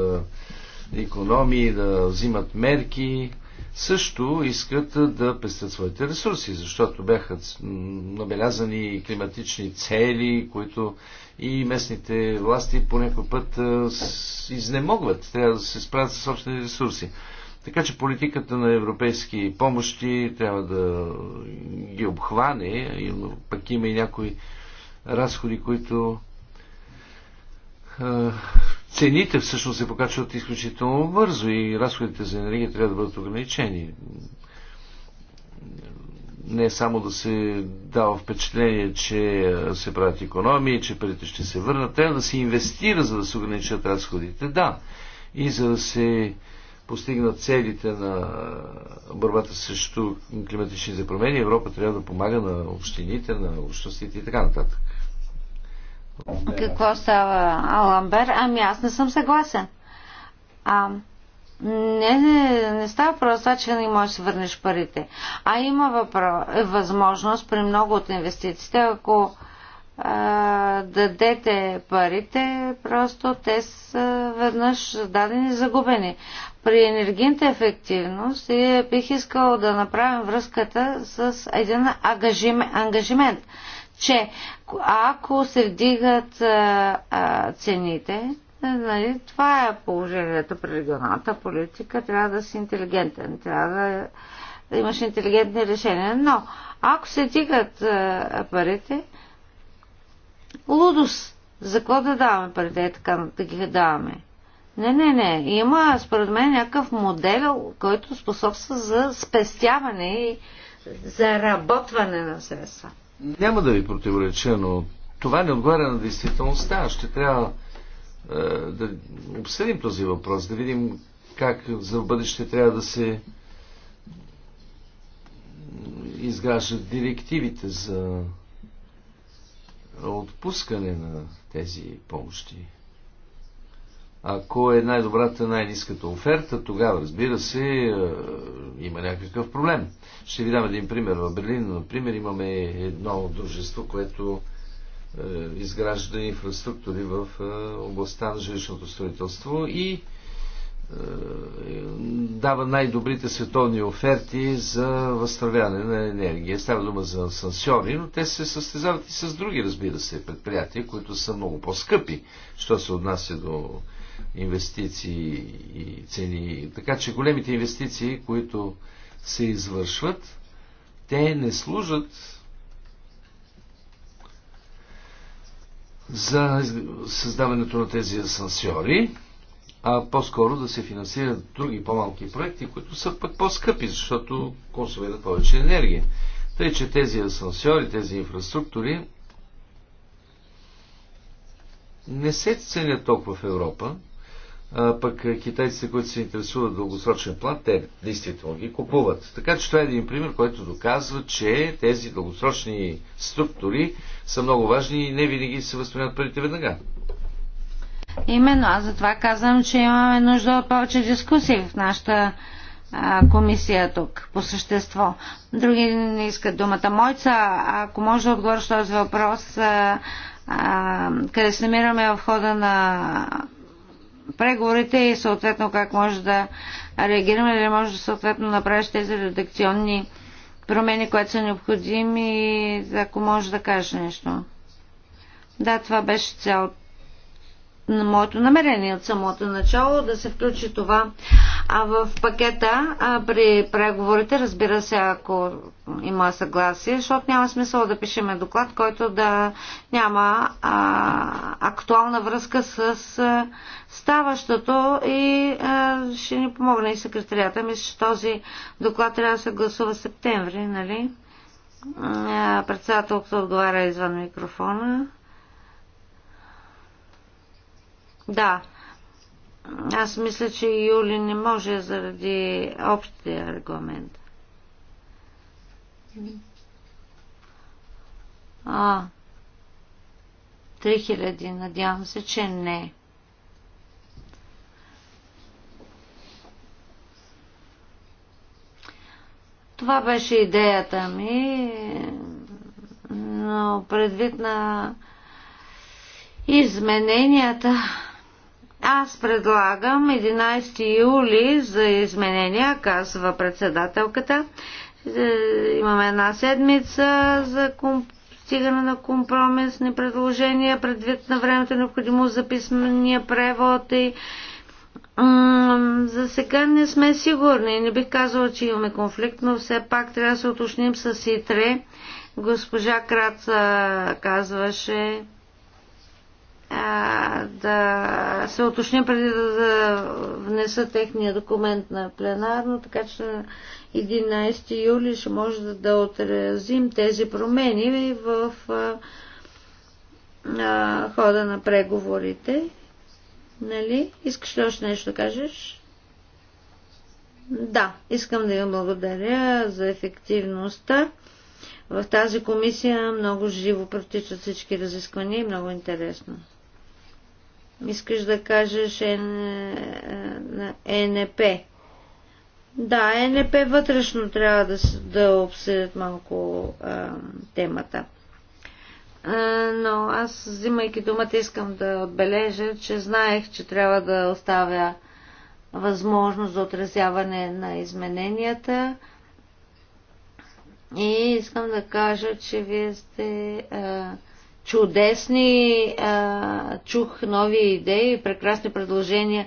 економии, да взимат мерки, също искат да пестят своите ресурси, защото бяха набелязани климатични цели, които и местните власти по някой път изнемогват. Трябва да се справят с собствени ресурси. Така че политиката на европейски помощи трябва да ги обхване, пък има и някои разходи, които цените всъщност се покачват изключително бързо и разходите за енергия трябва да бъдат ограничени. Не само да се дава впечатление, че се правят економии, че парите ще се върнат, трябва да се инвестира, за да се ограничат разходите, да. И за да се постигнат целите на борбата срещу климатичните промени, Европа трябва да помага на общините, на общностите и така нататък. Какво става, Аламбер? Ами аз не съм съгласен. А, не, не, не става просто, това, че не можеш да си върнеш парите. А има въпро... възможност при много от инвестициите, ако а, дадете парите, просто те са веднъж дадени загубени. При енергийната ефективност бих искал да направим връзката с един ангажимент че ако се вдигат а, а, цените, нали, това е положението при регионалната политика, трябва да си интелигентен, трябва да, да имаш интелигентни решения. Но ако се вдигат а, парите, лудост, за какво да даваме парите, е така да ги даваме? Не, не, не. Има, според мен, някакъв модел, който способства за спестяване и заработване на средства. Няма да ви противореча, но това не отговаря на действителността. Ще трябва е, да обсъдим този въпрос, да видим как за бъдеще трябва да се изграждат директивите за отпускане на тези помощи. Ако е най-добрата, най-низката оферта, тогава, разбира се, е, има някакъв проблем. Ще ви дам един пример. В Берлин, например, имаме едно дружество, което е, изгражда инфраструктури в е, областта на жилищното строителство и дава най-добрите световни оферти за възстановяване на енергия. Става дума за сансьори, но те се състезават и с други, разбира се, предприятия, които са много по-скъпи, що се отнася до инвестиции и цени. Така че големите инвестиции, които се извършват, те не служат за създаването на тези асансьори, а по-скоро да се финансират други по-малки проекти, които са пък по-скъпи, защото консумират повече енергия. Тъй, че тези асансьори, тези инфраструктури не се ценят толкова в Европа, а, пък китайците, които се интересуват дългосрочен план, те действително ги купуват. Така че това е един пример, който доказва, че тези дългосрочни структури са много важни и не винаги се възстановят парите веднага. Именно, аз затова казвам, че имаме нужда от повече дискусии в нашата комисия тук, по същество. Други не искат думата. Мойца, ако може да отговориш този въпрос, а, къде се намираме в хода на преговорите и съответно как може да реагираме или може да съответно направиш тези редакционни промени, които са необходими, ако може да кажеш нещо. Да, това беше цялото моето намерение от самото начало да се включи това а в пакета а при преговорите, разбира се, ако има съгласие, защото няма смисъл да пишеме доклад, който да няма а, актуална връзка с а, ставащото и а, ще ни помогне и секретарията. Мисля, че този доклад трябва да се гласува в септември, нали? Председателката отговаря извън микрофона. Да. Аз мисля, че юли не може заради общия регламент. А, хиляди, надявам се, че не. Това беше идеята ми, но предвид на измененията, аз предлагам 11 юли за изменения, казва председателката. Е, имаме една седмица за стигане на компромисни предложения, предвид на времето необходимо за писмения превод и за сега не сме сигурни. Не бих казала, че имаме конфликт, но все пак трябва да се уточним с ИТРЕ. Госпожа Краца казваше, да се уточня преди да внеса техния документ на пленарно, така че на 11 юли ще може да, да отразим тези промени в а, а, хода на преговорите. Нали? Искаш ли още нещо да кажеш? Да, искам да ви благодаря за ефективността. В тази комисия много живо протичат всички разисквания и много интересно. Искаш да кажеш ЕНП. Да, ЕНП вътрешно трябва да, да обсъдят малко а, темата. А, но аз, взимайки думата, искам да отбележа, че знаех, че трябва да оставя възможност за отразяване на измененията. И искам да кажа, че вие сте а, чудесни, а, чух нови идеи, прекрасни предложения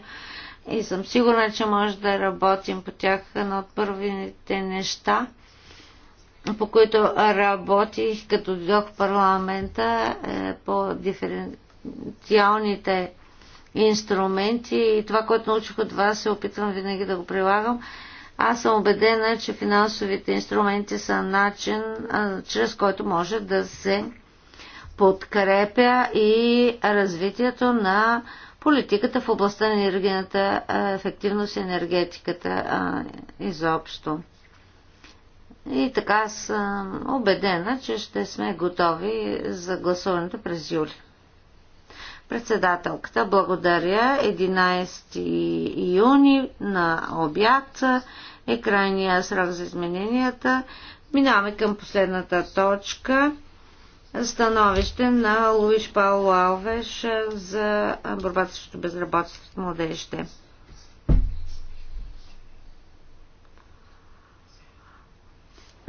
и съм сигурна, че може да работим по тях на от първите неща, по които работих като дойдох в парламента е, по диференциалните инструменти и това, което научих от вас, се опитвам винаги да го прилагам. Аз съм убедена, че финансовите инструменти са начин, а, чрез който може да се подкрепя и развитието на политиката в областта на енергийната ефективност и енергетиката изобщо. И така съм убедена, че ще сме готови за гласуването през юли. Председателката благодаря 11 юни на обяд е крайния срок за измененията. Минаваме към последната точка становище на Луиш Пауло Алвеш за борбата срещу безработицата в младежите.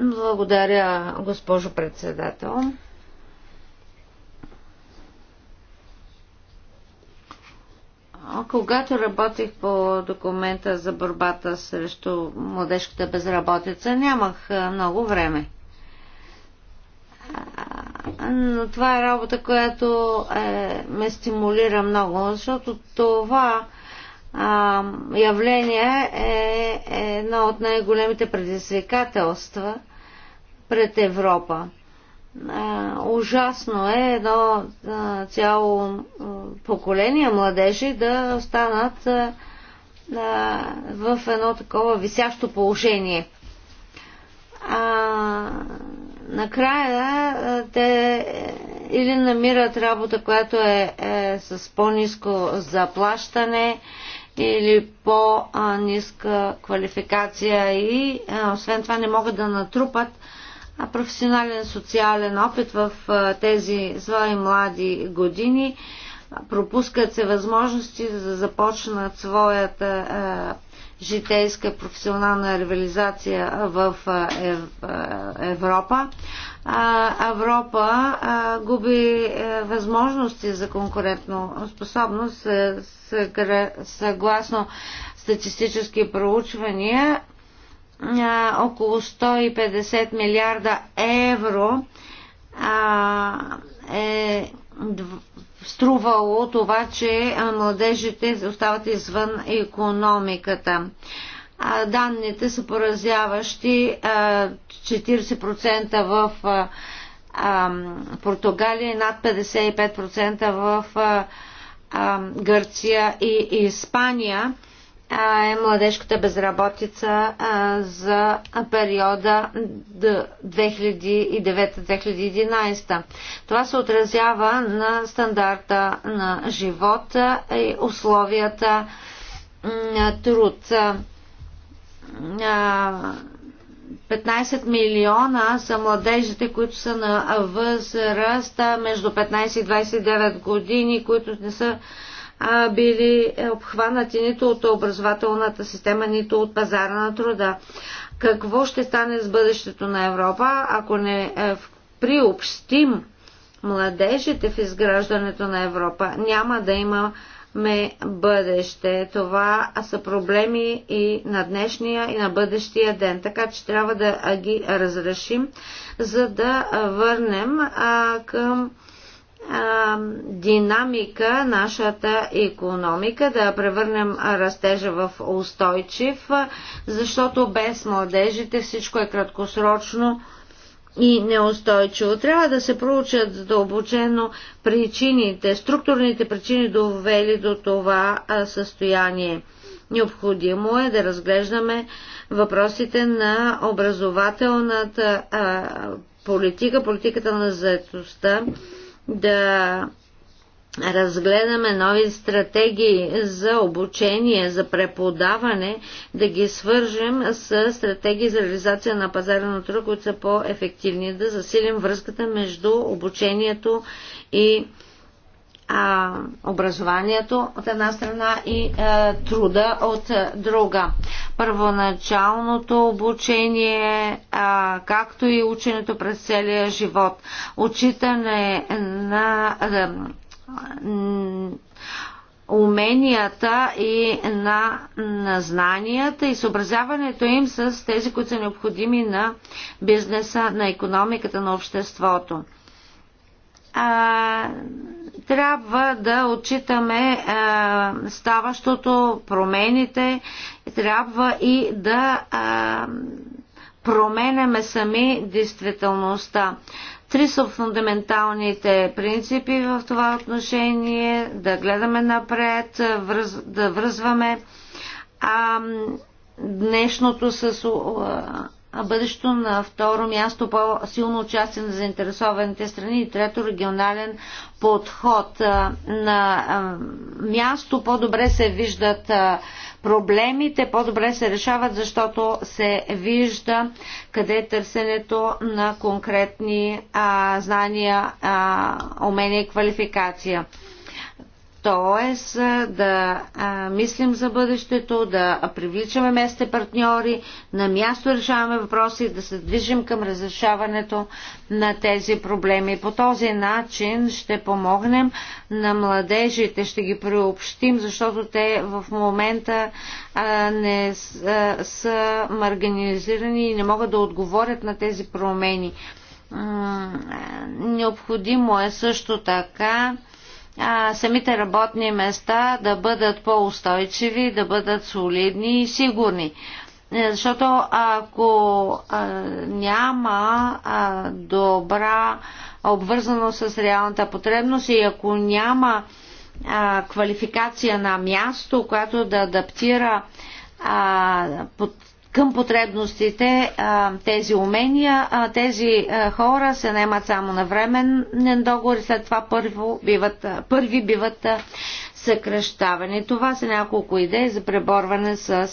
Благодаря, госпожо председател. Когато работих по документа за борбата срещу младежката безработица, нямах много време но това е работа, която е, ме стимулира много, защото това а, явление е, е едно от най-големите предизвикателства пред Европа. А, ужасно е едно а, цяло поколение младежи да останат а, в едно такова висящо положение. А, накрая те е, или намират работа, която е, е с по-низко заплащане или по-ниска квалификация и е, освен това не могат да натрупат професионален социален опит в е, тези свои млади години. Пропускат се възможности да започнат своята е, житейска професионална реализация в Европа. Европа губи е, възможности за конкурентно способност е, съгласно статистически проучвания. Около 150 милиарда евро е струвало това, че младежите остават извън економиката. Данните са поразяващи 40% в Португалия и над 55% в Гърция и Испания е младежката безработица за периода 2009-2011. Това се отразява на стандарта на живота и условията на труд. 15 милиона са младежите, които са на възраст между 15 и 29 години, които не са а, били е, обхванати нито от образователната система, нито от пазара на труда. Какво ще стане с бъдещето на Европа, ако не е, приобщим младежите в изграждането на Европа? Няма да имаме бъдеще. Това са проблеми и на днешния, и на бъдещия ден. Така че трябва да ги разрешим, за да върнем а, към а, динамика нашата економика, да превърнем растежа в устойчив, защото без младежите всичко е краткосрочно и неустойчиво. Трябва да се проучат задълбочено причините, структурните причини довели до това състояние. Необходимо е да разглеждаме въпросите на образователната политика, политиката на заедността да разгледаме нови стратегии за обучение, за преподаване, да ги свържем с стратегии за реализация на пазара на труд, които са по-ефективни, да засилим връзката между обучението и а, образованието от една страна и а, труда от друга. Първоначалното обучение, а, както и ученето през целия живот, отчитане на а, уменията и на, на знанията и съобразяването им с тези, които са необходими на бизнеса, на економиката, на обществото. А, трябва да отчитаме а, е, ставащото, промените, трябва и да а, е, променяме сами действителността. Три са фундаменталните принципи в това отношение, да гледаме напред, връз, да връзваме а, днешното с а, бъдещето на второ място по-силно участие на заинтересованите страни и трето регионален подход. На място по-добре се виждат проблемите, по-добре се решават, защото се вижда къде е търсенето на конкретни знания, умения и квалификация. Тоест да а, мислим за бъдещето, да привличаме местни партньори, на място решаваме въпроси да се движим към разрешаването на тези проблеми. По този начин ще помогнем на младежите, ще ги приобщим, защото те в момента а, не а, са марганизирани и не могат да отговорят на тези промени. Необходимо е също така а, самите работни места да бъдат по-устойчиви, да бъдат солидни и сигурни. Е, защото ако а, няма а, добра обвързано с реалната потребност и ако няма а, квалификация на място, която да адаптира а, под към потребностите тези умения. Тези хора се наемат само на временен договор и след това първо биват, първи биват съкръщавани. Това са няколко идеи за преборване с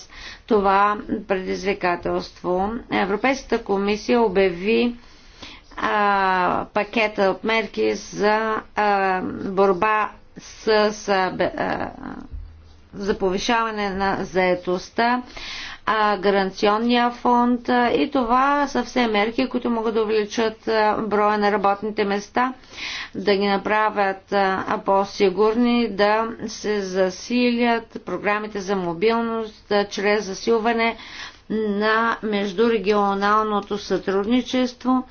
това предизвикателство. Европейската комисия обяви а, пакета от мерки за а, борба с а, за повишаване на заетостта гаранционния фонд и това са все мерки, които могат да увеличат броя на работните места, да ги направят по-сигурни, да се засилят програмите за мобилност чрез засилване на междурегионалното сътрудничество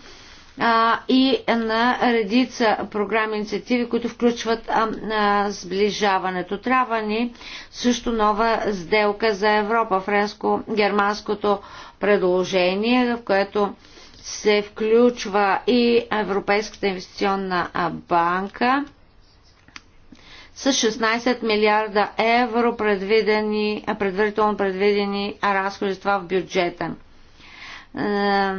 а, и на редица програми и инициативи, които включват а, а, сближаването. Трябва ни също нова сделка за Европа, френско-германското предложение, в което се включва и Европейската инвестиционна банка с 16 милиарда евро предвидени, предварително предвидени разходи това в бюджета. Е,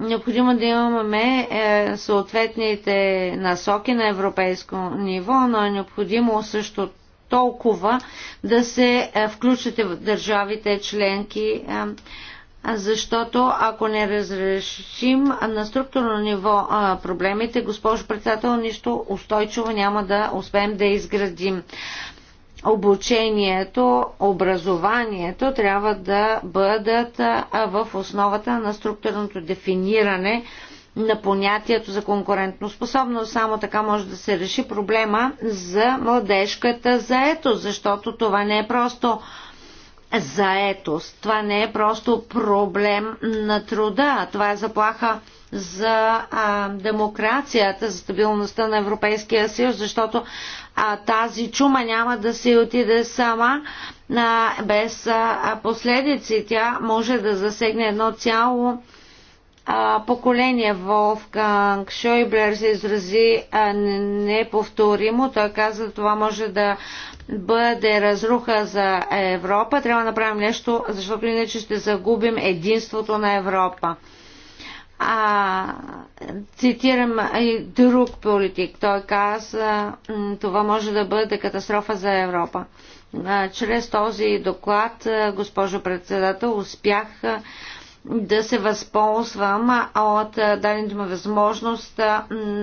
необходимо да имаме е, съответните насоки на европейско ниво, но е необходимо също толкова да се е, включат в държавите членки, защото ако не разрешим на структурно ниво проблемите, госпожо председател, нищо устойчиво няма да успеем да изградим обучението, образованието трябва да бъдат в основата на структурното дефиниране на понятието за конкурентно способност. Само така може да се реши проблема за младежката заетост, защото това не е просто заетост. Това не е просто проблем на труда. Това е заплаха за а, демокрацията, за стабилността на Европейския съюз, защото а, тази чума няма да си отиде сама а, без а, последици. Тя може да засегне едно цяло а, поколение. Волфганг Шойблер се изрази а, неповторимо. Той каза, това може да бъде разруха за Европа. Трябва да направим нещо, защото иначе ще загубим единството на Европа. А, цитирам и друг политик. Той каза, това може да бъде катастрофа за Европа. А, чрез този доклад, госпожо председател, успях да се възползвам от дадената ми възможност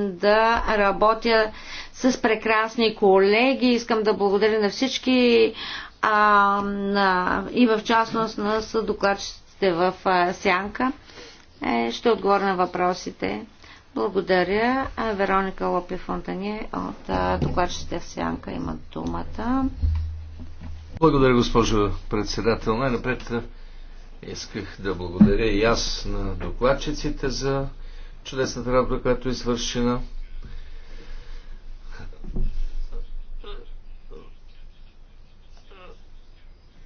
да работя с прекрасни колеги. Искам да благодаря на всички а, на, и в частност на съдокладчиците в Сянка е, ще отговоря на въпросите. Благодаря. Вероника Лопи Фонтани е от докладчите в Сянка има думата. Благодаря, госпожо председател. Най-напред исках да благодаря и аз на докладчиците за чудесната работа, която е извършена.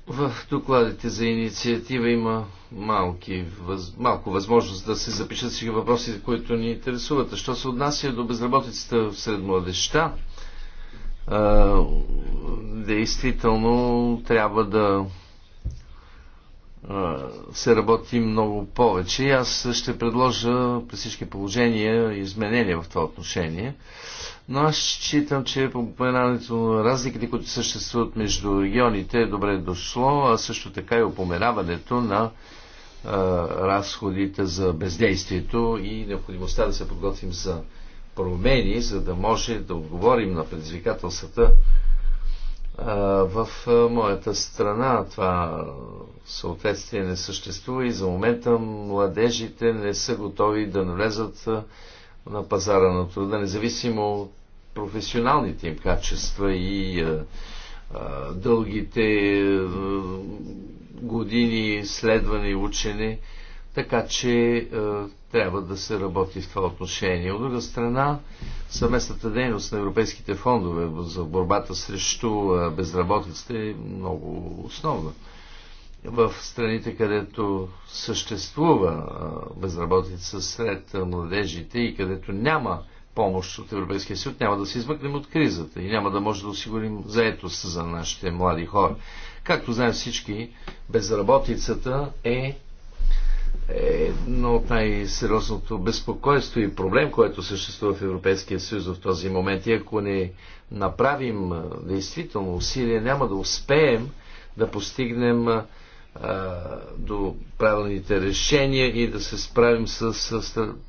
В докладите за инициатива има малки, въз, малко възможност да се запишат всички въпроси, които ни интересуват. А що се отнася до безработицата сред младеща, действително трябва да се работи много повече. И аз ще предложа при всички положения изменения в това отношение. Но аз считам, че упоменаването на разликите, които съществуват между регионите е добре дошло, а също така и упоменаването на а, разходите за бездействието и необходимостта да се подготвим за промени, за да може да отговорим на предизвикателствата, в моята страна това съответствие не съществува и за момента младежите не са готови да навлезат на пазара на труда, независимо от професионалните им качества и дългите години следване и учене. Така че е, трябва да се работи в това отношение. От друга страна, съвместната дейност на европейските фондове за борбата срещу е, безработицата е много основна. В страните, където съществува е, безработица сред е, младежите и където няма помощ от Европейския съюз, няма да се измъкнем от кризата и няма да може да осигурим заетост за нашите млади хора. Както знаем всички, безработицата е е едно от най-сериозното безпокойство и проблем, което съществува в Европейския съюз в този момент. И ако не направим действително усилия, няма да успеем да постигнем до правилните решения и да се справим с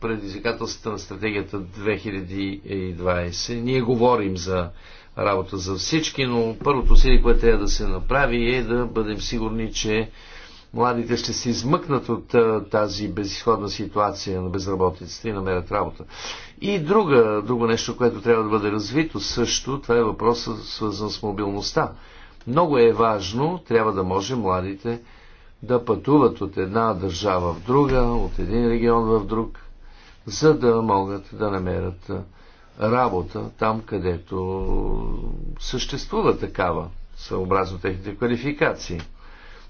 предизвикателствата на стратегията 2020. Ние говорим за работа за всички, но първото усилие, което трябва да се направи е да бъдем сигурни, че младите ще се измъкнат от тази безисходна ситуация на безработицата и намерят работа. И друга, друго нещо, което трябва да бъде развито също, това е въпросът свързан с мобилността. Много е важно, трябва да може младите да пътуват от една държава в друга, от един регион в друг, за да могат да намерят работа там, където съществува такава, съобразно техните квалификации.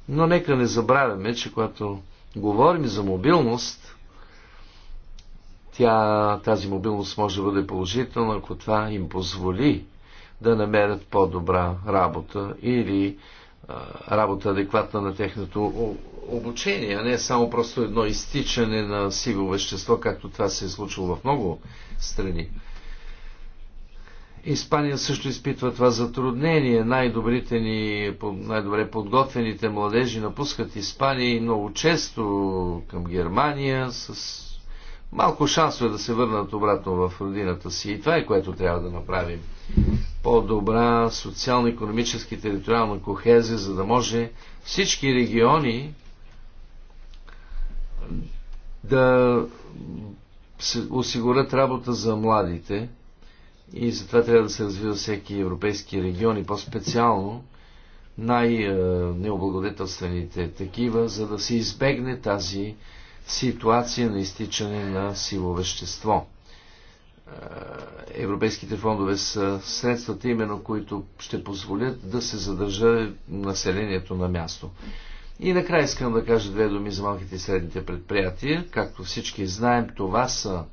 Но нека не забравяме, че когато говорим за мобилност, тя, тази мобилност може да бъде положителна, ако това им позволи да намерят по-добра работа или а, работа адекватна на техното обучение, а не само просто едно изтичане на сиво вещество, както това се е случило в много страни. Испания също изпитва това затруднение. Най-добрите ни, най-добре подготвените младежи напускат Испания и много често към Германия с малко шансове да се върнат обратно в родината си. И това е което трябва да направим. По-добра социално економически и териториална кохезия, за да може всички региони да се осигурят работа за младите – и затова трябва да се развива всеки европейски регион и по-специално най-необлагодетелствените такива, за да се избегне тази ситуация на изтичане на силово вещество. Е, европейските фондове са средствата именно, които ще позволят да се задържа населението на място. И накрая искам да кажа две думи за малките и средните предприятия. Както всички знаем, това са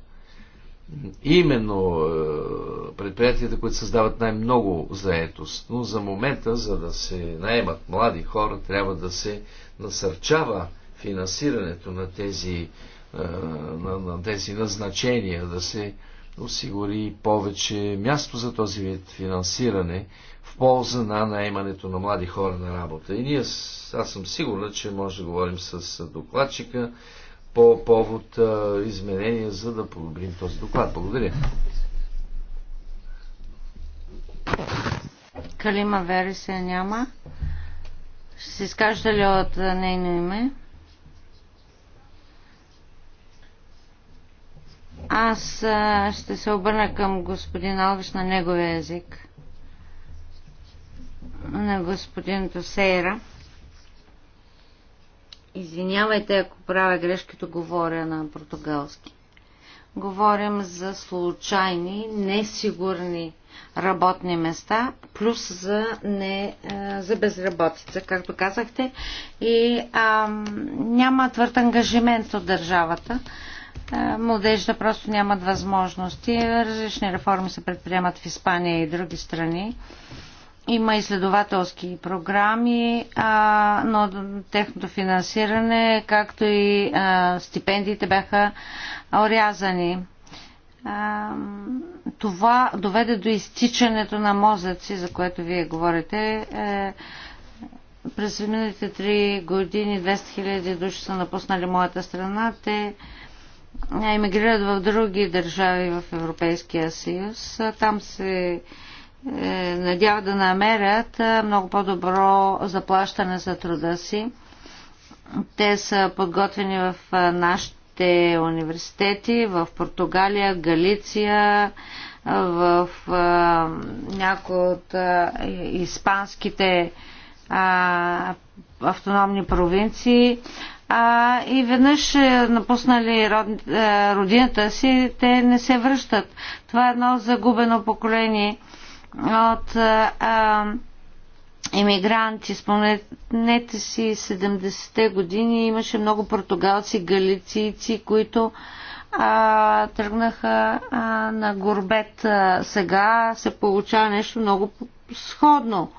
именно е, предприятията, които създават най-много заетост. Но за момента, за да се наемат млади хора, трябва да се насърчава финансирането на тези, е, на, на тези назначения, да се осигури повече място за този вид финансиране в полза на наемането на млади хора на работа. И ние, аз съм сигурна, че може да говорим с докладчика, по повод а, изменения, за да подобрим този доклад. Благодаря. Калима Вери се няма. Ще се изкажете ли от нейно име? Аз а, ще се обърна към господин Алвиш на неговия език, на господин Тосейра. Извинявайте, ако правя грешки, като говоря на португалски. Говорим за случайни, несигурни работни места, плюс за, не, за безработица, както казахте. И а, няма твърд ангажимент от държавата. А, младежите просто нямат възможности. Различни реформи се предприемат в Испания и други страни. А, има изследователски програми, а, но техното финансиране, както и а, стипендиите бяха орязани. А, това доведе до изтичането на мозъци, за което вие говорите. Е, през миналите три години 200 000 души са напуснали моята страна. Те емигрират в други държави в Европейския съюз. Там се Си е, надяват да намерят е, много по-добро заплащане за труда си. Те са подготвени в е, нашите университети в Португалия, Галиция, в някои от испанските автономни провинции. А, и веднъж напуснали род, родината си, те не се връщат. Това е едно загубено поколение от а, емигранти. Спомнете си 70-те години имаше много португалци, галицийци, които а, тръгнаха а, на горбет. А, сега се получава нещо много сходно.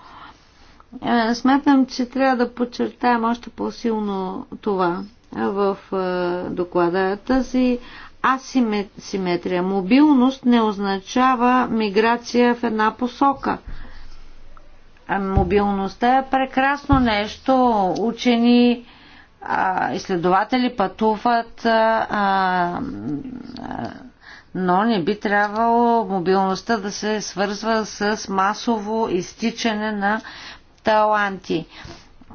смятам, че трябва да подчертаем още по-силно това в а, доклада. Тази асиметрия. Мобилност не означава миграция в една посока. Мобилността е прекрасно нещо. Учени, изследователи пътуват, но не би трябвало мобилността да се свързва с масово изтичане на таланти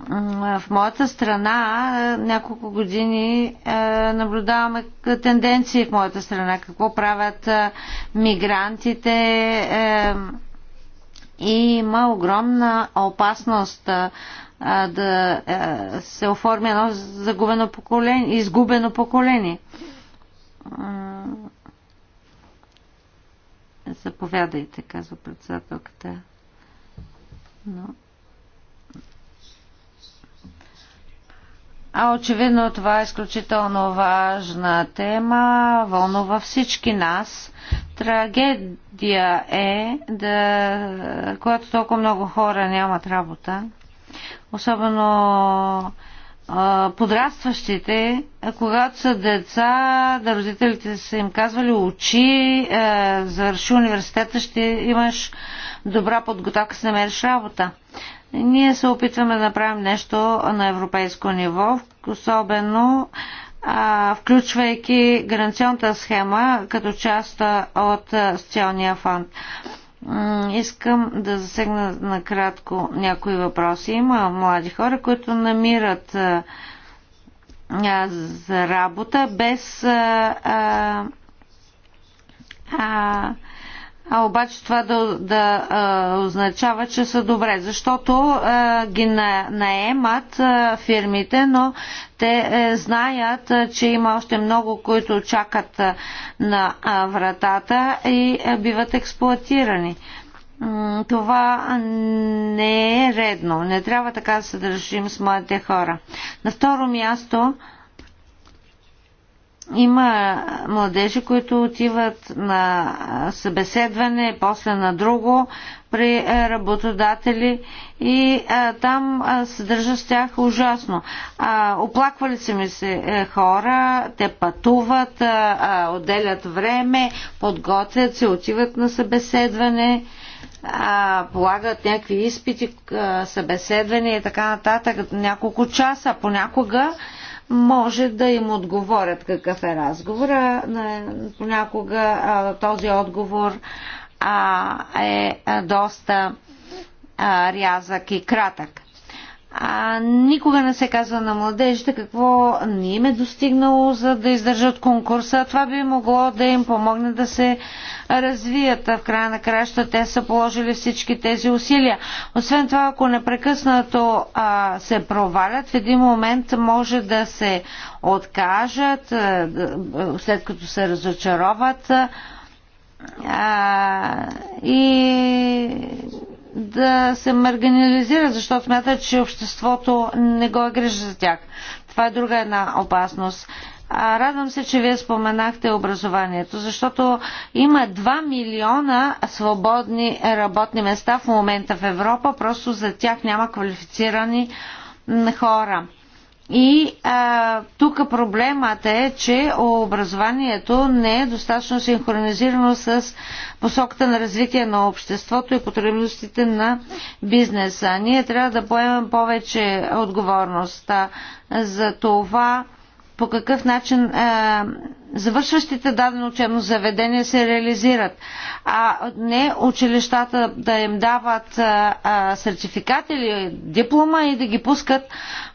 в моята страна е, няколко години е, наблюдаваме тенденции в моята страна. Какво правят е, мигрантите? И има огромна опасност да се оформи едно загубено поколение, изгубено поколение. Заповядайте, казва председателката. Но... No. А очевидно това е изключително важна тема, вълнува всички нас. Трагедия е, да, когато толкова много хора нямат работа, особено а, подрастващите, когато са деца, да родителите са им казвали учи, завърши университета, ще имаш добра подготовка, се намериш работа. Ние се опитваме да направим нещо на европейско ниво, особено а, включвайки гаранционната схема като част от социалния фонд. Искам да засегна накратко някои въпроси. Има млади хора, които намират а, за работа без а, а, а обаче това да, да а, означава, че са добре, защото а, ги на, наемат а, фирмите, но те е, знаят, а, че има още много, които чакат а, на а, вратата и а, биват експлуатирани. Това не е редно. Не трябва така да се държим с младите хора. На второ място, има младежи, които отиват на събеседване, после на друго при е, работодатели и а, е, там а, е, се държа с тях ужасно. А, оплаквали се ми се е, хора, те пътуват, а, а, отделят време, подготвят се, отиват на събеседване, а, полагат някакви изпити, а, събеседвания и така нататък, няколко часа понякога може да им отговорят какъв е разговора. Понякога този отговор е доста рязък и кратък. А, никога не се казва на младежите какво не им е достигнало, за да издържат конкурса. Това би могло да им помогне да се развият. В края на краща те са положили всички тези усилия. Освен това, ако непрекъснато а, се провалят, в един момент може да се откажат, а, след като се разочароват. А, и да се маргинализират, защото смятат, че обществото не го е грижа за тях. Това е друга една опасност. А, радвам се, че вие споменахте образованието, защото има 2 милиона свободни работни места в момента в Европа, просто за тях няма квалифицирани хора. И а, тук проблемът е, че образованието не е достатъчно синхронизирано с посоката на развитие на обществото и потребностите на бизнеса. Ние трябва да поемем повече отговорност за това по какъв начин а, завършващите дадено учебно заведение се реализират. А не училищата да им дават а, а, сертификат или диплома и да ги пускат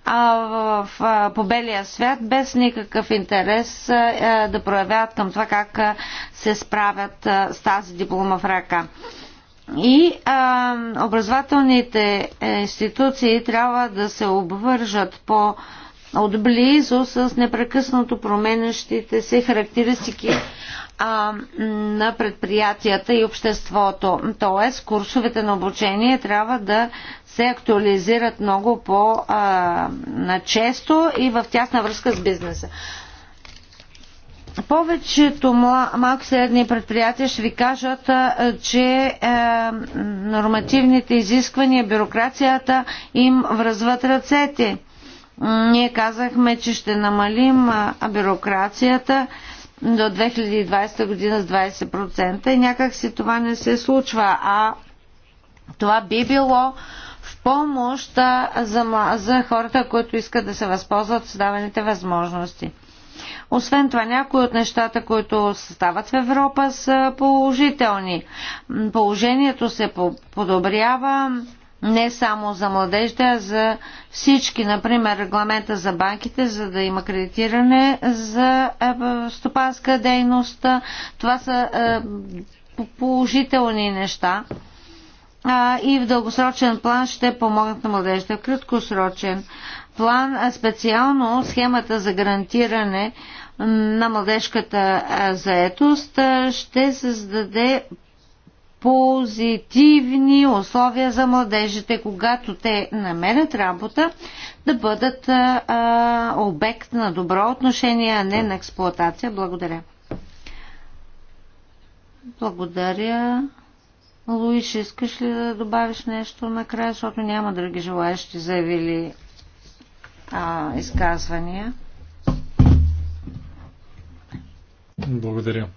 а, в, а, по белия свят без никакъв интерес а, да проявяват към това как а, се справят а, с тази диплома в ръка. И а, образователните институции трябва да се обвържат по отблизо с непрекъснато променящите се характеристики а, на предприятията и обществото. Тоест, курсовете на обучение трябва да се актуализират много по-често и в тясна връзка с бизнеса. Повечето малки средни предприятия ще ви кажат, че нормативните изисквания, бюрокрацията им връзват ръцете ние казахме, че ще намалим бюрокрацията до 2020 година с 20% и някак си това не се случва, а това би било в помощ за, за хората, които искат да се възползват от даваните възможности. Освен това, някои от нещата, които стават в Европа, са положителни. Положението се подобрява, не само за младежите, а за всички, например, регламента за банките, за да има кредитиране за е, стопанска дейност. Това са е, положителни неща и в дългосрочен план ще помогнат на младежите. В краткосрочен план специално схемата за гарантиране на младежката заетост ще създаде позитивни условия за младежите, когато те намерят работа, да бъдат а, обект на добро отношение, а не на експлоатация. Благодаря. Благодаря. Луиш, искаш ли да добавиш нещо накрая, защото няма други желаящи заявили а, изказвания? Благодаря.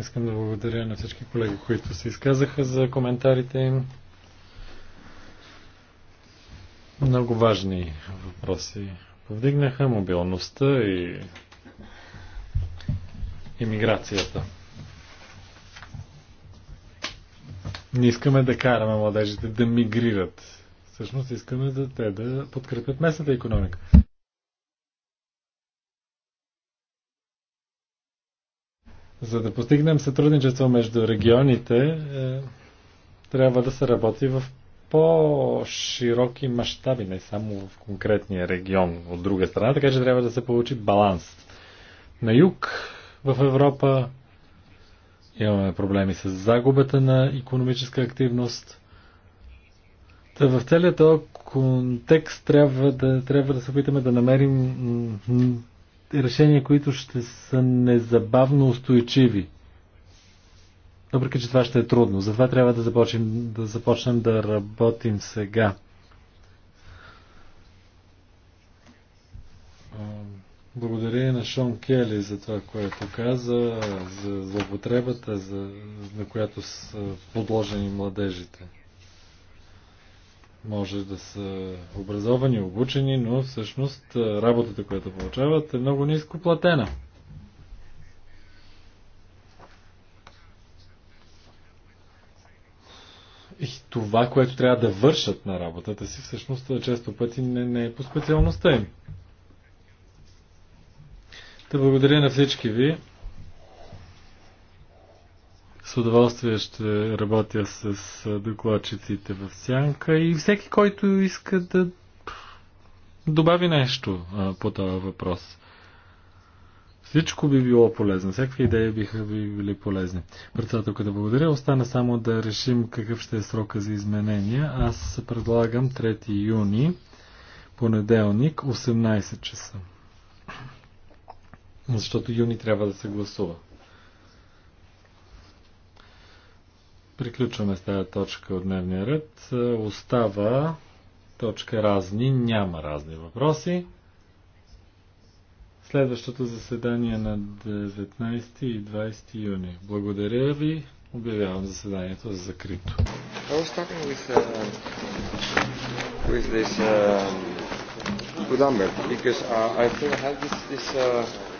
Искам да благодаря на всички колеги, които се изказаха за коментарите им. Много важни въпроси повдигнаха мобилността и иммиграцията. Не искаме да караме младежите да мигрират. Всъщност искаме да те да подкрепят местната економика. За да постигнем сътрудничество между регионите, е, трябва да се работи в по-широки мащаби, не само в конкретния регион от друга страна, така че трябва да се получи баланс. На юг в Европа имаме проблеми с загубата на економическа активност. Та в целият този контекст трябва да, трябва да се опитаме да намерим решения, които ще са незабавно устойчиви. Въпреки, че това ще е трудно. Затова трябва да започнем да, започнем да работим сега. Благодаря на Шон Кели за това, което каза, за злоупотребата, за, за, на която са подложени младежите може да са образовани, обучени, но всъщност работата, която получават е много ниско платена. И това, което трябва да вършат на работата си, всъщност е, често пъти не, не е по специалността им. Да благодаря на всички ви. С удоволствие ще работя с докладчиците в сянка и всеки, който иска да добави нещо по този въпрос. Всичко би било полезно. Всякакви идеи биха би били полезни. Председателка да благодаря. Остана само да решим какъв ще е срока за изменения. Аз предлагам 3 юни, понеделник, 18 часа. Защото юни трябва да се гласува. Приключваме с тази точка от дневния ред. Е, остава точка разни. Няма разни въпроси. Следващото заседание на 19 и 20 юни. Благодаря ви. Обявявам заседанието за закрито. Uh, with this uh, number because uh, I this, this uh,